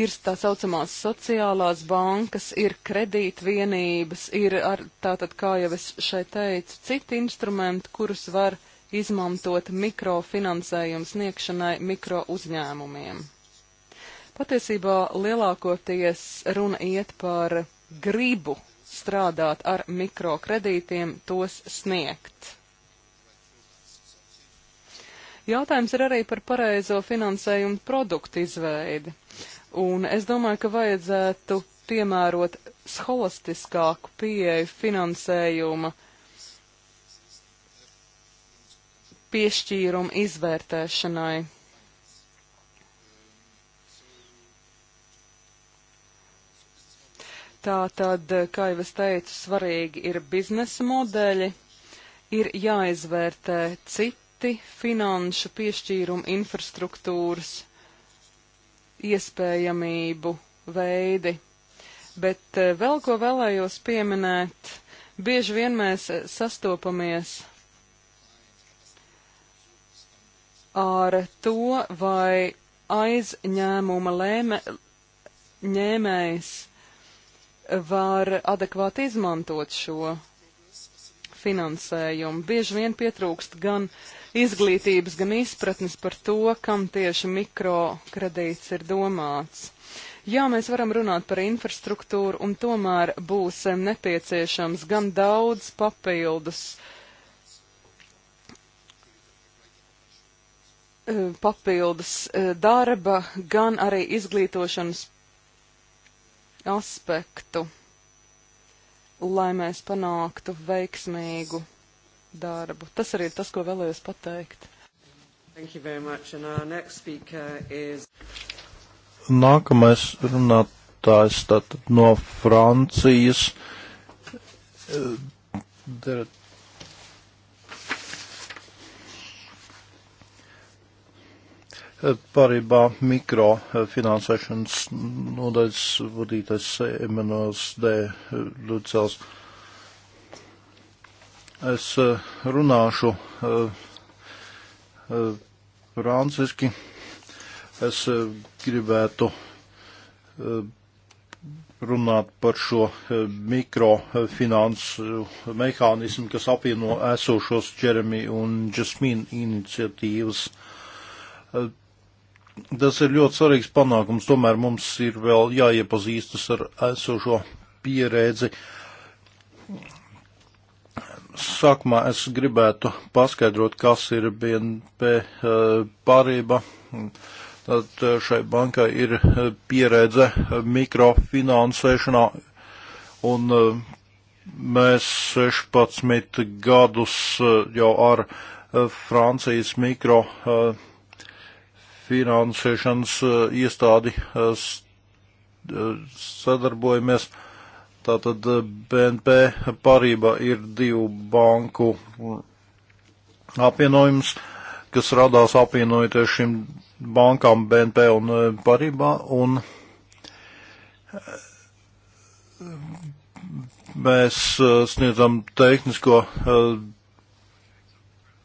ir tā saucamās sociālās bankas, ir kredītvienības, ir ar, tātad, kā jau es šeit teicu, citi instrumenti, kurus var izmantot mikrofinansējumu sniegšanai mikro uzņēmumiem. Patiesībā lielākoties runa iet par gribu strādāt ar mikrokredītiem, tos sniegt. Jautājums ir arī par pareizo finansējumu produktu izveidi. Un es domāju, ka vajadzētu piemērot holistiskāku pieeju finansējuma piešķīrumu izvērtēšanai. Tā tad, kā jau es teicu, svarīgi ir biznesa modeļi, ir jāizvērtē citi finanšu piešķīrumu infrastruktūras iespējamību veidi. Bet eh, vēl ko vēlējos pieminēt, bieži vien mēs eh, sastopamies ar to, vai aizņēmuma lēme, ņēmējs var adekvāti izmantot šo finansējumu. Bieži vien pietrūkst gan izglītības, gan izpratnes par to, kam tieši mikrokredīts ir domāts. Jā, mēs varam runāt par infrastruktūru, un tomēr būs eh, nepieciešams gan daudz papildus eh, papildus eh, darba, gan arī izglītošanas aspektu lai mēs panāktu veiksmīgu darbu. Tas arī ir tas, ko vēlējos pateikt. Is... Nākamais runātājs tātad no Francijas. Uh, Parībā mikrofinansēšanas eh, nodaļas vadītais Emanuels D. Lucels. Es eh, runāšu eh, franciski. Es gribētu runāt par šo mikrofinansu mehānismu, kas apvieno esošos Džeremija un Džasmīna iniciatīvas. Tas ir ļoti svarīgs panākums, tomēr mums ir vēl jāiepazīstas ar esošo pieredzi. Sākumā es gribētu paskaidrot, kas ir BNP eh, pārība. Tad eh, šai bankai ir eh, pieredze mikrofinansēšanā, un mēs 16 gadus jau ar Francijas mikrofinansēšanu finansēšanas eh, iestādi eh, eh, sadarbojamies. Tātad BNP parība ir divu banku mm, apvienojums, kas radās apvienojoties šim bankām BNP un parībā. Un mēs sniedzam tehnisko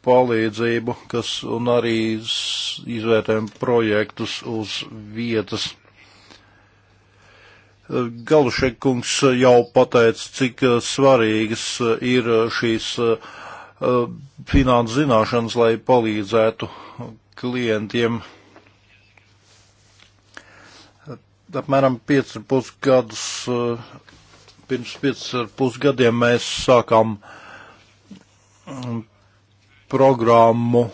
palīdzību, kas un arī izvērtējam projektus uz vietas. Galušekungs jau pateica, cik uh, svarīgas uh, ir uh, šīs finanses zināšanas, lai palīdzētu klientiem. Apmēram 5,5 gadus, pirms 5,5 gadiem mēs sākām um, programmu,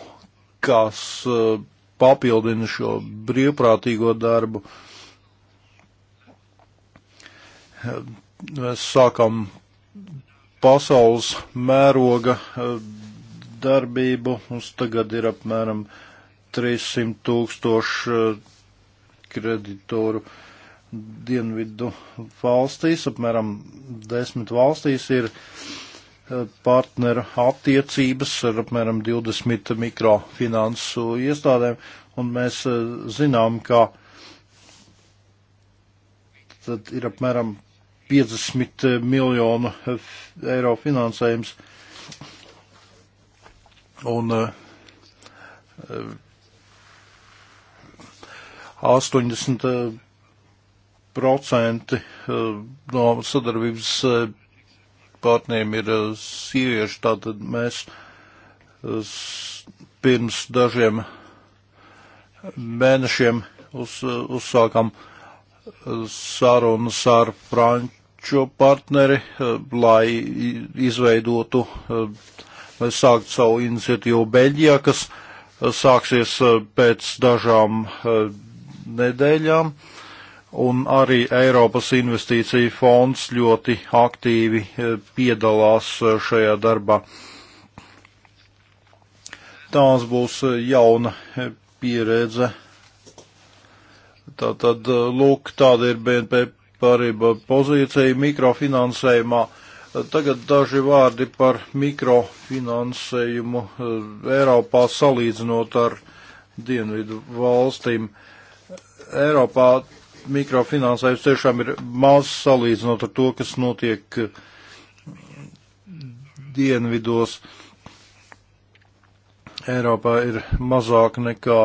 kas eh, papildina šo brīvprātīgo darbu. Mēs sākam pasaules mēroga eh, darbību. Mums tagad ir apmēram 300 tūkstoši eh, kreditoru dienvidu valstīs, apmēram 10 valstīs ir partneru attiecības ar apmēram 20 mikrofinansu iestādēm, un mēs eh, zinām, ka tad ir apmēram 50 miljonu eiro finansējums. Un 80% eh, eh, no sadarbības partneriem ir eh, sievieši, tātad mēs eh, pirms dažiem mēnešiem uz, eh, uzsākam sarunas ar franču partneri, lai izveidotu, lai sāktu savu iniciatīvu Beļģijā, kas sāksies pēc dažām nedēļām. Uh, un arī Eiropas investīcija fonds ļoti aktīvi e, piedalās e, šajā darbā. Tās būs e, jauna pieredze. Tātad, lūk, tāda ir BNP parība pozīcija mikrofinansējumā. Tagad daži vārdi par mikrofinansējumu Eiropā salīdzinot ar dienvidu valstīm. Eiropā mikrofinansējums tiešām ir maz salīdzinot ar to, kas notiek eh, dienvidos. Eiropā ir mazāk nekā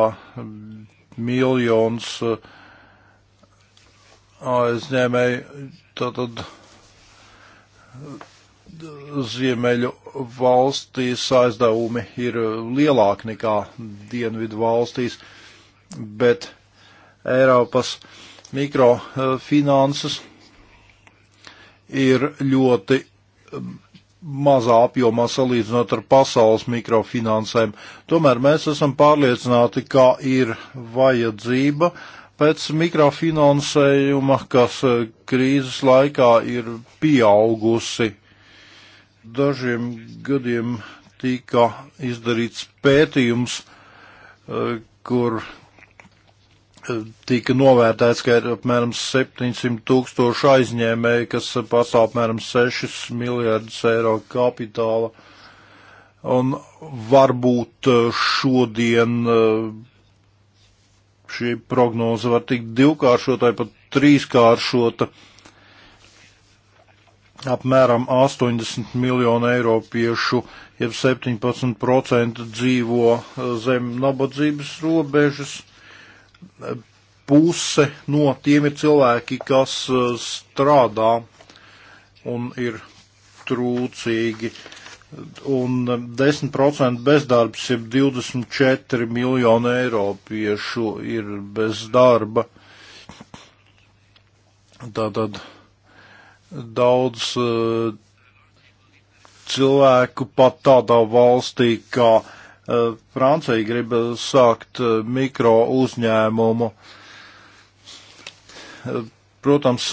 miljons eh, aizņēmēju, tātad eh, ziemeļu valstīs aizdevumi ir lielāki nekā dienvidu valstīs, bet Eiropas uh, mikrofinanses ir ļoti mazā apjomā salīdzinot ar pasaules mikrofinansēm. Tomēr mēs esam pārliecināti, ka ir vajadzība pēc mikrofinansējuma, kas eh, krīzes laikā ir pieaugusi. Dažiem gadiem tika izdarīts pētījums, eh, kur tika novērtēts, ka ir apmēram 700 tūkstoši aizņēmēji, kas pastāv apmēram 6 miljardus eiro kapitāla. Un varbūt eh, šodien eh, šī prognoze var tikt divkāršota vai pat trīskāršota. Apmēram 80 miljonu eiropiešu, jeb 17% dzīvo eh, zem nabadzības robežas puse no tiem ir cilvēki, kas eh, strādā un ir trūcīgi. Un 10% eh, bezdarbs, jeb 24 miljoni eiropiešu ir bez darba. Tātad daudz eh, cilvēku pat tādā valstī kā uh, Eh, Francija grib eh, sākt eh, mikro uzņēmumu. Protams,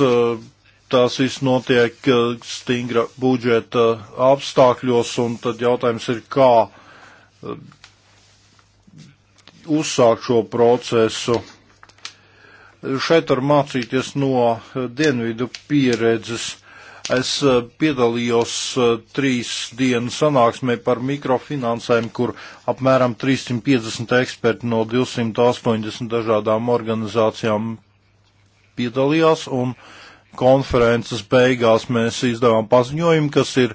tās viss notiek stingra budžeta apstākļos, un tad jautājums ir, kā uzsākt šo procesu. Šeit var mācīties no dienvidu pieredzes. Es eh, piedalījos eh, trīs dienu sanāksmē par mikrofinansēm, kur apmēram 350 eksperti no 280 dažādām organizācijām piedalījās, un konferences beigās mēs izdevām paziņojumu, kas ir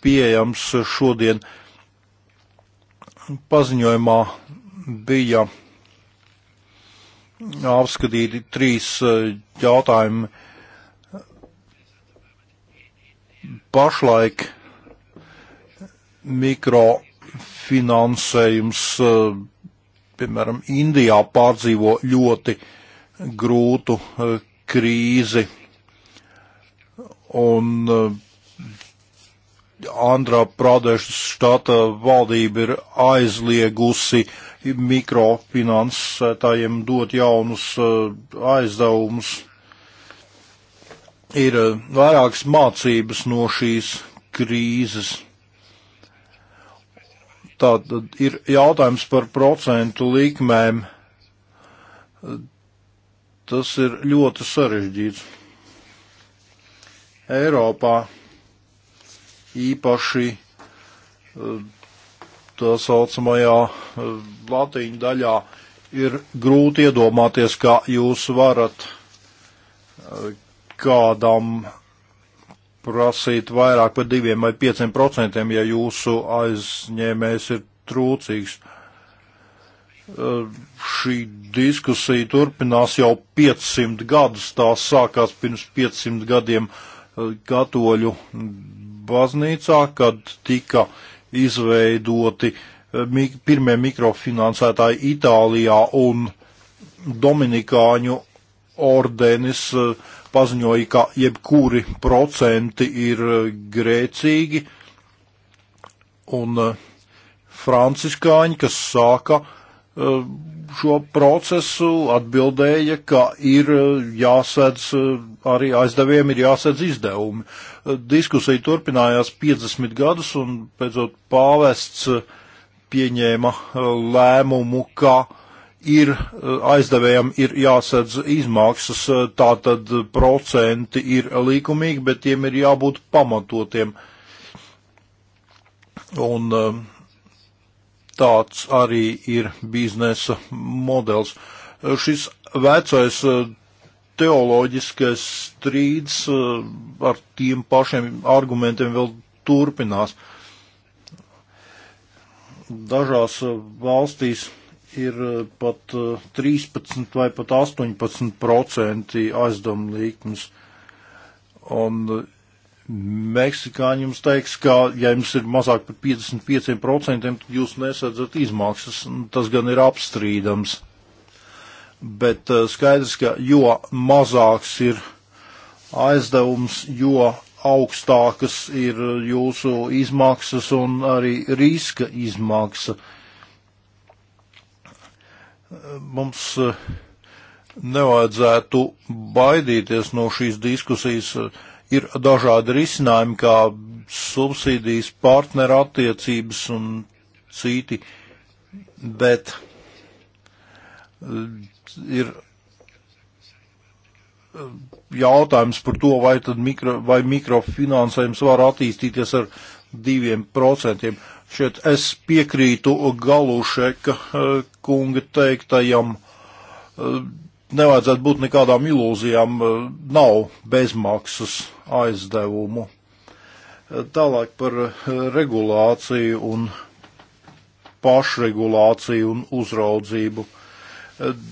pieejams šodien. Paziņojumā bija apskatīti trīs eh, jautājumi pašlaik mikrofinansējums, eh, piemēram, Indijā pārdzīvo ļoti grūtu eh, krīzi. Un eh, Andrā Pradešas štata valdība ir aizliegusi mikrofinansētājiem dot jaunus aizdevumus ir eh, vairākas mācības no šīs krīzes. Tātad ir jautājums par procentu likmēm. Tas ir ļoti sarežģīts. Eiropā īpaši eh, tā saucamajā eh, latīņu daļā ir grūti iedomāties, kā jūs varat kādam prasīt vairāk par diviem vai pieciem procentiem, ja jūsu aizņēmējs ir trūcīgs. Eh, šī diskusija turpinās jau 500 gadus, tā sākās pirms 500 gadiem katoļu eh, baznīcā, kad tika izveidoti eh, pirmie mikrofinansētāji Itālijā un Dominikāņu ordenis uh, paziņoja, ka jebkuri procenti ir eh, grēcīgi, un eh, franciskāņi, kas sāka eh, šo procesu, atbildēja, ka ir jāsēdz, arī aizdevējiem ir jāsēdz izdevumi. Diskusija turpinājās 50 gadus, un pēcot pāvests pieņēma lēmumu, ka uh, ir eh, aizdevējam ir jāsadz izmaksas, eh, tātad procenti ir likumīgi, bet tiem ir jābūt pamatotiem. Un eh, tāds arī ir biznesa modelis. Šis vecais teoloģiskais strīds ar tiem pašiem argumentiem vēl turpinās. Dažās valstīs ir eh, pat 13 eh, vai pat 18% aizdomu likmes. Un eh, meksikāņi jums teiks, ka ja jums ir mazāk par 55%, tad jūs nesadzat izmaksas. Tas gan ir apstrīdams. Bet skaidrs, ka jo mazāks ir aizdevums, jo augstākas ir jūsu izmaksas un arī riska izmaksa. Uh, Mums e, nevajadzētu baidīties no šīs diskusijas. Ir dažādi risinājumi, kā subsīdijas, partneru attiecības un citi, bet e, ir e, jautājums par to, vai, mikro, vai mikrofinansējums var attīstīties ar diviem procentiem. Šeit es piekrītu Galušeka eh, kunga teiktajam, eh, nevajadzētu būt nekādām ilūzijām, eh, nav bezmaksas aizdevumu. Tālāk par regulāciju un pašregulāciju un uzraudzību.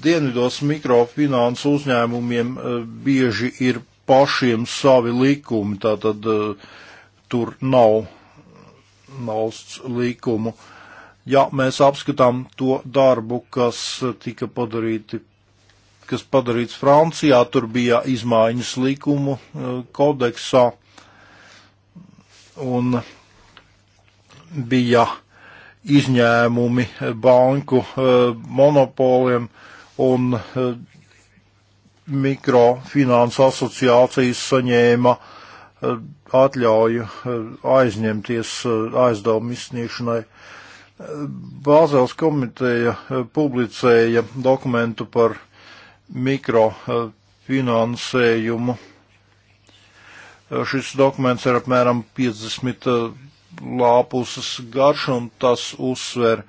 Dienvidos mikrofinansu uzņēmumiem bieži ir pašiem savi likumi, tātad tur nav valsts likumu. Ja mēs apskatām to darbu, kas tika padarīti, kas padarīts Francijā, tur bija izmaiņas likumu eh, kodeksā un bija izņēmumi banku eh, monopoliem un eh, mikrofinansu asociācijas saņēma atļauju eh, aizņemties eh, aizdevumu izsniegšanai. Eh, Bāzēls komiteja publicēja dokumentu par mikrofinansējumu. Šis dokuments ir apmēram 50 lāpuses garš un tas uzsver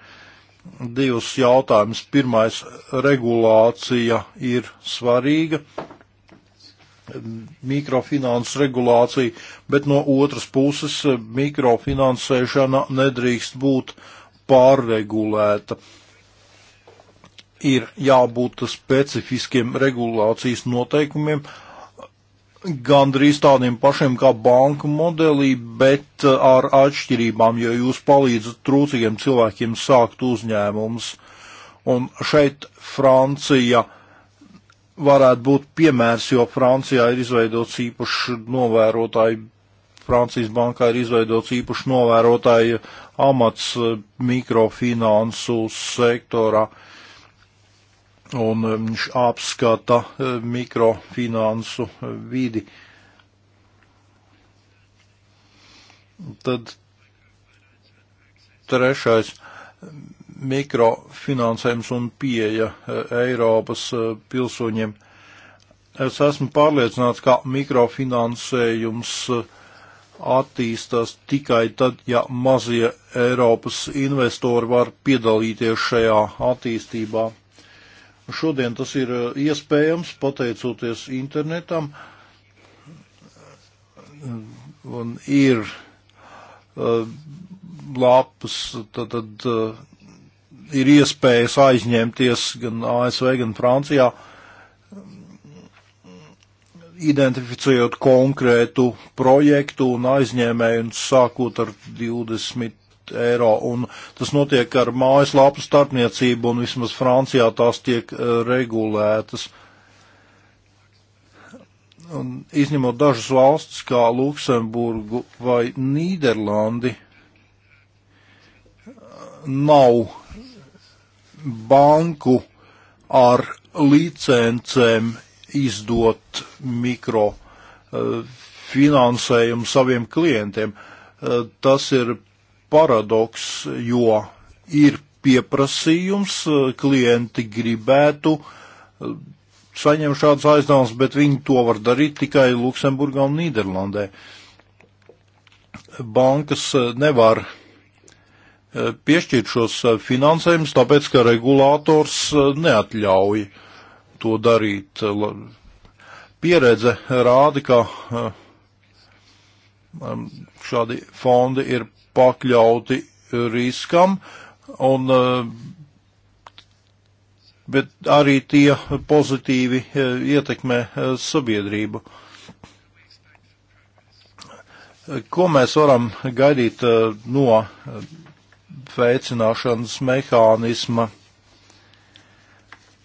divus jautājumus. Pirmais - regulācija ir svarīga mikrofinanses regulācija, bet no otras puses eh, mikrofinansēšana nedrīkst būt pārregulēta. Ir jābūt specifiskiem regulācijas noteikumiem, gandrīz tādiem pašiem kā banku modelī, bet eh, ar atšķirībām, jo jūs palīdzat trūcīgiem cilvēkiem sākt uzņēmumus. Un šeit Francija uh, varētu būt piemērs, jo Francijā ir izveidots īpašs novērotāji, Francijas bankā ir izveidots īpašs novērotāji amats eh, mikrofinansu sektorā. Un eh, viņš apskata eh, mikrofinansu vidi. Tad trešais mikrofinansējums un pieeja e, Eiropas e, pilsoņiem. Es esmu pārliecināts, ka mikrofinansējums e, attīstās tikai tad, ja mazie Eiropas investori var piedalīties šajā attīstībā. Šodien tas ir iespējams pateicoties internetam. Un ir lapas, tad, tad ir iespējas aizņemties gan ASV, gan Francijā, identificējot konkrētu projektu un aizņēmēju un sākot ar 20 eiro. Un tas notiek ar mājaslapu starpniecību un vismaz Francijā tās tiek eh, regulētas. Un izņemot dažas valstis kā Luksemburgu vai Nīderlandi, nav banku ar licencēm izdot mikrofinansējumu eh, saviem klientiem. Eh, tas ir paradoks, jo ir pieprasījums, eh, klienti gribētu saņem šādas aizdevumus, bet viņi to var darīt tikai Luksemburgā un Nīderlandē. Bankas nevar E, piešķirt šos e, finansējumus, tāpēc, ka regulātors e, neatļauj to darīt. Pieredze rāda, ka šādi fondi ir pakļauti riskam, un, bet arī tie pozitīvi ietekmē sabiedrību. Ko mēs varam gaidīt no veicināšanas mehānisma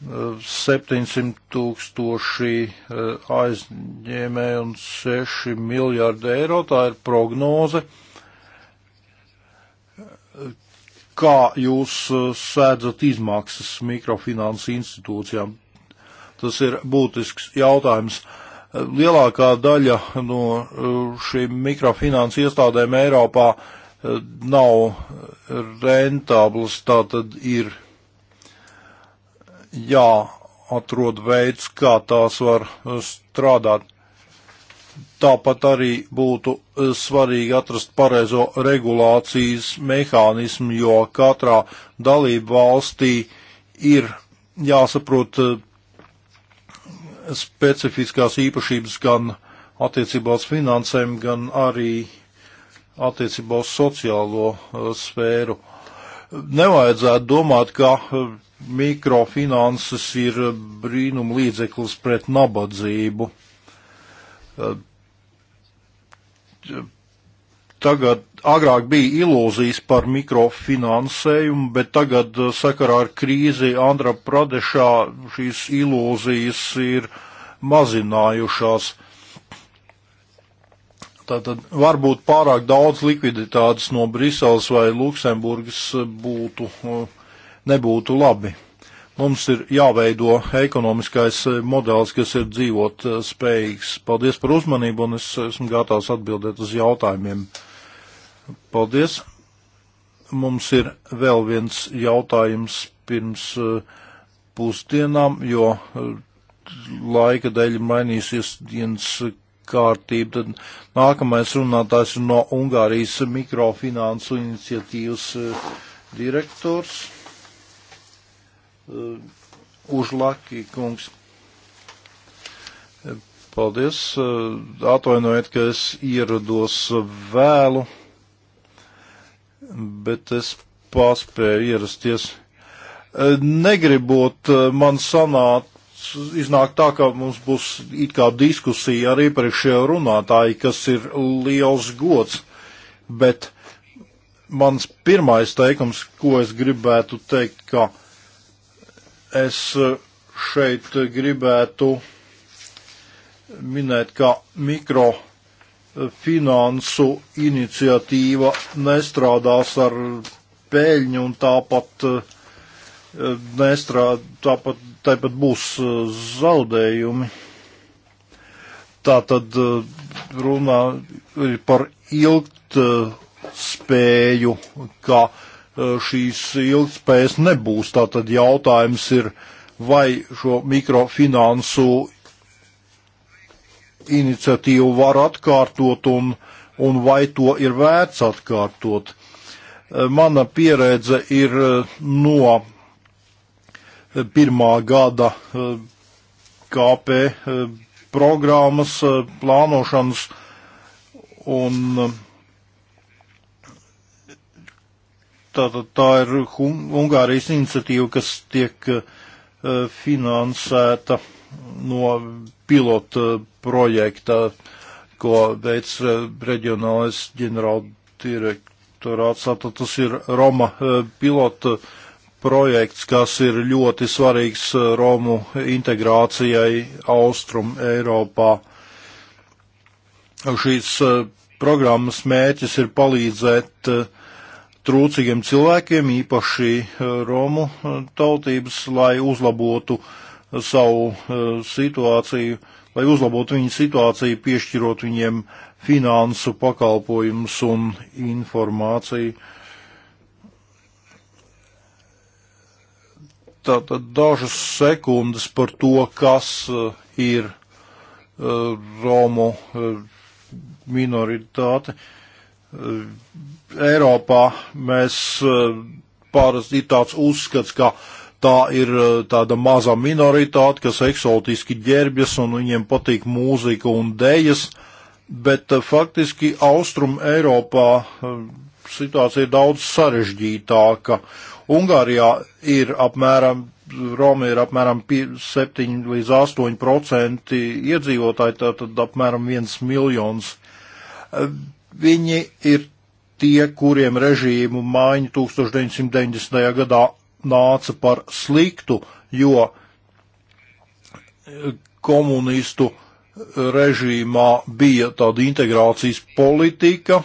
700 tūkstoši eh, aizņēmēju un 6 miljārdi eiro. Tā ir prognoze. Kā jūs eh, sēdzat izmaksas mikrofinansu institūcijām? Tas ir būtisks jautājums. Lielākā daļa no eh, šīm mikrofinansu iestādēm Eiropā uh, nav rentabls, tā tad ir jāatrod veids, kā tās var strādāt. Tāpat arī būtu svarīgi atrast pareizo regulācijas mehānismu, jo katrā dalību valstī ir jāsaprot eh, specifiskās īpašības gan attiecībā uz finansēm, gan arī attiecībā uz sociālo uh, sfēru. Nevajadzētu domāt, ka uh, mikrofinanses ir uh, brīnum līdzeklis pret nabadzību. Tagad agrāk bija ilūzijas par mikrofinansējumu, bet tagad sakarā ar krīzi Andra Pradešā šīs ilūzijas ir mazinājušās. Tātad varbūt pārāk daudz likviditātes no Briseles vai Luksemburgas būtu, eh, nebūtu labi. Mums ir jāveido ekonomiskais eh, modelis, kas ir dzīvot eh, spējīgs. Paldies par uzmanību un es esmu gatavs atbildēt uz jautājumiem. Paldies. Mums ir vēl viens jautājums pirms pusdienām, jo laika dēļ mainīsies dienas kārtību. Tad nākamais runātājs ir no Ungārijas mikrofinansu iniciatīvas eh, direktors eh, Užlaki kungs. Eh, paldies. Atvainojiet, ka es ierados vēlu, bet es paspēju ierasties. Negribot man sanāt iznāk tā, ka mums būs it kā diskusija ar iepriekšējo runātāju, kas ir liels gods, bet mans pirmais teikums, ko es gribētu teikt, ka es šeit gribētu minēt, ka mikrofinansu iniciatīva nestrādās ar pēļņu un tāpat eh, nestrādā, tāpat tāpat būs e, zaudējumi. Tā tad e, runā ir par ilgt spēju, ka e, šīs ilgspējas nebūs. Tātad jautājums ir, vai šo mikrofinansu iniciatīvu var atkārtot un, un vai to ir vērts atkārtot. Mana pieredze ir no pirmā gada KP eh, eh, programmas eh, plānošanas un tā, tā, tā ir Ungārijas iniciatīva, kas tiek finansēta no pilota projekta, ko veids reģionālais ģenerāldirektorāts. Tātad tas ir Roma pilota projekts projekts, kas ir ļoti svarīgs eh, Romu integrācijai Austrum Eiropā. Šīs eh, programmas mēķis ir palīdzēt eh, trūcīgiem cilvēkiem, īpaši Romu tautības, lai uzlabotu savu situāciju, lai uzlabotu viņu situāciju, piešķirot viņiem finansu pakalpojumus un informāciju tātad dažas sekundes par to, kas eh, ir eh, Romu eh, minoritāte. Eiropā mēs parasti ir tāds uzskats, ka tā ir tāda maza minoritāte, kas eksotiski ģērbjas un viņiem patīk mūzika un dējas, bet faktiski Austrum Eiropā situācija ir daudz sarežģītāka Ungārijā ir apmēram, Roma ir apmēram 7 līdz 8 procenti iedzīvotāji, tātad apmēram 1 miljons. Eh, viņi ir tie, kuriem režīmu maiņa 1990. gadā nāca par sliktu, jo eh, komunistu režīmā bija tāda integrācijas politika,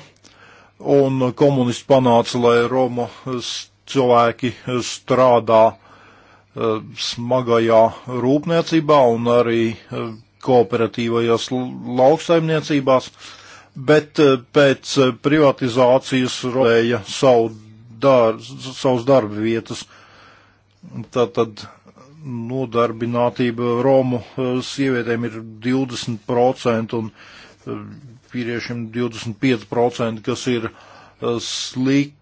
un komunisti panāca, lai Roma st cilvēki strādā eh, smagajā rūpniecībā un arī eh, kooperatīvajās lauksaimniecībās, bet eh, pēc privatizācijas rodēja savu dar, savus darba vietas. Tātad nodarbinātība Romu sievietēm ir 20% un vīriešiem 25%, kas ir slik,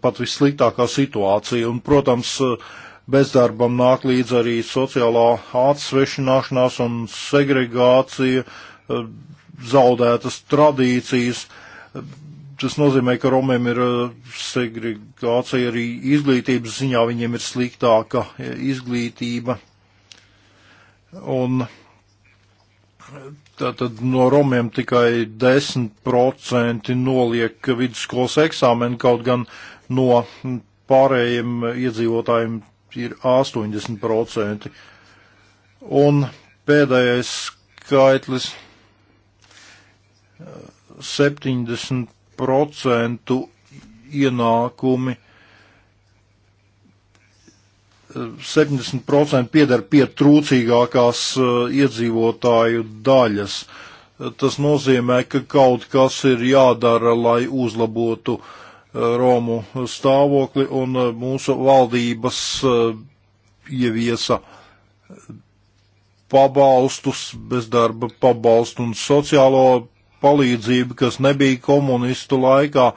pat vissliktākā situācija. Un, protams, bezdarbam nāk līdz arī sociālā atsvešināšanās un segregācija, eh, zaudētas tradīcijas. Tas nozīmē, ka romiem ir eh, segregācija arī izglītības ziņā, viņiem ir sliktāka eh, izglītība. Un Tātad no romiem tikai 10% noliek vidusskolas eksāmenu, kaut gan no pārējiem iedzīvotājiem ir 80%. Un pēdējais skaitlis 70% ienākumi 70% pieder pie trūcīgākās eh, iedzīvotāju daļas. Tas nozīmē, ka kaut kas ir jādara, lai uzlabotu eh, Romu stāvokli, un eh, mūsu valdības ieviesa pabalstus, bezdarba pabalstu un sociālo palīdzību, kas nebija komunistu laikā,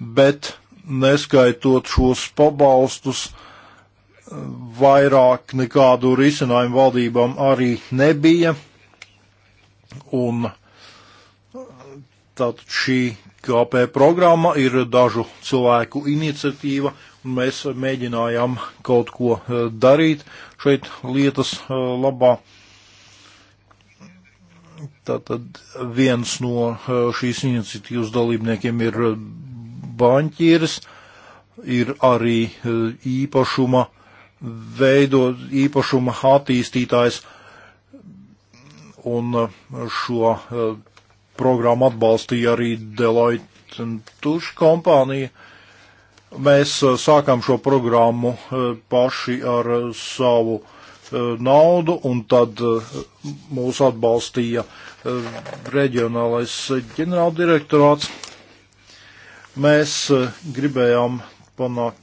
bet neskaitot šos pabalstus, uh, vairāk nekādu risinājumu valdībām arī nebija. Un tātad šī KP programma ir dažu cilvēku iniciatīva, un mēs mēģinājām kaut ko eh, darīt šeit lietas eh, labā. Tātad viens no eh, šīs iniciatīvas dalībniekiem ir baņķieris, ir arī īpašuma veido īpašuma attīstītājs, un uh, šo uh, programmu atbalstīja arī Deloitte Tush kompānija. Mēs uh, sākām šo programmu paši ar savu naudu, un tad mūs atbalstīja reģionālais ģenerāldirektorāts. Mēs gribējām panākt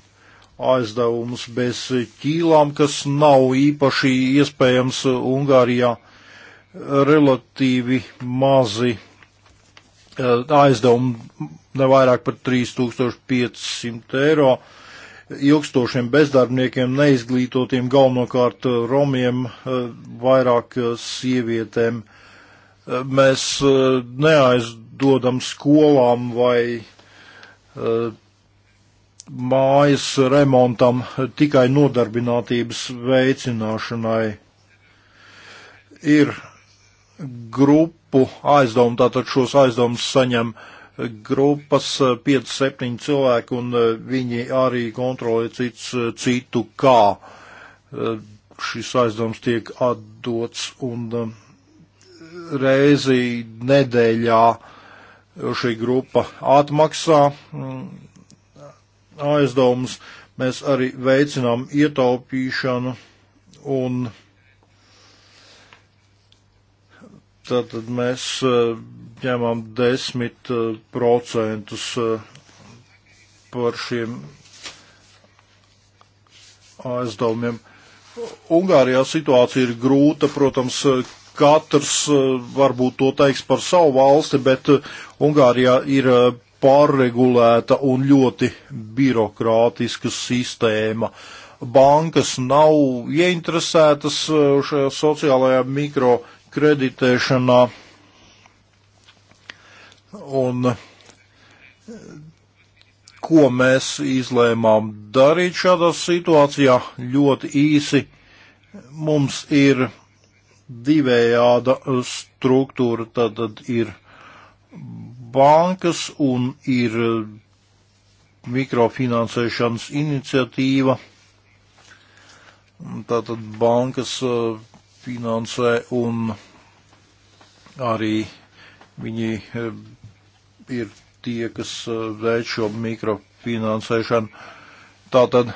aizdevumus bez ķīlām, kas nav īpaši iespējams Ungārijā. Relatīvi mazi eh, aizdevumi, nevairāk par 3500 eiro, ilgstošiem bezdarbniekiem, neizglītotiem, galvenokārt romiem, eh, vairāk eh, sievietēm. Mēs neaizdodam skolām vai mājas remontam tikai nodarbinātības veicināšanai. Ir grupu aizdevumu, tātad šos aizdevumus saņem grupas 5-7 cilvēki un eh, viņi arī kontrolē cits, eh, citu, kā eh, šis aizdevums tiek atdots un reizi nedēļā šī grupa atmaksā mm, aizdevumus, mēs arī veicinām ietaupīšanu un tad mēs eh, ņemam 10% eh, eh, par šiem aizdevumiem. Ungārijā situācija ir grūta, protams, katrs varbūt to teiks par savu valsti, bet Ungārijā ir pārregulēta un ļoti birokrātiska sistēma. Bankas nav ieinteresētas e, šajā sociālajā mikrokreditēšanā. Un e, ko mēs izlēmām darīt šādā situācijā ļoti īsi. Mums ir divējāda struktūra, tad ir bankas un ir eh, mikrofinansēšanas iniciatīva. Tātad bankas eh, finansē un arī viņi eh, ir tie, kas veic šo mikrofinansēšanu. Tātad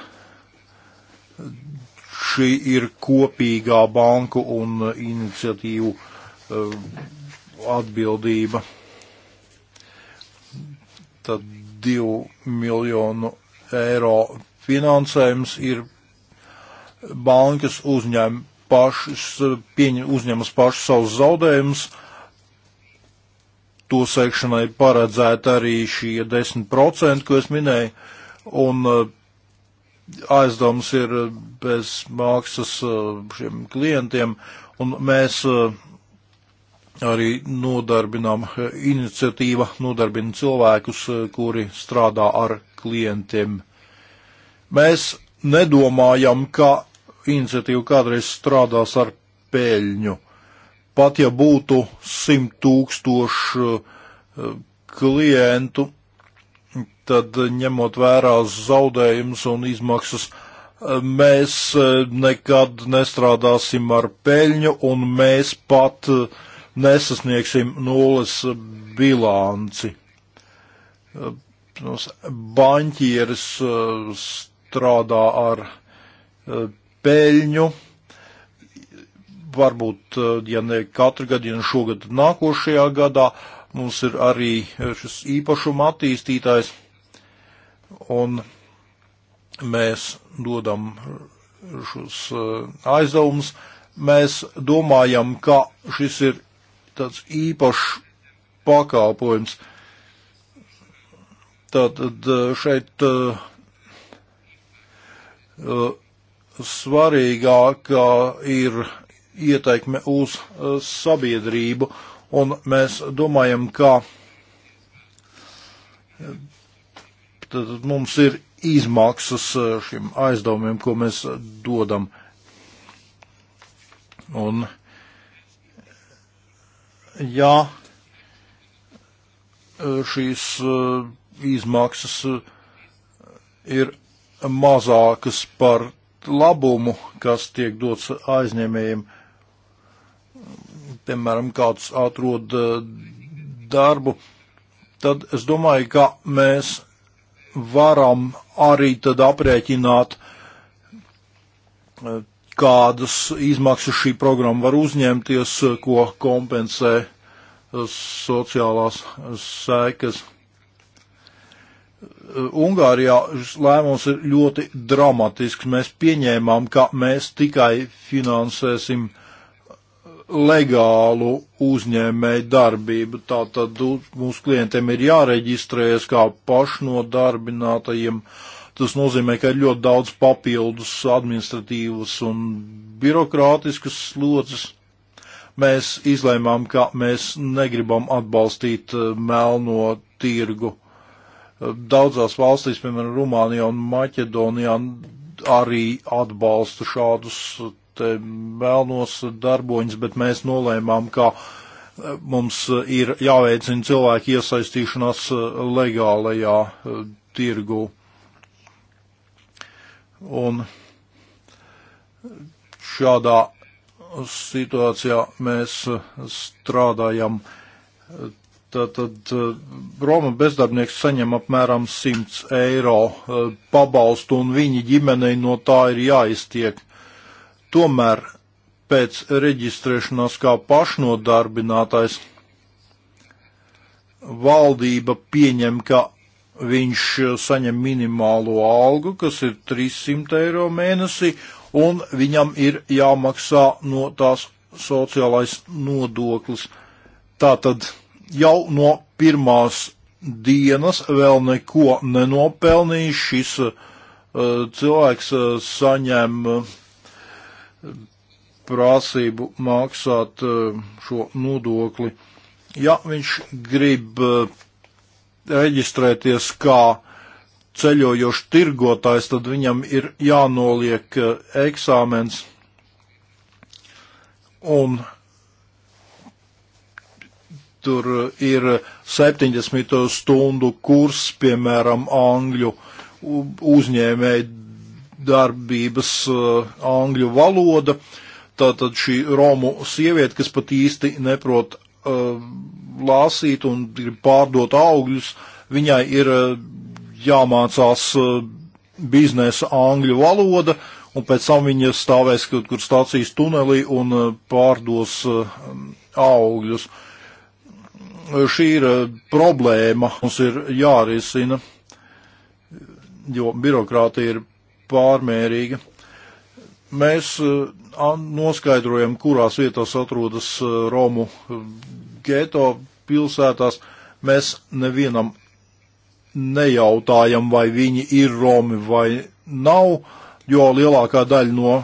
šī ir kopīgā banku un iniciatīvu atbildība. Tātad 2 miljonu eiro finansējums ir bankas uzņēma pašas, pieņem, uzņemas pašas savus zaudējumus. To sekšanai paredzēta arī šie 10%, ko es minēju, un eh, aizdevums ir eh, bez maksas eh, šiem klientiem, un mēs arī nodarbinām eh, iniciatīva, nodarbina cilvēkus, eh, kuri strādā ar klientiem. Mēs nedomājam, ka iniciatīva kādreiz strādās ar peļņu. Pat ja būtu simt tūkstošu eh, klientu, tad ņemot vērā zaudējumus un izmaksas, mēs nekad nestrādāsim ar peļņu un mēs pat uh, nesasniegsim nulles bilanci. Banķieris eh, strādā ar eh, peļņu, varbūt, eh, ja ne katru gadu, ja ne šogad, nākošajā gadā, mums ir arī šis īpašuma attīstītājs, un mēs dodam šos aizdevumus. Mēs domājam, ka šis ir tāds īpašs pakalpojums. Tātad eh, šeit uh, svarīgākā ir ieteikme uz uh, sabiedrību, un mēs domājam, ka tad mums ir izmaksas šiem aizdevumiem, ko mēs dodam. Un ja e, šīs e, izmaksas e, ir mazākas par labumu, kas tiek dots aizņēmējiem. Piemēram, kāds atrod darbu, tad es domāju, ka mēs varam arī tad aprēķināt kādas izmaksas šī programma var uzņemties, ko kompensē uh, sociālās sēkas. Uh, Ungārijā šis lēmums ir ļoti dramatisks. Mēs pieņēmām, ka mēs tikai finansēsim legālu uzņēmēju darbību. Tātad mūsu klientiem ir jāreģistrējas kā pašnodarbinātajiem. Uh, tas nozīmē, ka ir ļoti daudz papildus administratīvas un birokrātiskas slodzes. Mēs izlēmām, ka mēs negribam atbalstīt eh, melno tirgu. Eh, daudzās valstīs, piemēram, Rumānijā un Maķedonijā, arī atbalsta šādus eh, melnos darboņus, bet mēs nolēmām, ka mums ir jāveicina cilvēku iesaistīšanās legālajā tirgu. Un šādā situācijā mēs strādājam. Tātad eh, Roma bezdarbnieks saņem apmēram 100 eiro eh, pabalstu un viņa ģimenei no tā ir jāiztiek. Tomēr pēc reģistrēšanās kā pašnodarbinātais valdība pieņem, ka viņš eh, saņem minimālo algu, kas ir 300 eiro mēnesī, un viņam ir jāmaksā no tās sociālais nodoklis. Tātad jau no pirmās dienas vēl neko nenopelnījis, šis uh, cilvēks uh, saņem uh, prasību maksāt šo nodokli. Ja viņš grib reģistrēties kā ceļojošs tirgotājs, tad viņam ir jānoliek eh, eksāmens. Un tur eh, ir 70 stundu kurs, piemēram, angļu uzņēmēji darbības eh, angļu valoda. Tātad šī romu sieviete, kas pat īsti neprot uh, lāsīt un grib pārdot augļus, viņai ir eh, jāmācās eh, biznesa angļu valoda, un pēc tam viņa stāvēs kaut kur stācijas tunelī un eh, pārdos augļus. Šī ir problēma, mums ir jārisina, jo birokrātija ir pārmērīga. Mēs noskaidrojam, kurās vietās atrodas Romu geto, pilsētās mēs nevienam nejautājam, vai viņi ir Romi vai nav, jo lielākā daļa no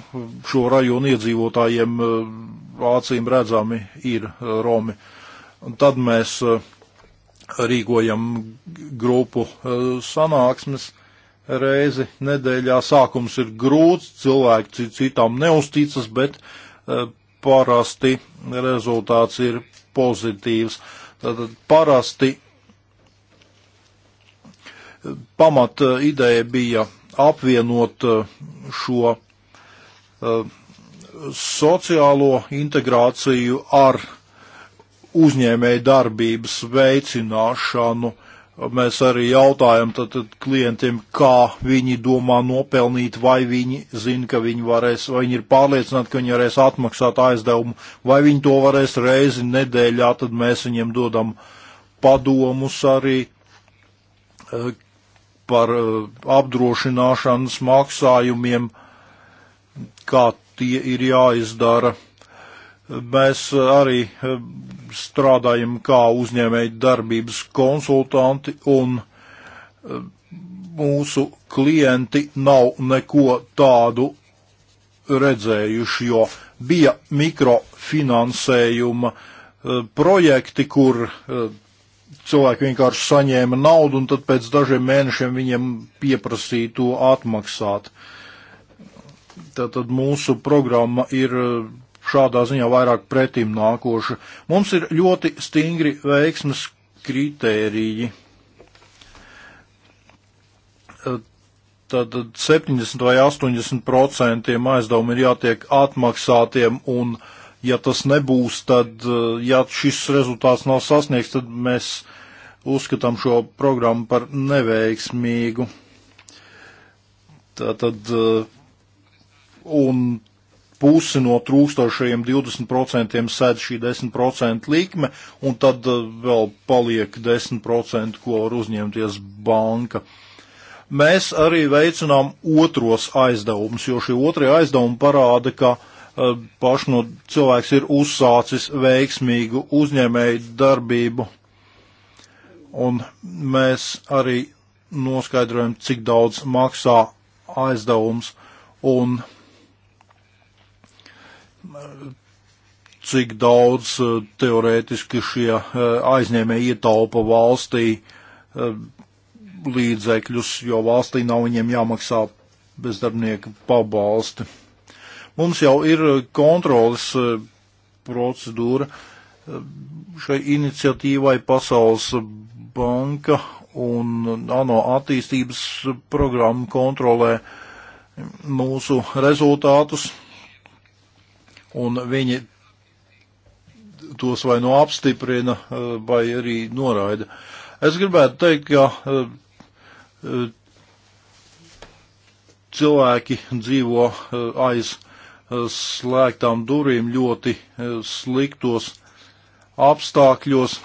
šo rajonu iedzīvotājiem eh, acīm redzami ir eh, Romi. Un tad mēs eh, rīkojam grupu sanāksmes reizi nedēļā. Sākums ir grūts, cilvēki citām neusticas, bet parasti rezultāts ir pozitīvs. Uh, Tātad parasti pamat eh, ideja bija apvienot eh, šo eh, sociālo integrāciju ar uzņēmēju darbības veicināšanu Mēs arī jautājam tad, tad klientiem, kā viņi domā nopelnīt, vai viņi zina, ka viņi varēs, vai viņi ir pārliecināti, ka viņi varēs atmaksāt aizdevumu, vai viņi to varēs reizi nedēļā, tad mēs viņiem dodam padomus arī par apdrošināšanas maksājumiem, kā tie ir jāizdara. Mēs arī eh, strādājam kā uzņēmēji darbības konsultanti un eh, mūsu klienti nav neko tādu redzējuši, jo bija mikrofinansējuma eh, projekti, kur cilvēki vienkārši saņēma naudu un tad pēc dažiem mēnešiem viņiem pieprasīja to atmaksāt. Tātad mūsu programma ir šādā ziņā vairāk pretim nākoša. Mums ir ļoti stingri veiksmes kritēriji. Tad 70 vai 80 procentiem aizdevumi ir jātiek atmaksātiem un, ja tas nebūs, tad, ja šis rezultāts nav sasniegts, tad mēs uzskatām šo programmu par neveiksmīgu. Tātad, un pusi no trūkstošajiem 20% sēž šī 10% likme, un tad eh, vēl paliek 10%, ko var uzņemties banka. Mēs arī veicinām otros aizdevumus, jo šie otrie aizdevumi parāda, ka eh, pašno cilvēks ir uzsācis veiksmīgu uzņēmēju darbību. Un mēs arī noskaidrojam, cik daudz maksā aizdevums. Un uh, cik daudz e, teorētiski šie e, aizņēmēji ietaupa valstī e, līdzekļus, jo valstī nav viņiem jāmaksā bezdarbnieku pabalsti. Mums jau ir kontrolas procedūra šai iniciatīvai Pasaules banka un ANO attīstības programma kontrolē mūsu rezultātus un viņi tos vai no nu apstiprina, eh, vai arī noraida. Es gribētu teikt, ka eh, eh, cilvēki dzīvo aiz slēgtām durvīm ļoti sliktos apstākļos.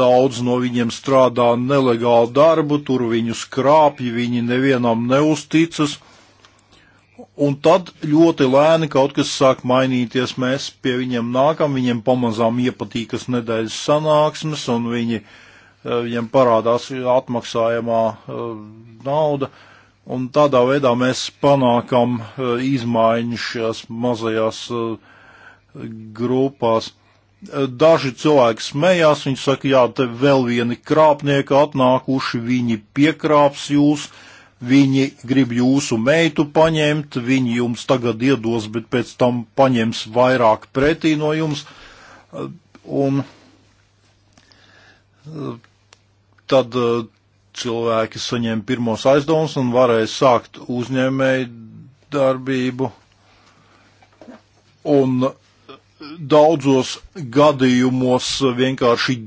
Daudz no viņiem strādā nelegālu darbu, tur viņus krāpj, viņi nevienam neusticas. Uh, Un tad ļoti lēni kaut kas sāk mainīties. Mēs pie viņiem nākam, viņiem pamazām iepatīkas nedēļas sanāksmes, un viņi, eh, viņiem parādās atmaksājamā eh, nauda. Un tādā veidā mēs panākam eh, izmaiņu šajās mazajās grupās. Daži cilvēki smējās, viņi saka, jā, te vēl vieni krāpnieki atnākuši, viņi piekrāps jūs. Uh, Viņi grib jūsu meitu paņemt, viņi jums tagad iedos, bet pēc tam paņems vairāk pretī no jums. Un tad eh, cilvēki saņem pirmos aizdevumus un varēs sākt uzņēmēju darbību. Un eh, daudzos gadījumos vienkārši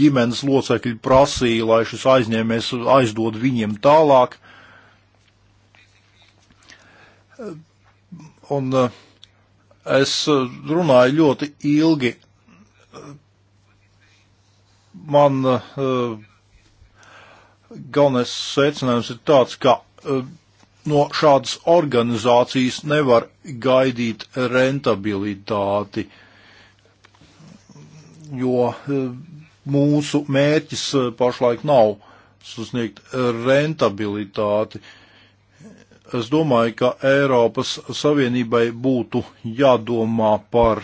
ģimenes locekļi prasīja, lai šis aizņēmējs aizdod viņiem tālāk. Un eh, es eh, runāju ļoti ilgi. Man eh, galvenais secinājums ir tāds, ka no šādas organizācijas nevar gaidīt rentabilitāti, jo mūsu mērķis pašlaik nav sasniegt rentabilitāti. Uh, Es domāju, ka Eiropas Savienībai būtu jādomā par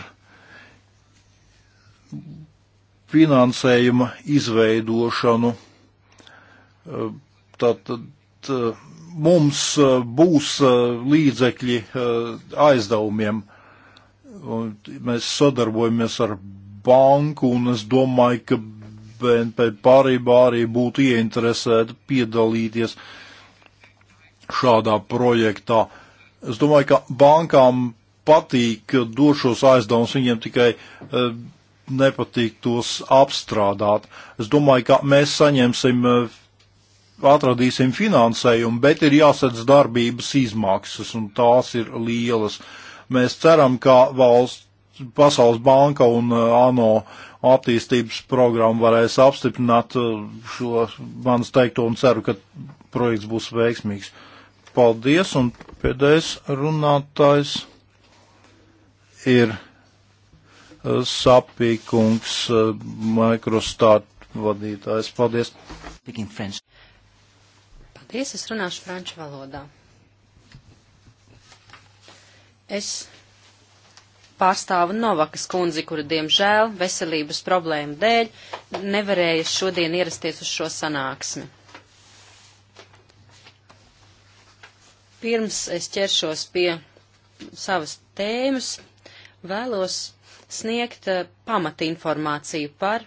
finansējuma izveidošanu. Tātad eh, eh, mums eh, būs līdzekļi aizdevumiem. Mēs sadarbojamies ar banku, un es domāju, ka BNP pārībā arī būtu ieinteresēta piedalīties uh, šādā projektā. Es domāju, ka bankām patīk došos aizdevumus, viņiem tikai e, nepatīk tos apstrādāt. Es domāju, ka mēs saņemsim, e, atradīsim finansējumu, bet ir jāsadz darbības izmaksas, un tās ir lielas. Mēs ceram, ka valsts, Pasaules banka un e, ANO attīstības programma varēs apstiprināt e, šo manas teikto un ceru, ka projekts būs veiksmīgs. Uh, Paldies, un pēdējais runātājs ir eh, Sapīkungs, eh, Microstart vadītājs. Paldies. Paldies, es runāšu franču valodā. Es pārstāvu Novakas kundzi, kura diemžēl veselības problēmu dēļ nevarēja šodien ierasties uz šo sanāksmi. Pirms es ķeršos pie savas tēmas, vēlos sniegt uh, pamatinformāciju par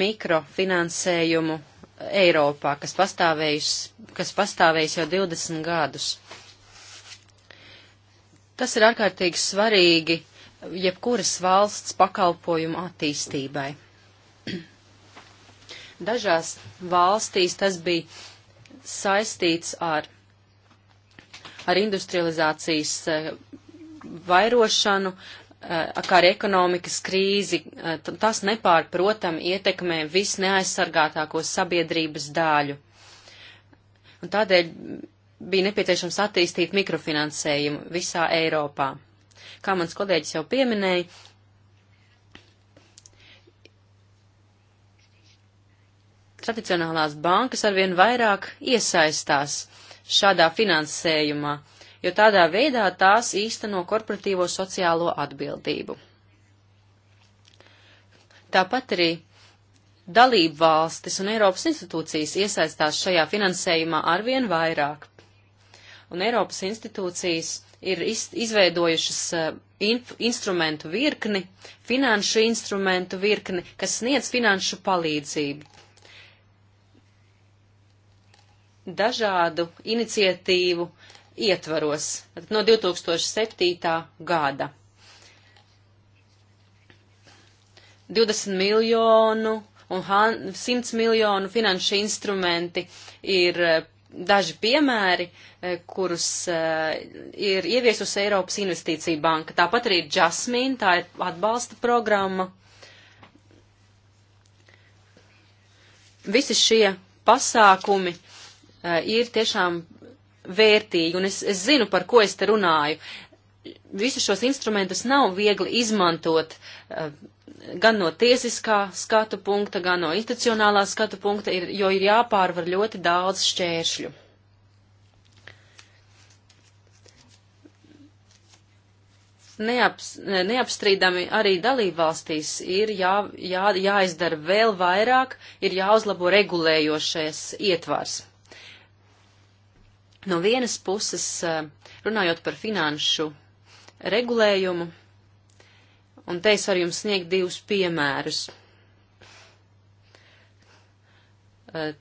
mikrofinansējumu Eiropā, kas pastāvējis, kas pastāvējis jau 20 gadus. Tas ir ārkārtīgi svarīgi jebkuras valsts pakalpojumu attīstībai. Dažās valstīs tas bija saistīts ar ar industrializācijas eh, vairošanu, eh, kā arī ekonomikas krīzi, eh, tas nepārprotam ietekmē visneaizsargātāko sabiedrības daļu. Un tādēļ bija nepieciešams attīstīt mikrofinansējumu visā Eiropā. Kā mans kolēģis jau pieminēja, tradicionālās bankas arvien vairāk iesaistās uh, šādā finansējumā, jo tādā veidā tās īsteno korporatīvo sociālo atbildību. Tāpat arī dalību valstis un Eiropas institūcijas iesaistās šajā finansējumā arvien vairāk. Un Eiropas institūcijas ir iz, izveidojušas uh, inf, instrumentu virkni, finanšu instrumentu virkni, kas sniedz finanšu palīdzību dažādu iniciatīvu ietvaros no 2007. gada. 20 miljonu un 100 miljonu finanšu instrumenti ir e, daži piemēri, e, kurus e, ir ieviesusi Eiropas investīcija banka. Tāpat arī Jasmine, tā ir atbalsta programma. Visi šie pasākumi uh, Eh, ir tiešām vērtīgi, un es, es zinu, par ko es te runāju. Visus šos instrumentus nav viegli izmantot eh, gan no tiesiskā skatu punkta, gan no institucionālā skatu punkta, ir, jo ir jāpārvar ļoti daudz šķēršļu. neaps, neapstrīdami arī dalībvalstīs ir jā, jā, jāizdara vēl vairāk, ir jāuzlabo regulējošais ietvars. No vienas puses, eh, runājot par finanšu regulējumu, un te es varu jums sniegt divus piemērus. Eh,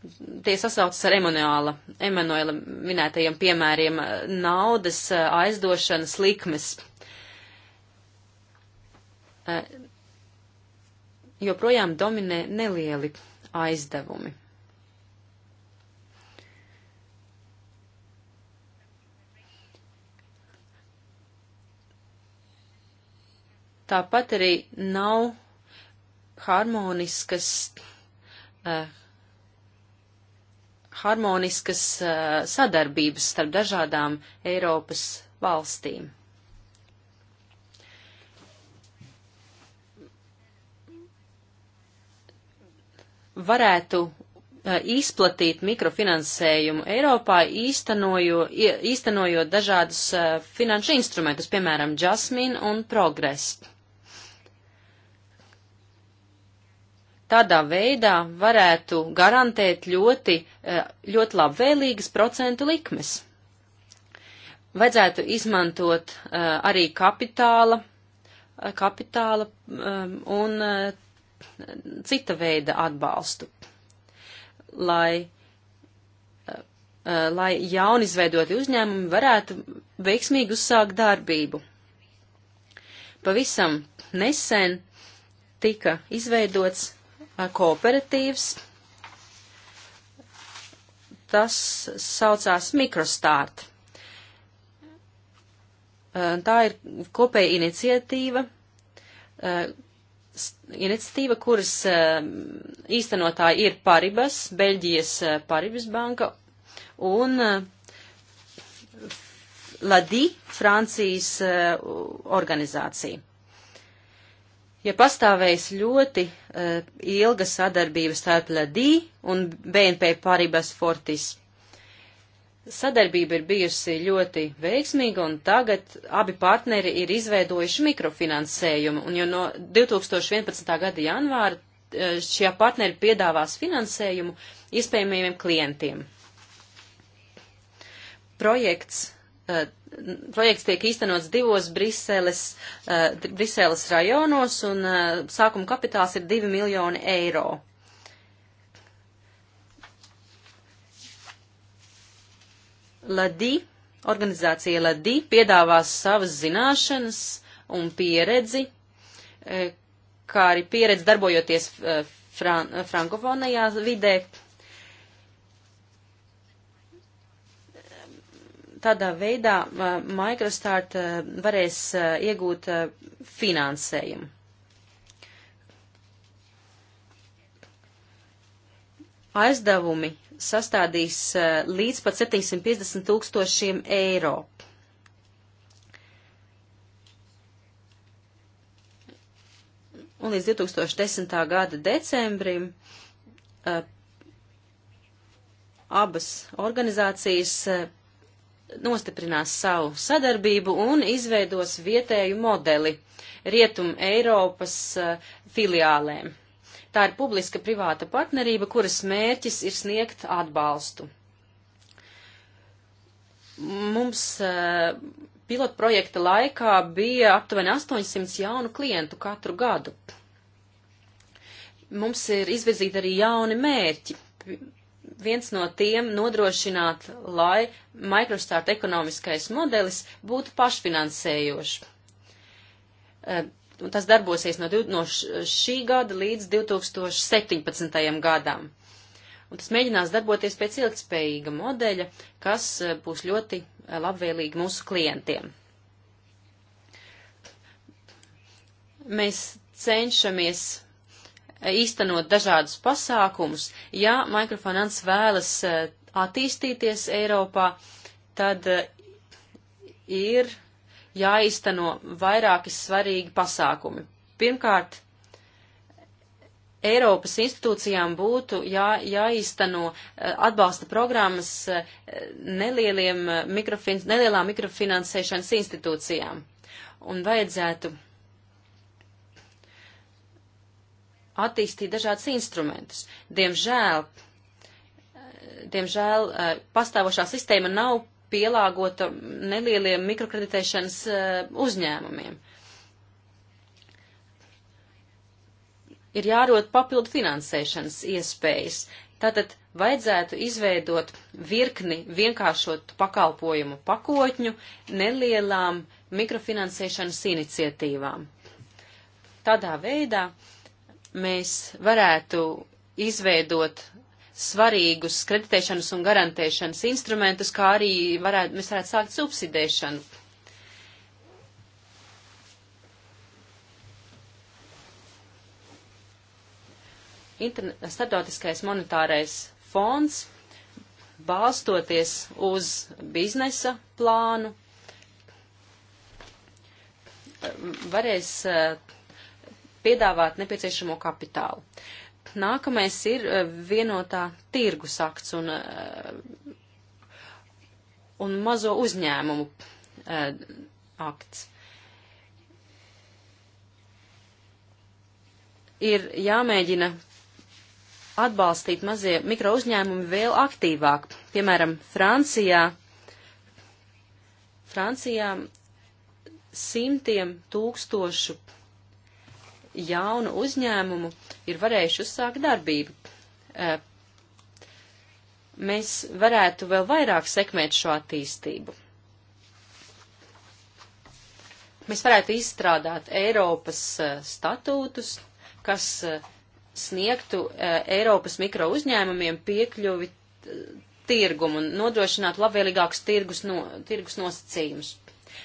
tie sasaucas ar Emanuela, Emanuela minētajiem piemēriem eh, naudas aizdošanas likmes. Joprojām dominē nelieli aizdevumi. Tāpat arī nav harmoniskas, uh, harmoniskas uh, sadarbības starp dažādām Eiropas valstīm. varētu uh, izplatīt mikrofinansējumu Eiropā, īstenojo, īstenojot dažādus uh, finanšu instrumentus, piemēram, Jasmine un Progress. tādā veidā varētu garantēt ļoti, eh, ļoti labvēlīgas procentu likmes. Vajadzētu izmantot eh, arī kapitāla, eh, kapitāla ehm, un cita veida atbalstu, lai, lai jaunizveidoti uzņēmumi varētu veiksmīgi uzsākt darbību. Pavisam nesen tika izveidots Eh, kooperatīvs. Tas saucās Mikrostart. Eh, tā ir kopēja iniciatīva, eh, iniciatīva, kuras īstenotāji ir Paribas, Beļģijas Paribas banka un Ladi, Francijas organizācija ja pastāvējis ļoti uh, ilga sadarbība starp LDI un BNP Paribas Fortis. Sadarbība ir bijusi ļoti veiksmīga, un tagad abi partneri ir izveidojuši mikrofinansējumu, un jau no 2011. gada janvāra eh, šie partneri piedāvās finansējumu iespējamiem klientiem. Projekts Eh, projekts tiek īstenots divos Briseles, eh, Briseles rajonos un eh, sākuma kapitāls ir 2 miljoni eiro. LADI, organizācija LADI piedāvās savas zināšanas un pieredzi, kā arī pieredzi darbojoties fran frankofonajā vidē, tādā veidā MicroStart eh, varēs eh, iegūt eh, finansējumu. Aizdevumi sastādīs līdz pat 750 tūkstošiem eiro. Un līdz 2010. gada decembrim abas organizācijas nostiprinās savu sadarbību un izveidos vietēju modeli Rietum Eiropas uh, filiālēm. Tā ir publiska privāta partnerība, kuras mērķis ir sniegt atbalstu. Mums uh, pilotprojekta laikā bija aptuveni 800 jaunu klientu katru gadu. Mums ir izvirzīti arī jauni mērķi viens no tiem nodrošināt, lai Microstart ekonomiskais modelis būtu pašfinansējošs. Eh, un tas darbosies no, no šī gada līdz 2017. gadam. Un tas mēģinās darboties pēc ilgspējīga modeļa, kas eh, būs ļoti eh, labvēlīgi mūsu klientiem. Mēs cenšamies īstenot dažādus pasākumus. Ja mikrofinans vēlas eh, attīstīties Eiropā, tad eh, ir jāizteno vairāki svarīgi pasākumi. Pirmkārt, Eiropas institūcijām būtu jā, jāizteno eh, atbalsta programmas nelieliem mikrofin, nelielām mikrofinansēšanas institūcijām. Un vajadzētu attīstīt dažādas instrumentus. Diemžēl, diemžēl eh, pastāvošā sistēma nav pielāgota nelieliem mikrokreditēšanas eh, uzņēmumiem. Ir jārod papildu finansēšanas iespējas. Tātad vajadzētu izveidot virkni vienkāršotu pakalpojumu pakotņu nelielām mikrofinansēšanas iniciatīvām. Tādā veidā uh, mēs varētu izveidot svarīgus kreditēšanas un garantēšanas instrumentus, kā arī varētu, mēs varētu sākt subsidēšanu. Interne Startautiskais monetārais fonds, balstoties uz biznesa plānu, varēs eh, piedāvāt nepieciešamo kapitālu. Nākamais ir eh, vienotā tirgus akts un, eh, un mazo uzņēmumu eh, akts. Ir jāmēģina atbalstīt mazie mikro uzņēmumi vēl aktīvāk. Piemēram, Francijā, Francijā simtiem tūkstošu jaunu uzņēmumu ir varējuši uzsākt darbību. Mēs varētu vēl vairāk sekmēt šo attīstību. Mēs varētu izstrādāt Eiropas statūtus, kas sniegtu Eiropas mikro uzņēmumiem piekļuvi tirgumu un nodrošinātu labvēlīgākus tirgus, no, tirgus nosacījumus.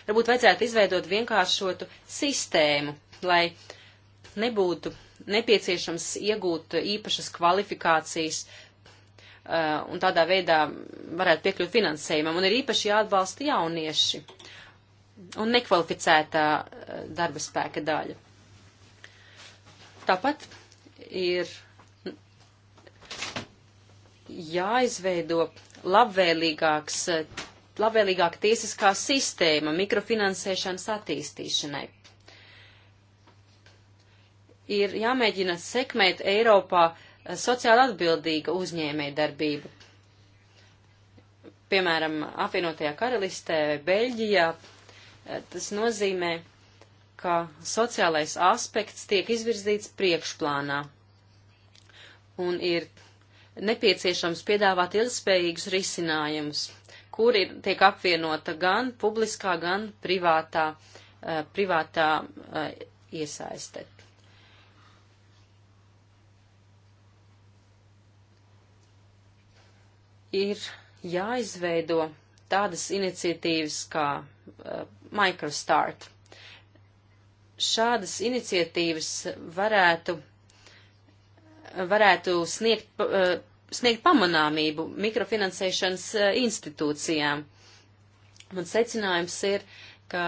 Varbūt vajadzētu izveidot vienkāršotu sistēmu, lai uh, nebūtu nepieciešams iegūt īpašas kvalifikācijas uh, un tādā veidā varētu piekļūt finansējumam. Un ir īpaši jāatbalsta jaunieši un nekvalificētā uh, darba spēka daļa. Tāpat ir jāizveido labvēlīgāks, eh, labvēlīgāka tiesiskā sistēma mikrofinansēšanas attīstīšanai ir jāmēģina sekmēt Eiropā eh, sociāli atbildīga uzņēmēja darbība. Piemēram, apvienotajā karalistē vai Beļģijā eh, tas nozīmē, ka sociālais aspekts tiek izvirzīts priekšplānā un ir nepieciešams piedāvāt ilgspējīgus risinājumus, kur ir, tiek apvienota gan publiskā, gan privātā, eh, privātā iesaiste. ir jāizveido tādas iniciatīvas kā uh, MicroStart. Šādas iniciatīvas varētu, varētu sniegt, uh, sniegt pamanāmību mikrofinansēšanas uh, institūcijām. Un secinājums ir, ka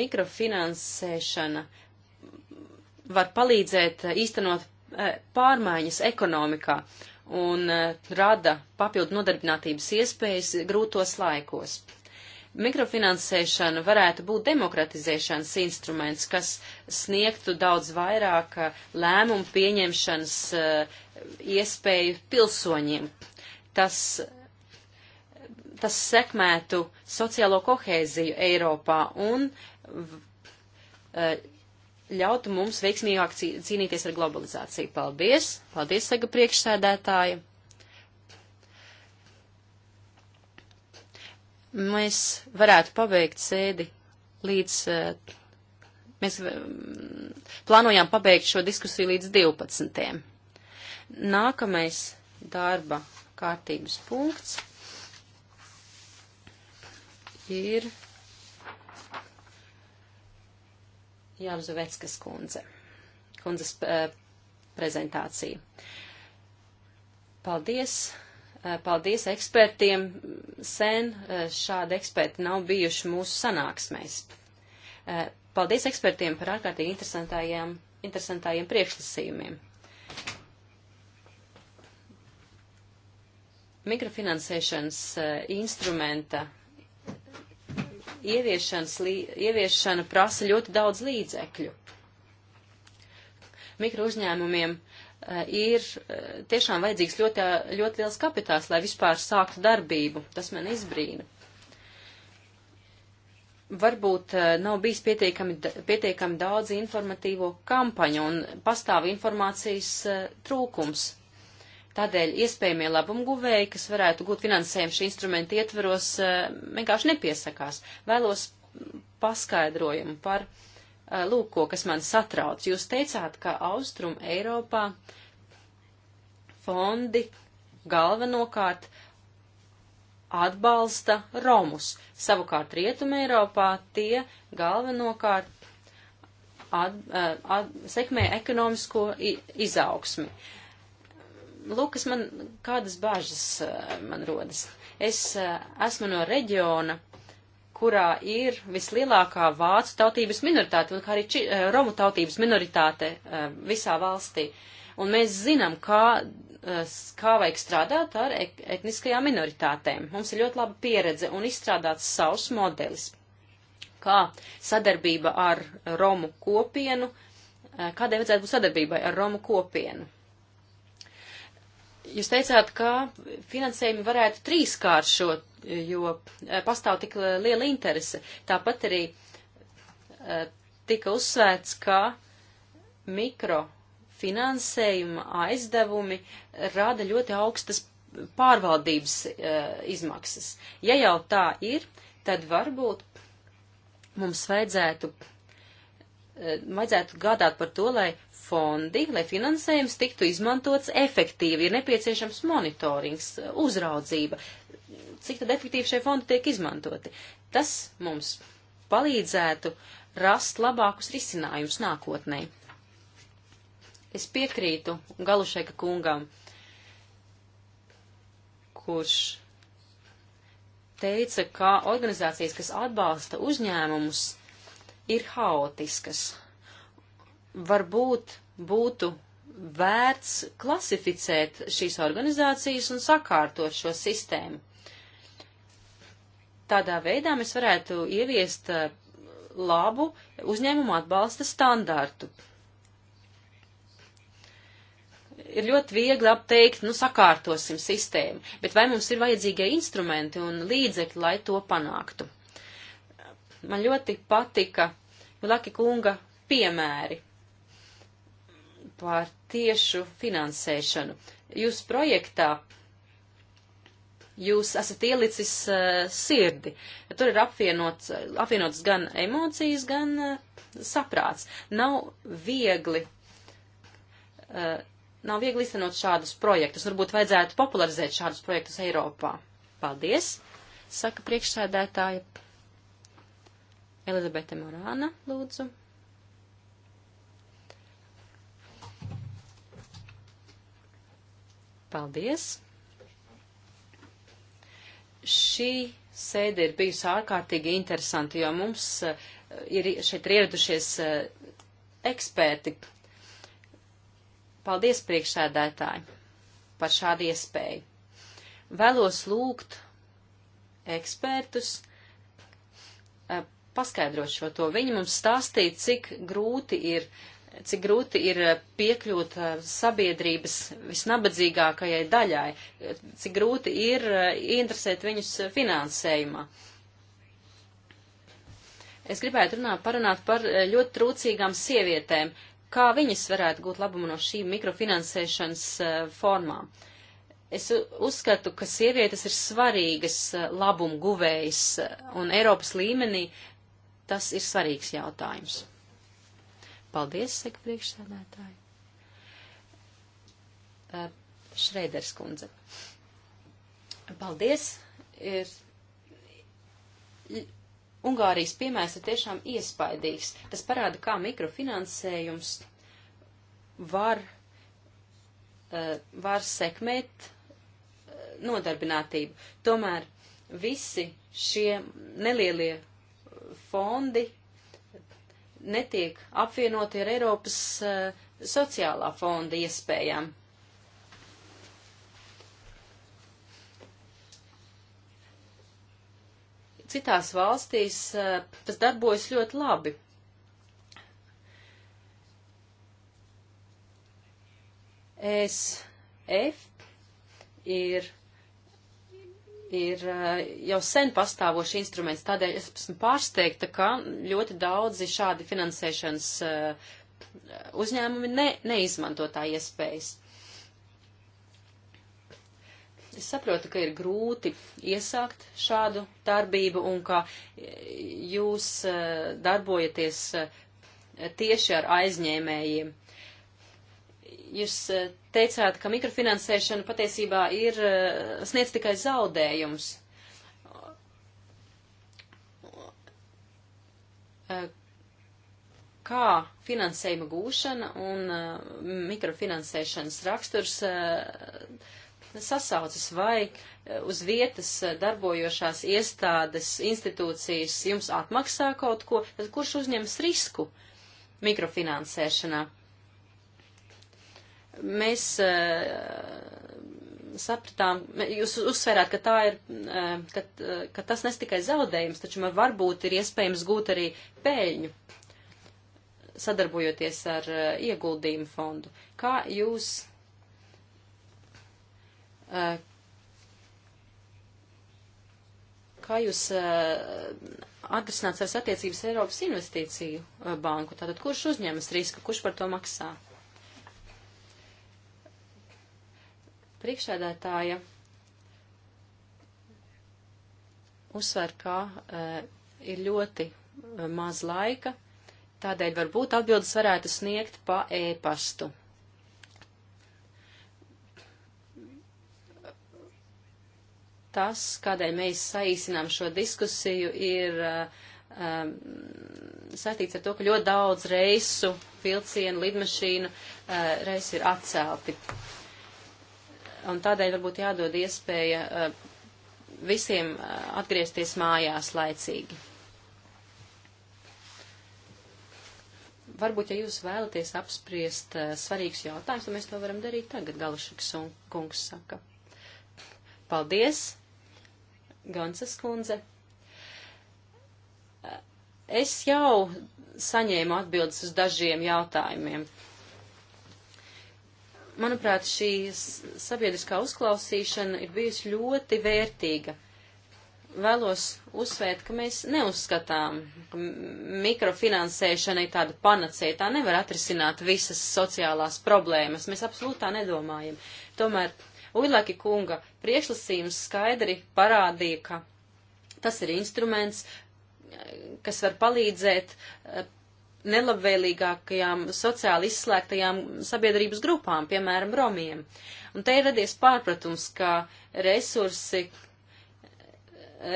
mikrofinansēšana var palīdzēt īstenot pārmaiņas ekonomikā. Uh, un eh, rada papildu nodarbinātības iespējas grūtos laikos. Mikrofinansēšana varētu būt demokratizēšanas instruments, kas sniegtu daudz vairāk eh, lēmumu pieņemšanas eh, iespēju pilsoņiem. Tas, tas sekmētu sociālo kohēziju Eiropā un ļautu mums veiksmīgāk cīnīties ar globalizāciju. Paldies! Paldies, Saga priekšsēdētāja! Mēs varētu pabeigt sēdi līdz. Eh, mēs eh, plānojām pabeigt šo diskusiju līdz 12. Nākamais darba kārtības punkts ir. Jālzoveckas kundze, kundzes eh, prezentāciju. Paldies! Eh, paldies ekspertiem! Sen eh, šādi eksperti nav bijuši mūsu sanāksmēs. Paldies ekspertiem par ārkārtīgi interesantajiem, interesantajiem priekšlasījumiem. Mikrofinansēšanas instrumenta ieviešana prasa ļoti daudz līdzekļu. Mikro uzņēmumiem eh, ir eh, tiešām vajadzīgs ļoti, eh, ļoti liels kapitāls, lai vispār sāktu darbību. Tas man izbrīna. Varbūt nav bijis pietiekami, pietiekami daudz informatīvo kampaņu un pastāv informācijas trūkums Tādēļ iespējamie labumguvēji, kas varētu gūt finansējumu šī instrumenta ietveros, eh, vienkārši nepiesakās. Vēlos paskaidrojumu par eh, lūko, kas man satrauc. Jūs teicāt, ka Austrum Eiropā fondi galvenokārt atbalsta romus. Savukārt Rietuma Eiropā tie galvenokārt at, at, eh, at, sekmē ekonomisko izaugsmi. Uh, Lukas, man kādas bāžas eh, man rodas. Es eh, esmu no reģiona, kurā ir vislielākā vācu tautības minoritāte, un kā arī či, eh, romu tautības minoritāte visā valstī. Un mēs zinām, kā, kā vajag strādāt ar etniskajām minoritātēm. Mums ir ļoti laba pieredze un izstrādāts savs modelis, kā sadarbība ar romu kopienu, kādai vajadzētu būt sadarbībai ar romu kopienu jūs teicāt, ka finansējumi varētu trīskāršot, jo eh, pastāv tik liela interese. Tāpat arī eh, tika uzsvērts, ka mikrofinansējuma aizdevumi rada ļoti augstas pārvaldības eh, izmaksas. Ja jau tā ir, tad varbūt mums vajadzētu, vajadzētu gādāt par to, lai fondi, lai finansējums tiktu izmantots efektīvi, ir nepieciešams monitorings, uzraudzība, cik tad efektīvi šie fondi tiek izmantoti. Tas mums palīdzētu rast labākus risinājumus nākotnē. Es piekrītu Galušeka kungam, kurš teica, ka organizācijas, kas atbalsta uzņēmumus, ir haotiskas. Varbūt būtu vērts klasificēt šīs organizācijas un sakārtot šo sistēmu. Tādā veidā mēs varētu ieviest eh, labu uzņēmumu atbalsta standārtu. Ir ļoti viegli apteikt, nu, sakārtosim sistēmu, bet vai mums ir vajadzīgie instrumenti un līdzekļi, lai to panāktu? Man ļoti patika Vilaki kunga piemēri par tiešu finansēšanu. Jūs projektā jūs esat ielicis uh, sirdi. Tur ir apvienots, apvienots gan emocijas, gan uh, saprāts. Nav viegli. Uh, nav viegli iztenot šādus projektus. Varbūt vajadzētu popularizēt šādus projektus Eiropā. Paldies, saka priekšsēdētāja Elizabete Morāna, lūdzu. Paldies! Šī sēde ir bijusi ārkārtīgi interesanta, jo mums eh, ir šeit ieradušies eh, eksperti. Paldies priekšsēdētāji par šādu iespēju. Vēlos lūgt ekspertus eh, paskaidrot šo to. Viņi mums stāstīja, cik grūti ir uh, cik grūti ir piekļūt eh, sabiedrības visnabadzīgākajai daļai, cik grūti ir eh, interesēt viņus finansējumā. Es gribētu runāt, parunāt par eh, ļoti trūcīgām sievietēm, kā viņas varētu gūt labumu no šīm mikrofinansēšanas formām. Es uzskatu, ka sievietes ir svarīgas labumu guvējas, un Eiropas līmenī tas ir svarīgs jautājums. Paldies, saka priekšsēdētāji. Šreiders kundze. Paldies. Ir... Ungārijas piemērs ir tiešām iespaidīgs. Tas parāda, kā mikrofinansējums var, var sekmēt nodarbinātību. Tomēr visi šie nelielie fondi netiek apvienoti ar Eiropas uh, sociālā fonda iespējām. Citās valstīs uh, tas darbojas ļoti labi. ESF ir ir eh, jau sen pastāvošs instruments, tādēļ es esmu pārsteigta, ka ļoti daudzi šādi finansēšanas eh, uzņēmumi ne, neizmanto tā iespējas. Es saprotu, ka ir grūti iesākt šādu darbību un ka eh, jūs darbojaties tieši ar aizņēmējiem. Jūs teicāt, ka mikrofinansēšana patiesībā ir eh, sniedz tikai zaudējums. Eh, kā finansējuma gūšana un eh, mikrofinansēšanas raksturs sasaucas vai uz vietas darbojošās iestādes, institūcijas jums atmaksā kaut ko, tad kurš uzņems risku mikrofinansēšanā? Mēs e, sapratām, jūs uzsverāt, ka, tā ir, e, ka, e, ka tas nes tikai zaudējums, taču man varbūt ir iespējams gūt arī peļņu, sadarbojoties ar ieguldījumu fondu. Kā jūs, kā jūs atrisināt savas attiecības Eiropas investīciju banku? Tātad kurš uzņemas risku, kurš par to maksā? Priekšsēdētāja uzsver, ka e, ir ļoti eh, maz laika, tādēļ varbūt atbildes varētu sniegt pa ēpastu. E Tas, kādēļ mēs saīsinām šo diskusiju, ir um, saistīts ar to, ka ļoti daudz reisu, vilcienu, lidmašīnu uh, reisi ir atcelti. Uh, un tādēļ varbūt jādod iespēja eh, visiem eh, atgriezties mājās laicīgi. Varbūt, ja jūs vēlaties apspriest eh, svarīgus jautājumus, tad mēs to varam darīt tagad, Galašiks un kungs saka. Paldies, Gansas kundze. Es jau saņēmu atbildes uz dažiem jautājumiem manuprāt, šī sabiedriskā uzklausīšana ir bijusi ļoti vērtīga. Vēlos uzsvērt, ka mēs neuzskatām, ka mikrofinansēšana ir tāda panacēja, tā nevar atrisināt visas sociālās problēmas. Mēs absolūti tā nedomājam. Tomēr Uilaki kunga priešlasījums skaidri parādīja, ka tas ir instruments, kas var palīdzēt eh, nelabvēlīgākajām sociāli izslēgtajām sabiedrības grupām, piemēram, romiem. Un te ir radies pārpratums, ka resursi,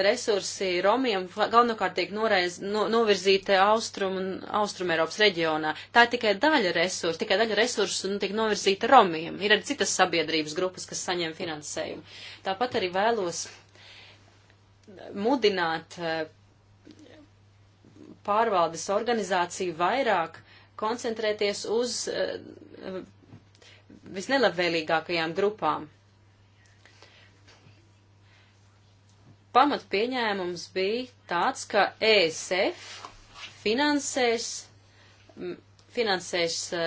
resursi romiem galvenokārt tiek noreiz, no, novirzīti austrum un austrum Eiropas reģionā. Tā ir tikai daļa resursu, tikai daļa resursu nu, tiek novirzīta romiem. Ir arī citas sabiedrības grupas, kas saņem finansējumu. Tāpat arī vēlos mudināt eh, pārvaldes organizāciju vairāk koncentrēties uz uh, visnelabvēlīgākajām grupām. Pamat pieņēmums bija tāds, ka ESF finansēs, finansēs uh,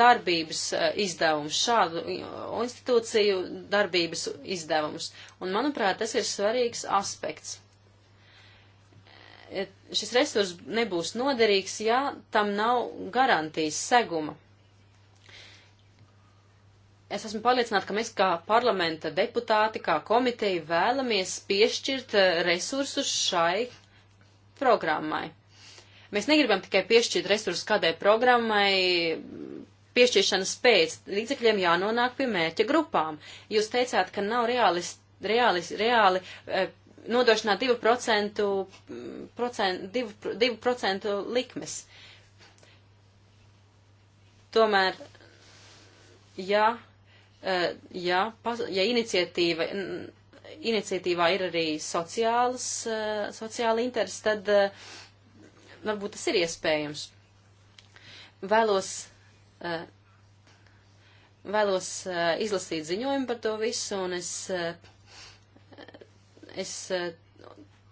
darbības uh, izdevumus, šādu institūciju darbības izdevumus. Un, manuprāt, tas ir svarīgs aspekts. Et šis resurs nebūs noderīgs, ja tam nav garantijas seguma. Es esmu pārliecināta, ka mēs kā parlamenta deputāti, kā komiteja vēlamies piešķirt eh, resursus šai programmai. Mēs negribam tikai piešķirt resursus kādai programmai, piešķiršanas pēc līdzekļiem jānonāk pie mērķa grupām. Jūs teicāt, ka nav realis, realis, reāli eh, nodrošināt 2%, procent, 2, 2 likmes. Tomēr, ja, eh, ja, ja iniciatīva, iniciatīvā ir arī sociāls, eh, sociāli interesi, tad eh, varbūt tas ir iespējams. Vēlos, vēlos izlasīt ziņojumu par to visu, un es Es e,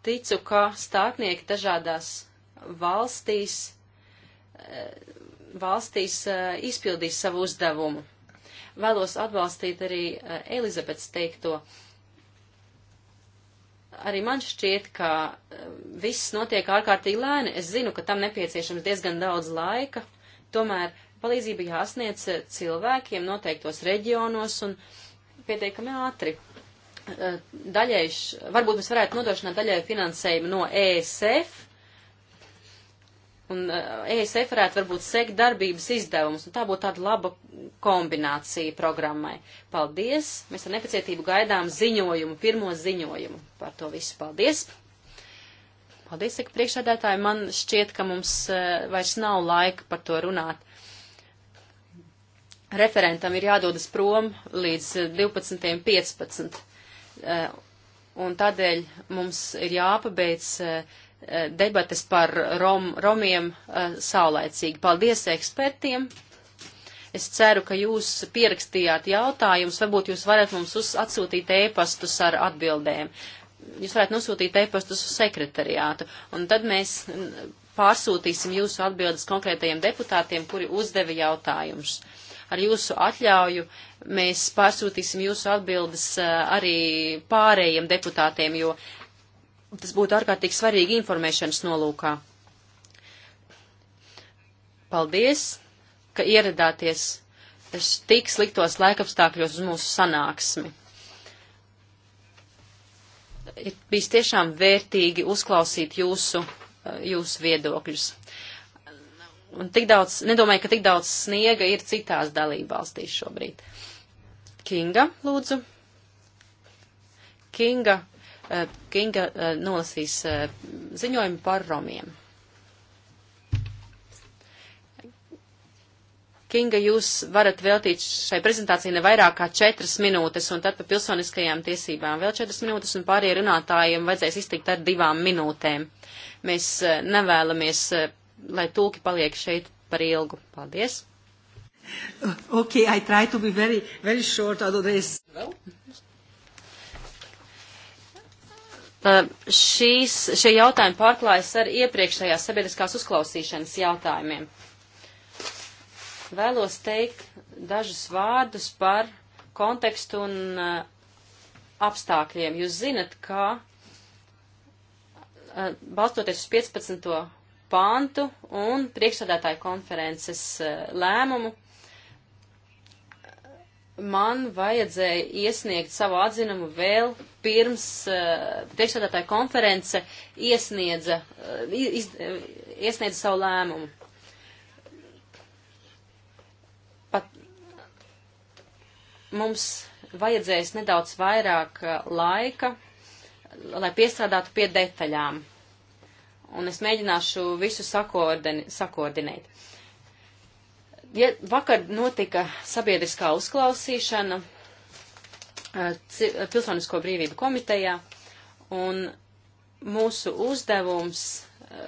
ticu, ka stātnieki dažādās valstīs, e, valstīs e, izpildīs savu uzdevumu. Vēlos atbalstīt arī Elizabetes teikto. Arī man šķiet, ka viss notiek ārkārtīgi lēni. Es zinu, ka tam nepieciešams diezgan daudz laika, tomēr palīdzība jāsniedz cilvēkiem noteiktos reģionos un pietiekami ātri. Eh, daļai, varbūt mēs varētu nodrošināt daļai finansējumu no ESF, un ESF eh, e varētu varbūt sekt darbības izdevumus, un tā būtu tāda laba kombinācija programmai. Paldies! Mēs ar nepacietību gaidām ziņojumu, pirmo ziņojumu par to visu. Paldies! Paldies, saka priekšādētāji, man šķiet, ka mums eh, vairs nav laika par to runāt referentam ir jādodas prom līdz 12.15 un tādēļ mums ir jāpabeidz eh, eh, debates par rom, romiem eh, saulēcīgi. Paldies ekspertiem! Es ceru, ka jūs pierakstījāt jautājumus, varbūt jūs varat mums uz, atsūtīt ēpastus ar atbildēm. Jūs varat nosūtīt ēpastus uz sekretariātu, un tad mēs pārsūtīsim jūsu atbildes konkrētajiem deputātiem, kuri uzdeva jautājumus ar jūsu atļauju mēs pārsūtīsim jūsu atbildes eh, arī pārējiem deputātiem, jo tas būtu ārkārtīgi svarīgi informēšanas nolūkā. Paldies, ka ieradāties tik sliktos laikapstākļos uz mūsu sanāksmi. Ir bijis tiešām vērtīgi uzklausīt jūsu, eh, jūsu viedokļus. Un tik daudz, nedomāju, ka tik daudz sniega ir citās dalībvalstīs šobrīd. Kinga, lūdzu. Kinga, eh, Kinga eh, nolasīs eh, ziņojumu par romiem. Kinga, jūs varat veltīt šai prezentācijai ne vairāk kā četras minūtes, un tad par pilsoniskajām tiesībām vēl četras minūtes, un pārējiem runātājiem vajadzēs iztikt ar divām minūtēm. Mēs nevēlamies lai tulki paliek šeit par ilgu. Paldies! Uh, okay, I try to be very, very short, otherwise. Well. Uh, šīs, šie jautājumi pārklājas ar iepriekšējās sabiedriskās uzklausīšanas jautājumiem. Vēlos teikt dažus vārdus par kontekstu un uh, apstākļiem. Jūs zinat, ka uh, balstoties uz 15 pantu un priekšsādātāju konferences eh, lēmumu man vajadzēja iesniegt savu atzinumu vēl pirms uh, eh, priekšsādātāja konference iesniedza, uh, iz, uh, iesniedza savu lēmumu. Pat mums vajadzēs nedaudz vairāk laika, lai piestrādātu pie detaļām un es mēģināšu visu sakoordinēt. Ja vakar notika sabiedriskā uzklausīšana eh, Pilsonisko brīvību komitejā, un mūsu uzdevums eh,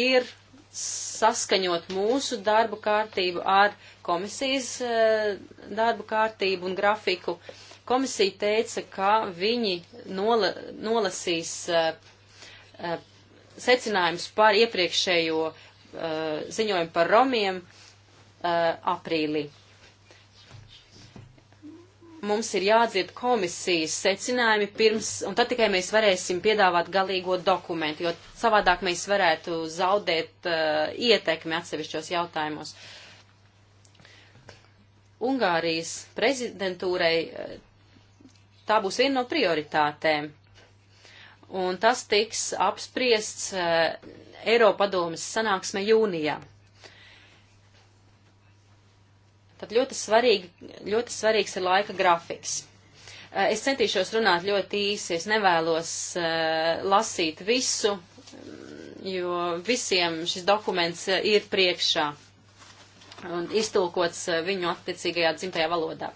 ir saskaņot mūsu darbu kārtību ar komisijas eh, darbu kārtību un grafiku. Komisija teica, ka viņi nola, nolasīs secinājums par iepriekšējo uh, ziņojumu par romiem uh, aprīlī. Mums ir jādzird komisijas secinājumi pirms, un tad tikai mēs varēsim piedāvāt galīgo dokumentu, jo savādāk mēs varētu zaudēt uh, ietekmi atsevišķos jautājumos. Ungārijas prezidentūrai uh, tā būs viena no prioritātēm un tas tiks apspriests eh, Eiropadomas sanāksme jūnijā. Tad ļoti, svarīgi, ļoti svarīgs ir laika grafiks. Eh, es centīšos runāt ļoti īsi, es nevēlos eh, lasīt visu, mm, jo visiem šis dokuments ir priekšā un iztulkots viņu attiecīgajā dzimtajā valodā.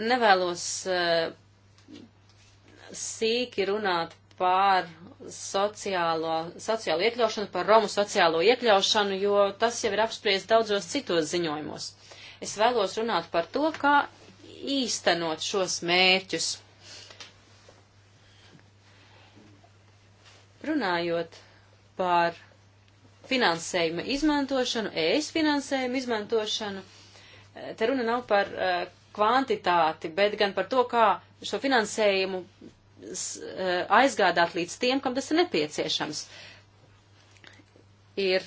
Nevēlos eh, sīki runāt pār sociālo, sociālo iekļaušanu, par Romu sociālo iekļaušanu, jo tas jau ir apspriest daudzos citos ziņojumos. Es vēlos runāt par to, kā īstenot šos mērķus. Runājot par finansējuma izmantošanu, ēs finansējuma izmantošanu, eh, te runa nav par uh, kvantitāti, bet gan par to, kā šo finansējumu eh, aizgādāt līdz tiem, kam tas ir nepieciešams. Ir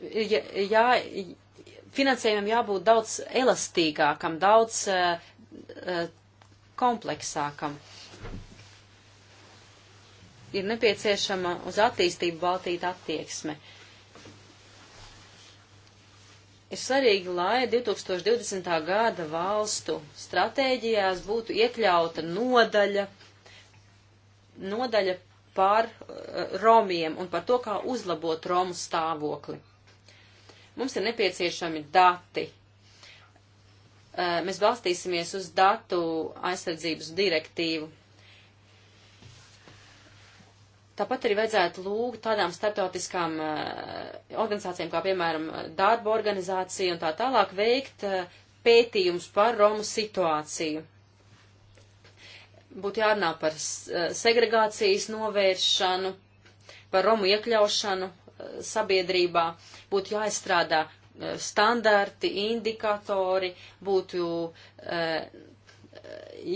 jā, jā, finansējumam jābūt daudz elastīgākam, daudz uh, kompleksākam. Ir nepieciešama uz attīstību baltīta attieksme. Uh, Ir svarīgi, lai 2020. gada valstu stratēģijās būtu iekļauta nodaļa, nodaļa par uh, romiem un par to, kā uzlabot romu stāvokli. Mums ir nepieciešami dati. Uh, mēs balstīsimies uz datu aizsardzības direktīvu Tāpat arī vajadzētu lūgt tādām starptautiskām eh, organizācijām, kā piemēram darba organizācija un tā tālāk, veikt eh, pētījums par Romu situāciju. Būtu jārunā par eh, segregācijas novēršanu, par Romu iekļaušanu sabiedrībā, būtu jāizstrādā standarti, indikatori, būtu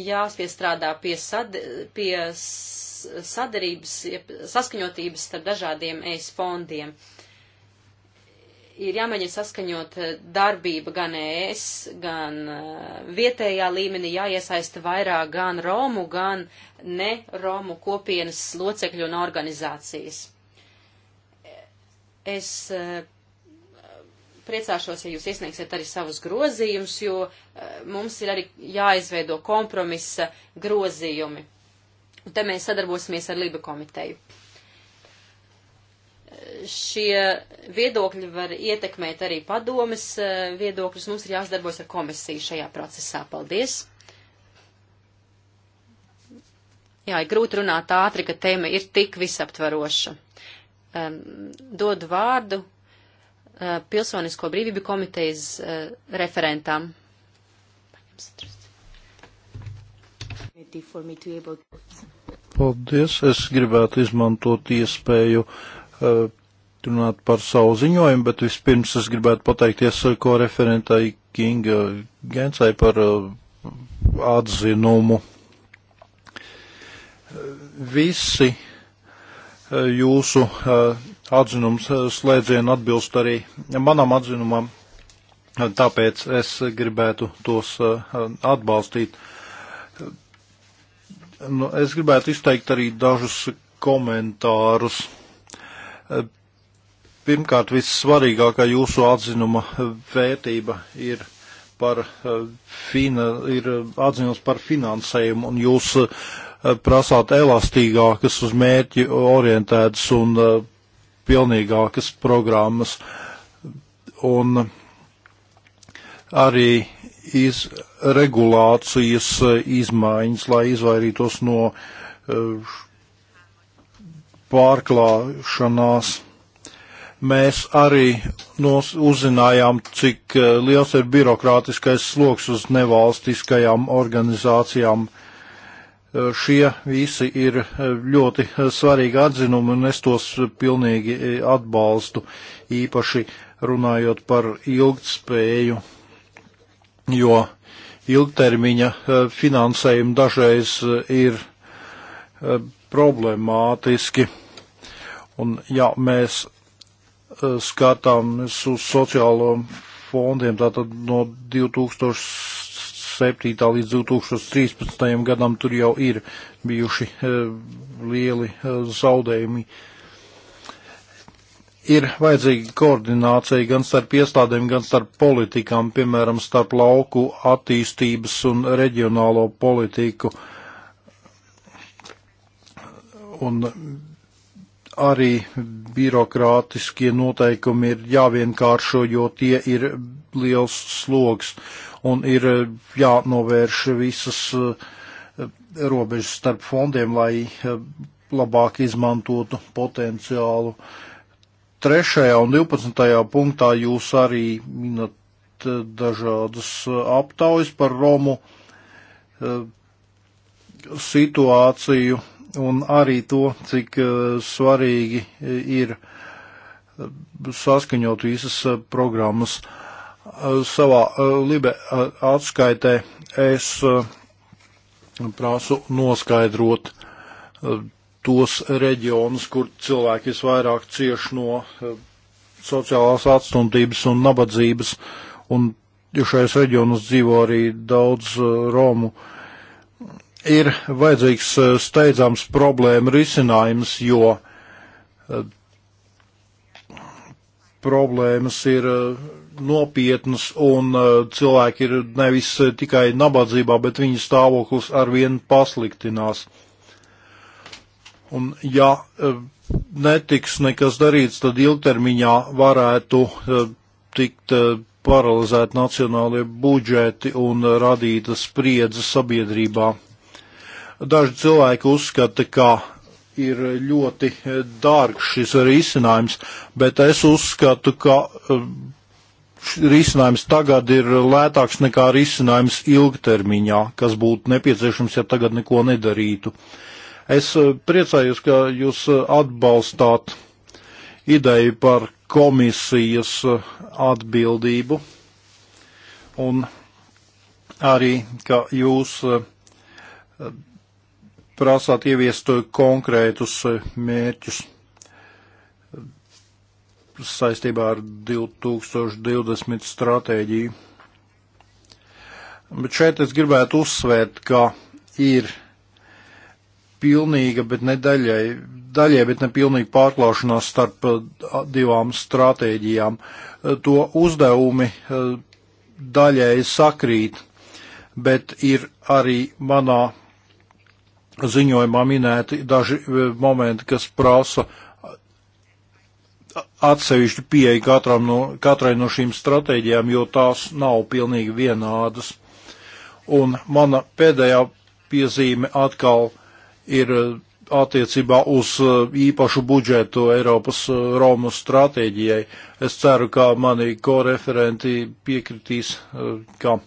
jāspiestrādā pie, sad, pie sadarības, saskaņotības starp dažādiem ES fondiem. Ir jāmēģina saskaņot eh, darbība gan ES, gan eh, vietējā līmenī, jāiesaista vairāk gan Romu, gan ne Romu kopienas locekļu un organizācijas. Es eh, priecāšos, ja jūs iesniegsiet arī savus grozījumus, jo uh, mums ir arī jāizveido kompromisa grozījumi. Un te mēs sadarbosimies ar Liba komiteju. Šie viedokļi var ietekmēt arī padomes eh, viedokļus. Mums ir jāsadarbojas ar komisiju šajā procesā. Paldies! Jā, ir grūti runāt ātri, ka tēma ir tik visaptvaroša. Um, dodu vārdu Uh, Pilsonisko brīvību komitejas uh, referentam. Paldies. Es gribētu izmantot iespēju uh, runāt par savu ziņojumu, bet vispirms es gribētu pateikties ko referentai Kinga Gensai par atzinumu. Visi jūsu atzinums eh, slēdzienu atbilst arī manam atzinumam, tāpēc es gribētu tos eh, atbalstīt. Nu, es gribētu izteikt arī dažus komentārus. Pirmkārt, vissvarīgākā jūsu atzinuma vērtība ir, par, eh, fina, ir atzinums par finansējumu, un jūs prasāt elastīgākas uz mērķi orientētas un pilnīgākas programmas un arī iz regulācijas eh, izmaiņas, lai izvairītos no eh, pārklāšanās. Mēs arī nos, uzzinājām, cik eh, liels ir birokrātiskais sloks uz nevalstiskajām organizācijām. Uh, Šie visi ir ļoti svarīgi atzinumi, un es tos pilnīgi atbalstu, īpaši runājot par ilgtspēju, jo ilgtermiņa e, finansējumi dažreiz e, ir e, problemātiski. Un, ja mēs skatāmies uz sociālo fondiem, tātad no 2000. 2007. līdz 2013. gadam tur jau ir bijuši e, lieli e, zaudējumi. Ir vajadzīga koordinācija gan starp iestādēm, gan starp politikām, piemēram, starp lauku attīstības un reģionālo politiku. Un arī birokrātiskie noteikumi ir jāvienkāršo, jo tie ir liels sloks un ir eh, jānovērš visas eh, robežas starp fondiem, lai eh, labāk izmantotu potenciālu. Trešajā un 12. punktā jūs arī minat dažādas aptaujas par Romu situāciju un arī to, cik svarīgi ir saskaņot visas programmas. Uh, savā eh, libe eh, atskaitē es eh, prasu noskaidrot tos reģionus, kur cilvēki visvairāk cieš no sociālās atstumtības un nabadzības, un jo šajos reģionos dzīvo arī daudz romu, ir vajadzīgs steidzams problēma risinājums, jo problēmas ir eh, nopietnas un eh, cilvēki ir nevis eh, tikai nabadzībā, bet viņu stāvoklis arvien pasliktinās. Un ja netiks nekas darīts, tad ilgtermiņā varētu tikt paralizēt nacionālie budžeti un radīta spriedze sabiedrībā. Daži cilvēki uzskata, ka ir ļoti dārgs šis risinājums, bet es uzskatu, ka um, risinājums tagad ir lētāks nekā risinājums ilgtermiņā, kas būtu nepieciešams, ja tagad neko nedarītu. Es uh, priecājos, ka jūs uh, atbalstāt ideju par komisijas uh, atbildību un arī, ka jūs prasāt ieviest konkrētus eh, mērķus saistībā ar 2020 stratēģiju. Bet šeit es gribētu uzsvērt, ka ir pilnīga, bet ne daļai, daļai, bet ne pilnīga pārklāšanās starp eh, divām stratēģijām. Eh, to uzdevumi daļai sakrīt, bet ir arī manā ziņojumā minēti daži e, momenti, kas prasa atsevišķu pieeju no, katrai no šīm stratēģijām, jo tās nav pilnīgi vienādas. Un mana pēdējā piezīme atkal ir e, attiecībā uz e, īpašu budžetu Eiropas Romu stratēģijai. Es ceru, ka mani koreferenti piekritīs, ka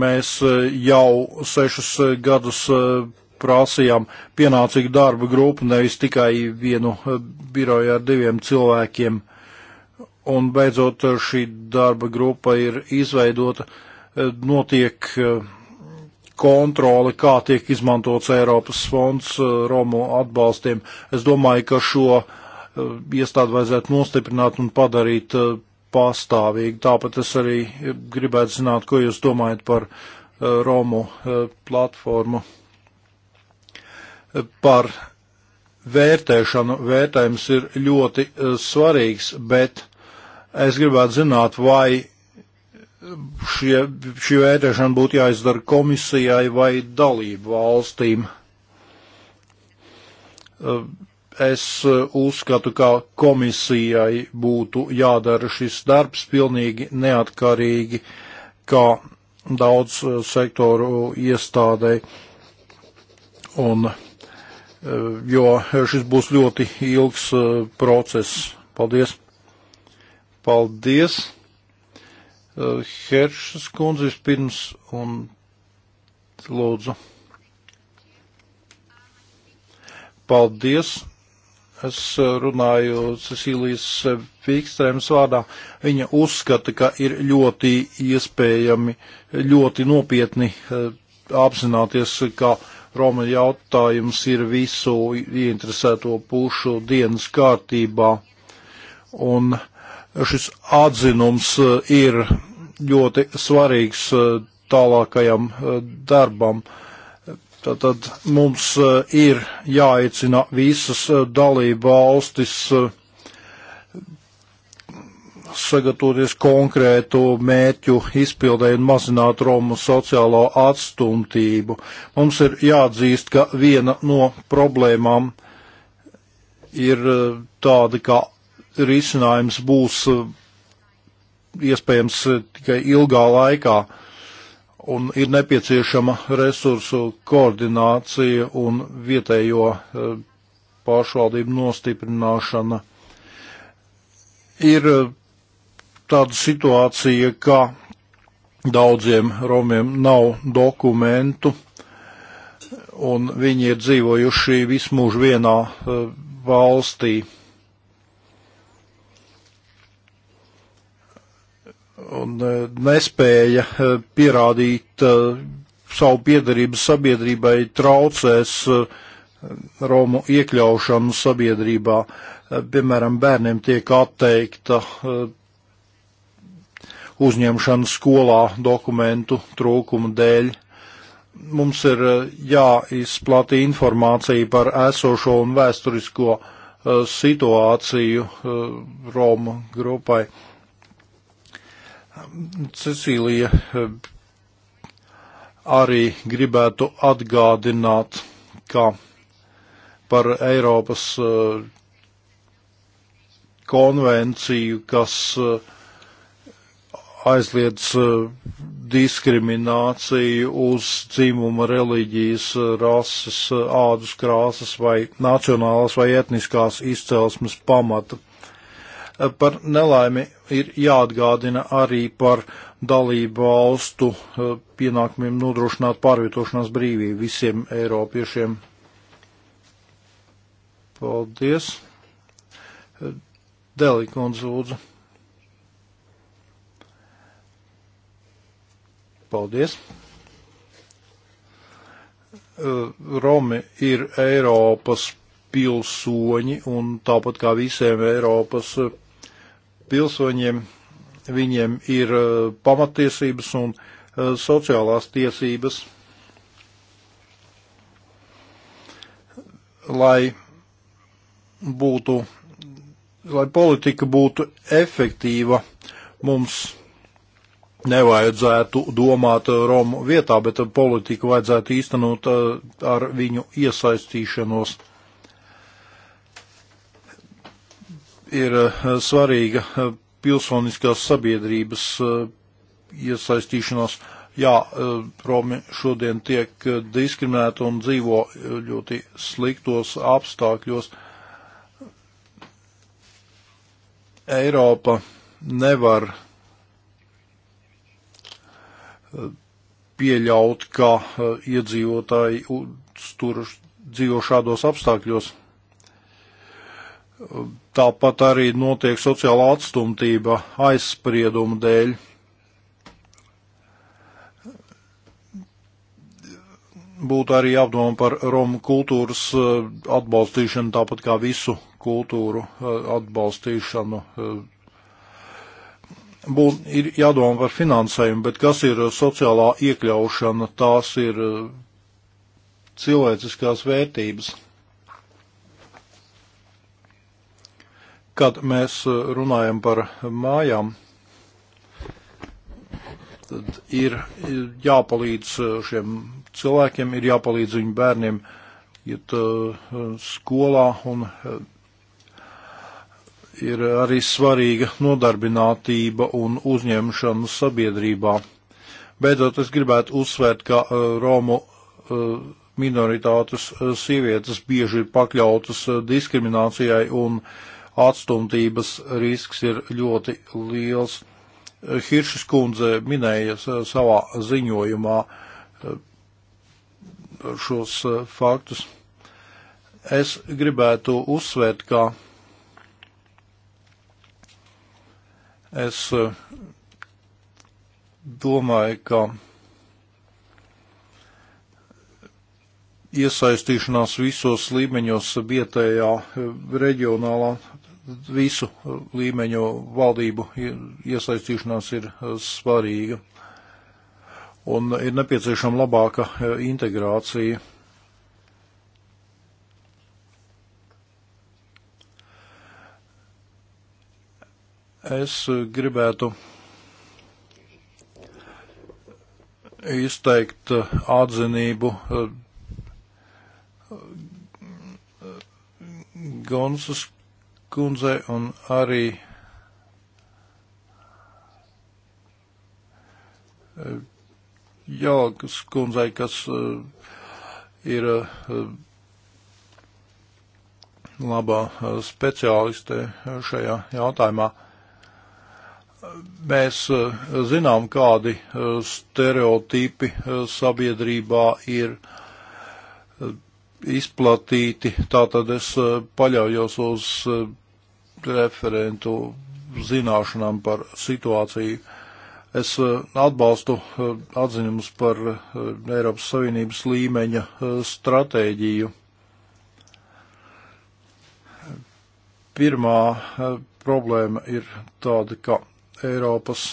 Mēs e, jau sešus e, gadus e, prasījām pienācīgu darba grupu, nevis tikai vienu biroju ar diviem cilvēkiem. Un beidzot šī darba grupa ir izveidota, notiek kontrole, kā tiek izmantots Eiropas fonds Romu atbalstiem. Es domāju, ka šo iestādi vajadzētu nostiprināt un padarīt pastāvīgi. Tāpat es arī gribētu zināt, ko jūs domājat par eh, Romu eh, platformu, eh, par vērtēšanu. Vērtējums ir ļoti svarīgs, bet es gribētu zināt, vai šie, šī vērtēšana būtu jāizdara komisijai vai dalību valstīm es eh, uzskatu, ka komisijai būtu jādara šis darbs pilnīgi neatkarīgi, kā daudz eh, sektoru iestādēji. Un, eh, jo šis būs ļoti ilgs process. Paldies! Paldies! Heršas kundzes pirms un lūdzu. Paldies! es runāju Cecīlijas Fikstrēmas vārdā, viņa uzskata, ka ir ļoti iespējami, ļoti nopietni eh, apzināties, ka Roma jautājums ir visu ieinteresēto pušu dienas kārtībā. Un šis atzinums eh, ir ļoti svarīgs eh, tālākajam darbam. Uh, Tātad mums eh, ir jāicina visas eh, dalība valstis eh, sagatavoties konkrētu mērķu izpildē un mazināt Romu sociālo atstumtību. Mums ir jāatzīst, ka viena no problēmām ir tāda, ka risinājums būs iespējams tikai ilgā laikā. Uh, un ir nepieciešama resursu koordinācija un vietējo eh, pārvaldību nostiprināšana. Ir eh, tāda situācija, ka daudziem romiem nav dokumentu, un viņi ir dzīvojuši vismūž vienā eh, valstī. un e, nespēja e, pierādīt e, savu piedarību sabiedrībai traucēs Romu iekļaušanu sabiedrībā. Piemēram, bērniem tiek atteikta uzņemšana skolā dokumentu trūkuma dēļ. Mums ir jāizplata informācija par esošo un vēsturisko situāciju Roma grupai. Cecīlija eh, arī gribētu atgādināt, ka par Eiropas eh, konvenciju, kas eh, aizliedz diskrimināciju uz dzimuma, reliģijas, rases, ādas krāsas vai nacionālas vai etniskās izcelsmes pamata. Par nelaimi ir jāatgādina arī par dalību valstu eh, pienākumiem nodrošināt pārvietošanās brīvību visiem eiropiešiem. Paldies. Delikons lūdzu. Paldies. Eh, Romi ir Eiropas pilsoņi un tāpat kā visiem Eiropas pilsoņiem, viņiem ir uh, pamatiesības un uh, sociālās tiesības, lai būtu, lai politika būtu efektīva, mums nevajadzētu domāt uh, Romu vietā, bet politiku vajadzētu īstenot ar viņu iesaistīšanos. ir eh, svarīga eh, pilsoniskās sabiedrības eh, iesaistīšanās. Jā, Romi šodien tiek diskriminēti un dzīvo ļoti sliktos apstākļos. Eiropa nevar pieļaut, ka iedzīvotāji tur dzīvo šādos apstākļos. Tāpat arī notiek sociāla atstumtība aizsprieduma dēļ. Būtu arī jāapdomā par Romu kultūras eh, atbalstīšanu, tāpat kā visu kultūru eh, atbalstīšanu. Eh. Būt, ir jādomā par finansējumu, bet kas ir sociālā iekļaušana, tās ir cilvēciskās vērtības. Kad mēs uh, runājam par mājām, tad ir jāpalīdz uh, šiem cilvēkiem, ir jāpalīdz viņu bērniem iet uh, skolā un ir arī svarīga nodarbinātība un uzņemšana sabiedrībā. Beidzot, es gribētu uzsvērt, ka Romu minoritātes sievietes bieži ir pakļautas diskriminācijai un uh, atstumtības risks ir ļoti liels. Hiršas kundze minēja savā ziņojumā eh, šos eh, faktus. Es gribētu uzsvērt, ka es eh, domāju, ka iesaistīšanās visos līmeņos vietējā reģionālā visu līmeņu valdību iesaistīšanās ir e, svarīga un ir nepieciešama labāka e, integrācija. Es gribētu izteikt e, atzinību Gonsas kundzei un arī eh, Jogas kundzei, kas eh, ir eh, labā speciāliste šajā jautājumā. Mēs zinām, kādi stereotipi sabiedrībā ir izplatīti, tātad es paļaujos uz referentu zināšanām par situāciju. Es eh, atbalstu eh, atziņumus par eh, Eiropas Savienības līmeņa stratēģiju. Pirmā problēma ir tāda, ka Eiropas,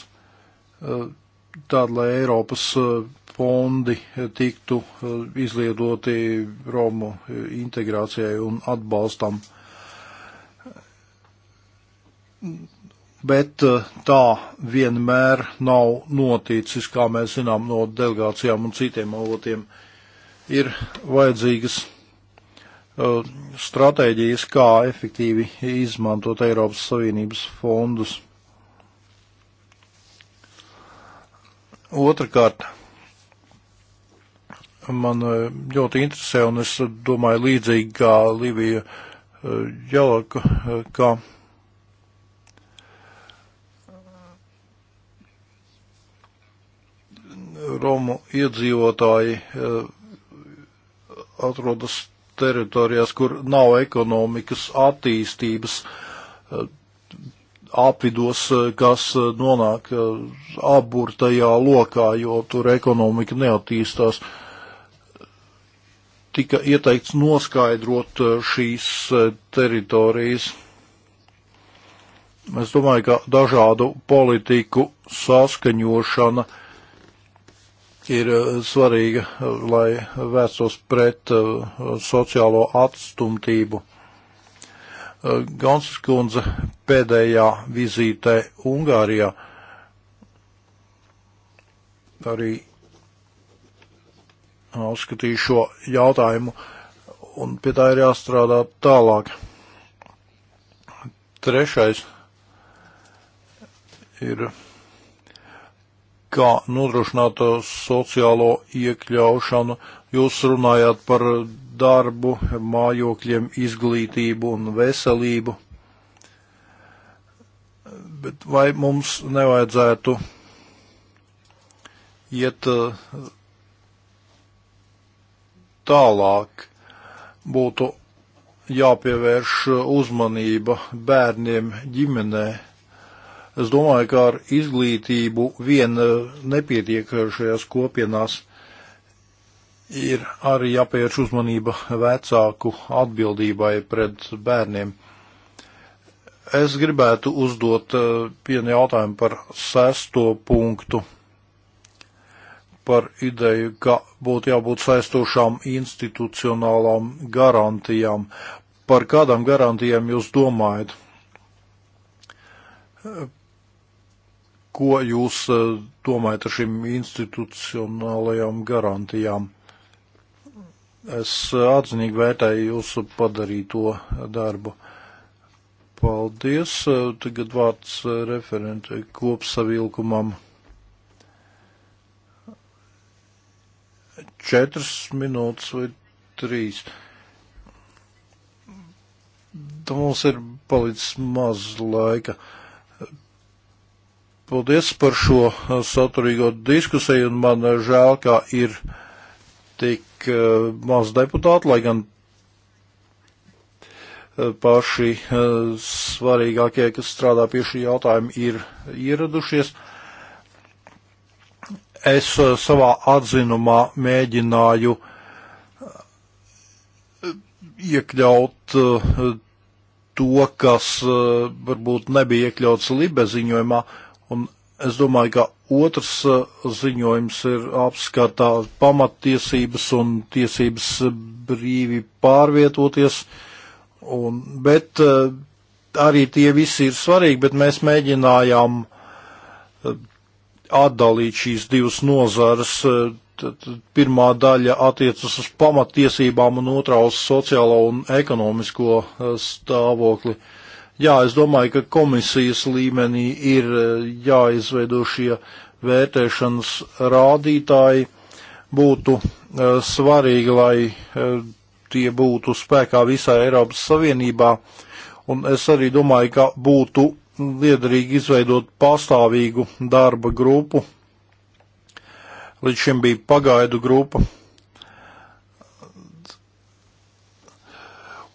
tāda, lai Eiropas fondi tiktu izliedoti Romu integrācijai un atbalstam. Uh, bet eh, tā vienmēr nav noticis, kā mēs zinām no delegācijām un citiem avotiem. Ir vajadzīgas uh, stratēģijas, kā efektīvi izmantot Eiropas Savienības fondus. Otrakārt, man eh, ļoti interesē, un es domāju līdzīgi kā Livija Jalaka, ka Romu iedzīvotāji eh, atrodas teritorijās, kur nav ekonomikas attīstības eh, apvidos, eh, kas nonāk aburtajā lokā, jo tur ekonomika neattīstās. Tika ieteikts noskaidrot šīs teritorijas. Es domāju, ka dažādu politiku saskaņošana uh, ir eh, svarīga, lai vērstos pret eh, sociālo atstumtību. Eh, Gansas kundze pēdējā vizītē Ungārijā arī uzskatīju šo jautājumu, un pie tā ir jāstrādā tālāk. Trešais ir kā nodrošināt sociālo iekļaušanu. Jūs runājāt par darbu, mājokļiem, izglītību un veselību. Bet vai mums nevajadzētu iet uh, tālāk? Būtu jāpievērš uzmanība bērniem ģimenei Es domāju, ka ar izglītību vien eh, nepietiek šajās kopienās. Ir arī jāpievērš uzmanība vecāku atbildībai pret bērniem. Es gribētu uzdot eh, vienu jautājumu par sesto punktu, par ideju, ka būtu jābūt saistošām institucionālām garantijām. Par kādām garantijām jūs domājat? ko jūs eh, domājat ar šīm institucionālajām garantijām? Es eh, atzinīgi vērtēju jūsu padarīto darbu. Paldies. Eh, tagad vārds referente kopsavilkumam. Četras minūtes vai trīs. Tā mums ir palicis maz laika. Uh, Paldies par šo uh, saturīgo diskusiju, un man uh, žēl, ka ir tik uh, maz deputātu, lai gan paši svarīgākie, kas strādā pie šī jautājuma, ir ieradušies. Es savā atzinumā mēģināju iekļaut to, kas varbūt nebija iekļauts libeziņojumā, Un es domāju, ka otrs uh, ziņojums ir apskatā pamatiesības un tiesības brīvi pārvietoties, un, bet uh, arī tie visi ir svarīgi, bet mēs mēģinājām uh, atdalīt šīs divas nozares. Pirmā daļa attiecas uz pamatiesībām un otrā uz sociālo un ekonomisko stāvokli. Uh, Jā, es domāju, ka komisijas līmenī ir eh, jāizveido šie vērtēšanas rādītāji. Būtu eh, svarīgi, lai eh, tie būtu spēkā visā Eiropas Savienībā. Un es arī domāju, ka būtu liederīgi izveidot pastāvīgu darba grupu. Līdz šim bija pagaidu grupa,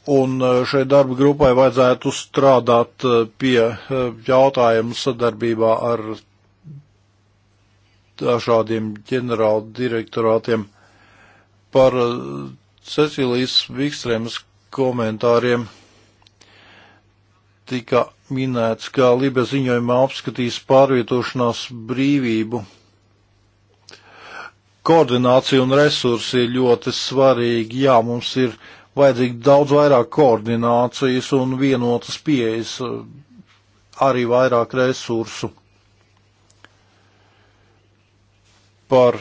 Un e, šai darba grupai vajadzētu strādāt e, pie e, jautājumu sadarbībā ar dažādiem ģenerāla direktorātiem par Cecilijas Vikstrēmas komentāriem. Tika minēts, ka Libe ziņojumā apskatīs pārvietošanās brīvību. Koordinācija un resursi ir ļoti svarīgi. Jā, mums ir vajadzīga daudz vairāk koordinācijas un vienotas pieejas, arī vairāk resursu. Par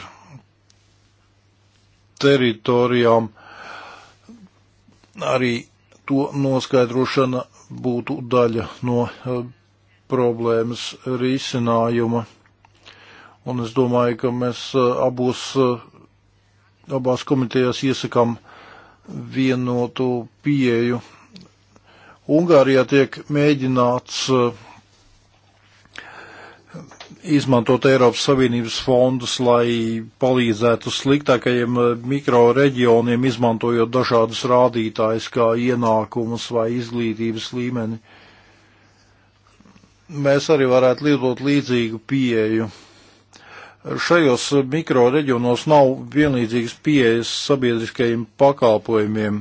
teritorijām arī to noskaidrošana būtu daļa no eh, problēmas risinājuma. Un es domāju, ka mēs eh, abos, eh, abās komitejās iesakām vienotu pieeju. Ungārijā tiek mēģināts eh, izmantot Eiropas Savienības fondus, lai palīdzētu sliktākajiem eh, mikroreģioniem, izmantojot dažādus rādītājus, kā ienākumus vai izglītības līmeni. Mēs arī varētu lietot līdzīgu pieeju. Šajos mikroreģionos nav vienlīdzīgas pieejas sabiedriskajiem pakalpojumiem.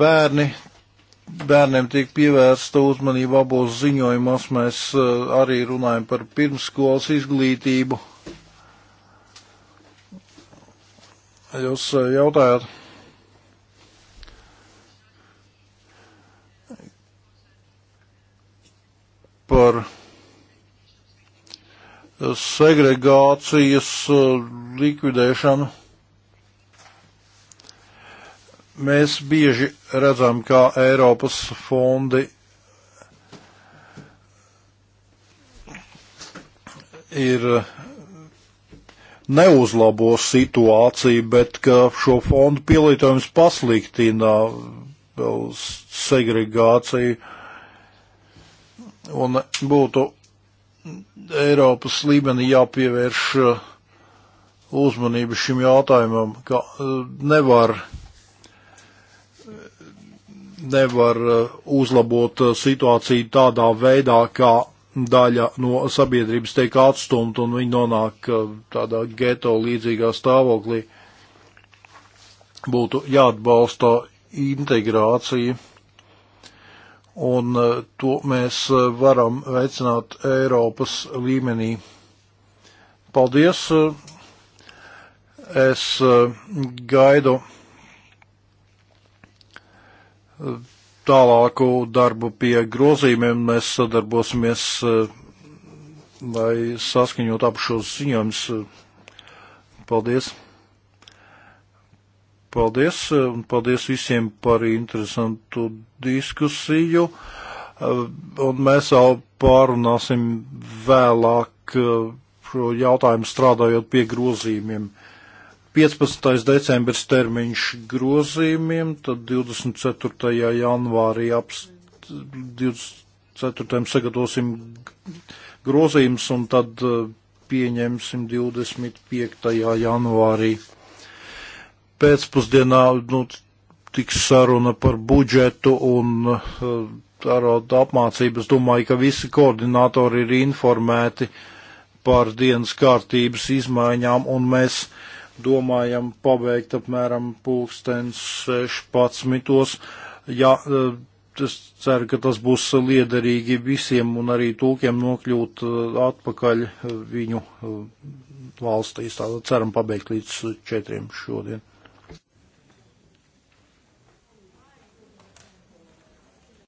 Bērni, bērniem tiek pievērsta uzmanība abos ziņojumos. Mēs eh, arī runājam par pirmskolas izglītību. Jūs eh, jautājat? par segregācijas uh, likvidēšanu. Mēs bieži redzam, kā Eiropas fondi ir neuzlabo situāciju, bet ka šo fondu pielietojums pasliktina segregāciju. Un būtu Eiropas līmenī jāpievērš uh, uzmanība šim jautājumam, ka uh, nevar, nevar uh, uzlabot situāciju tādā veidā, kā daļa no sabiedrības tiek atstumta un viņi nonāk tādā geto līdzīgā stāvoklī. Būtu jāatbalsta integrācija un eh, to mēs eh, varam veicināt Eiropas līmenī. Paldies! Es eh, gaidu tālāku darbu pie grozījumiem. Mēs sadarbosimies, lai saskaņot ap šos ziņojumus. Paldies! Paldies, un paldies visiem par interesantu diskusiju, un mēs jau pārunāsim vēlāk eh, šo jautājumu strādājot pie grozījumiem. 15. decembris termiņš grozījumiem, tad 24. janvārī ap 24. sagatavosim grozījums un tad eh, pieņemsim 25. janvārī pēcpusdienā nu, tiks saruna par budžetu un tārotu eh, apmācību. Es domāju, ka visi koordinatori ir informēti par dienas kārtības izmaiņām, un mēs domājam pabeigt apmēram pulkstens 16. Ja, eh, es ceru, ka tas būs liederīgi visiem un arī tūkiem nokļūt eh, atpakaļ viņu valstīs. Tātad ceram pabeigt līdz četriem šodien.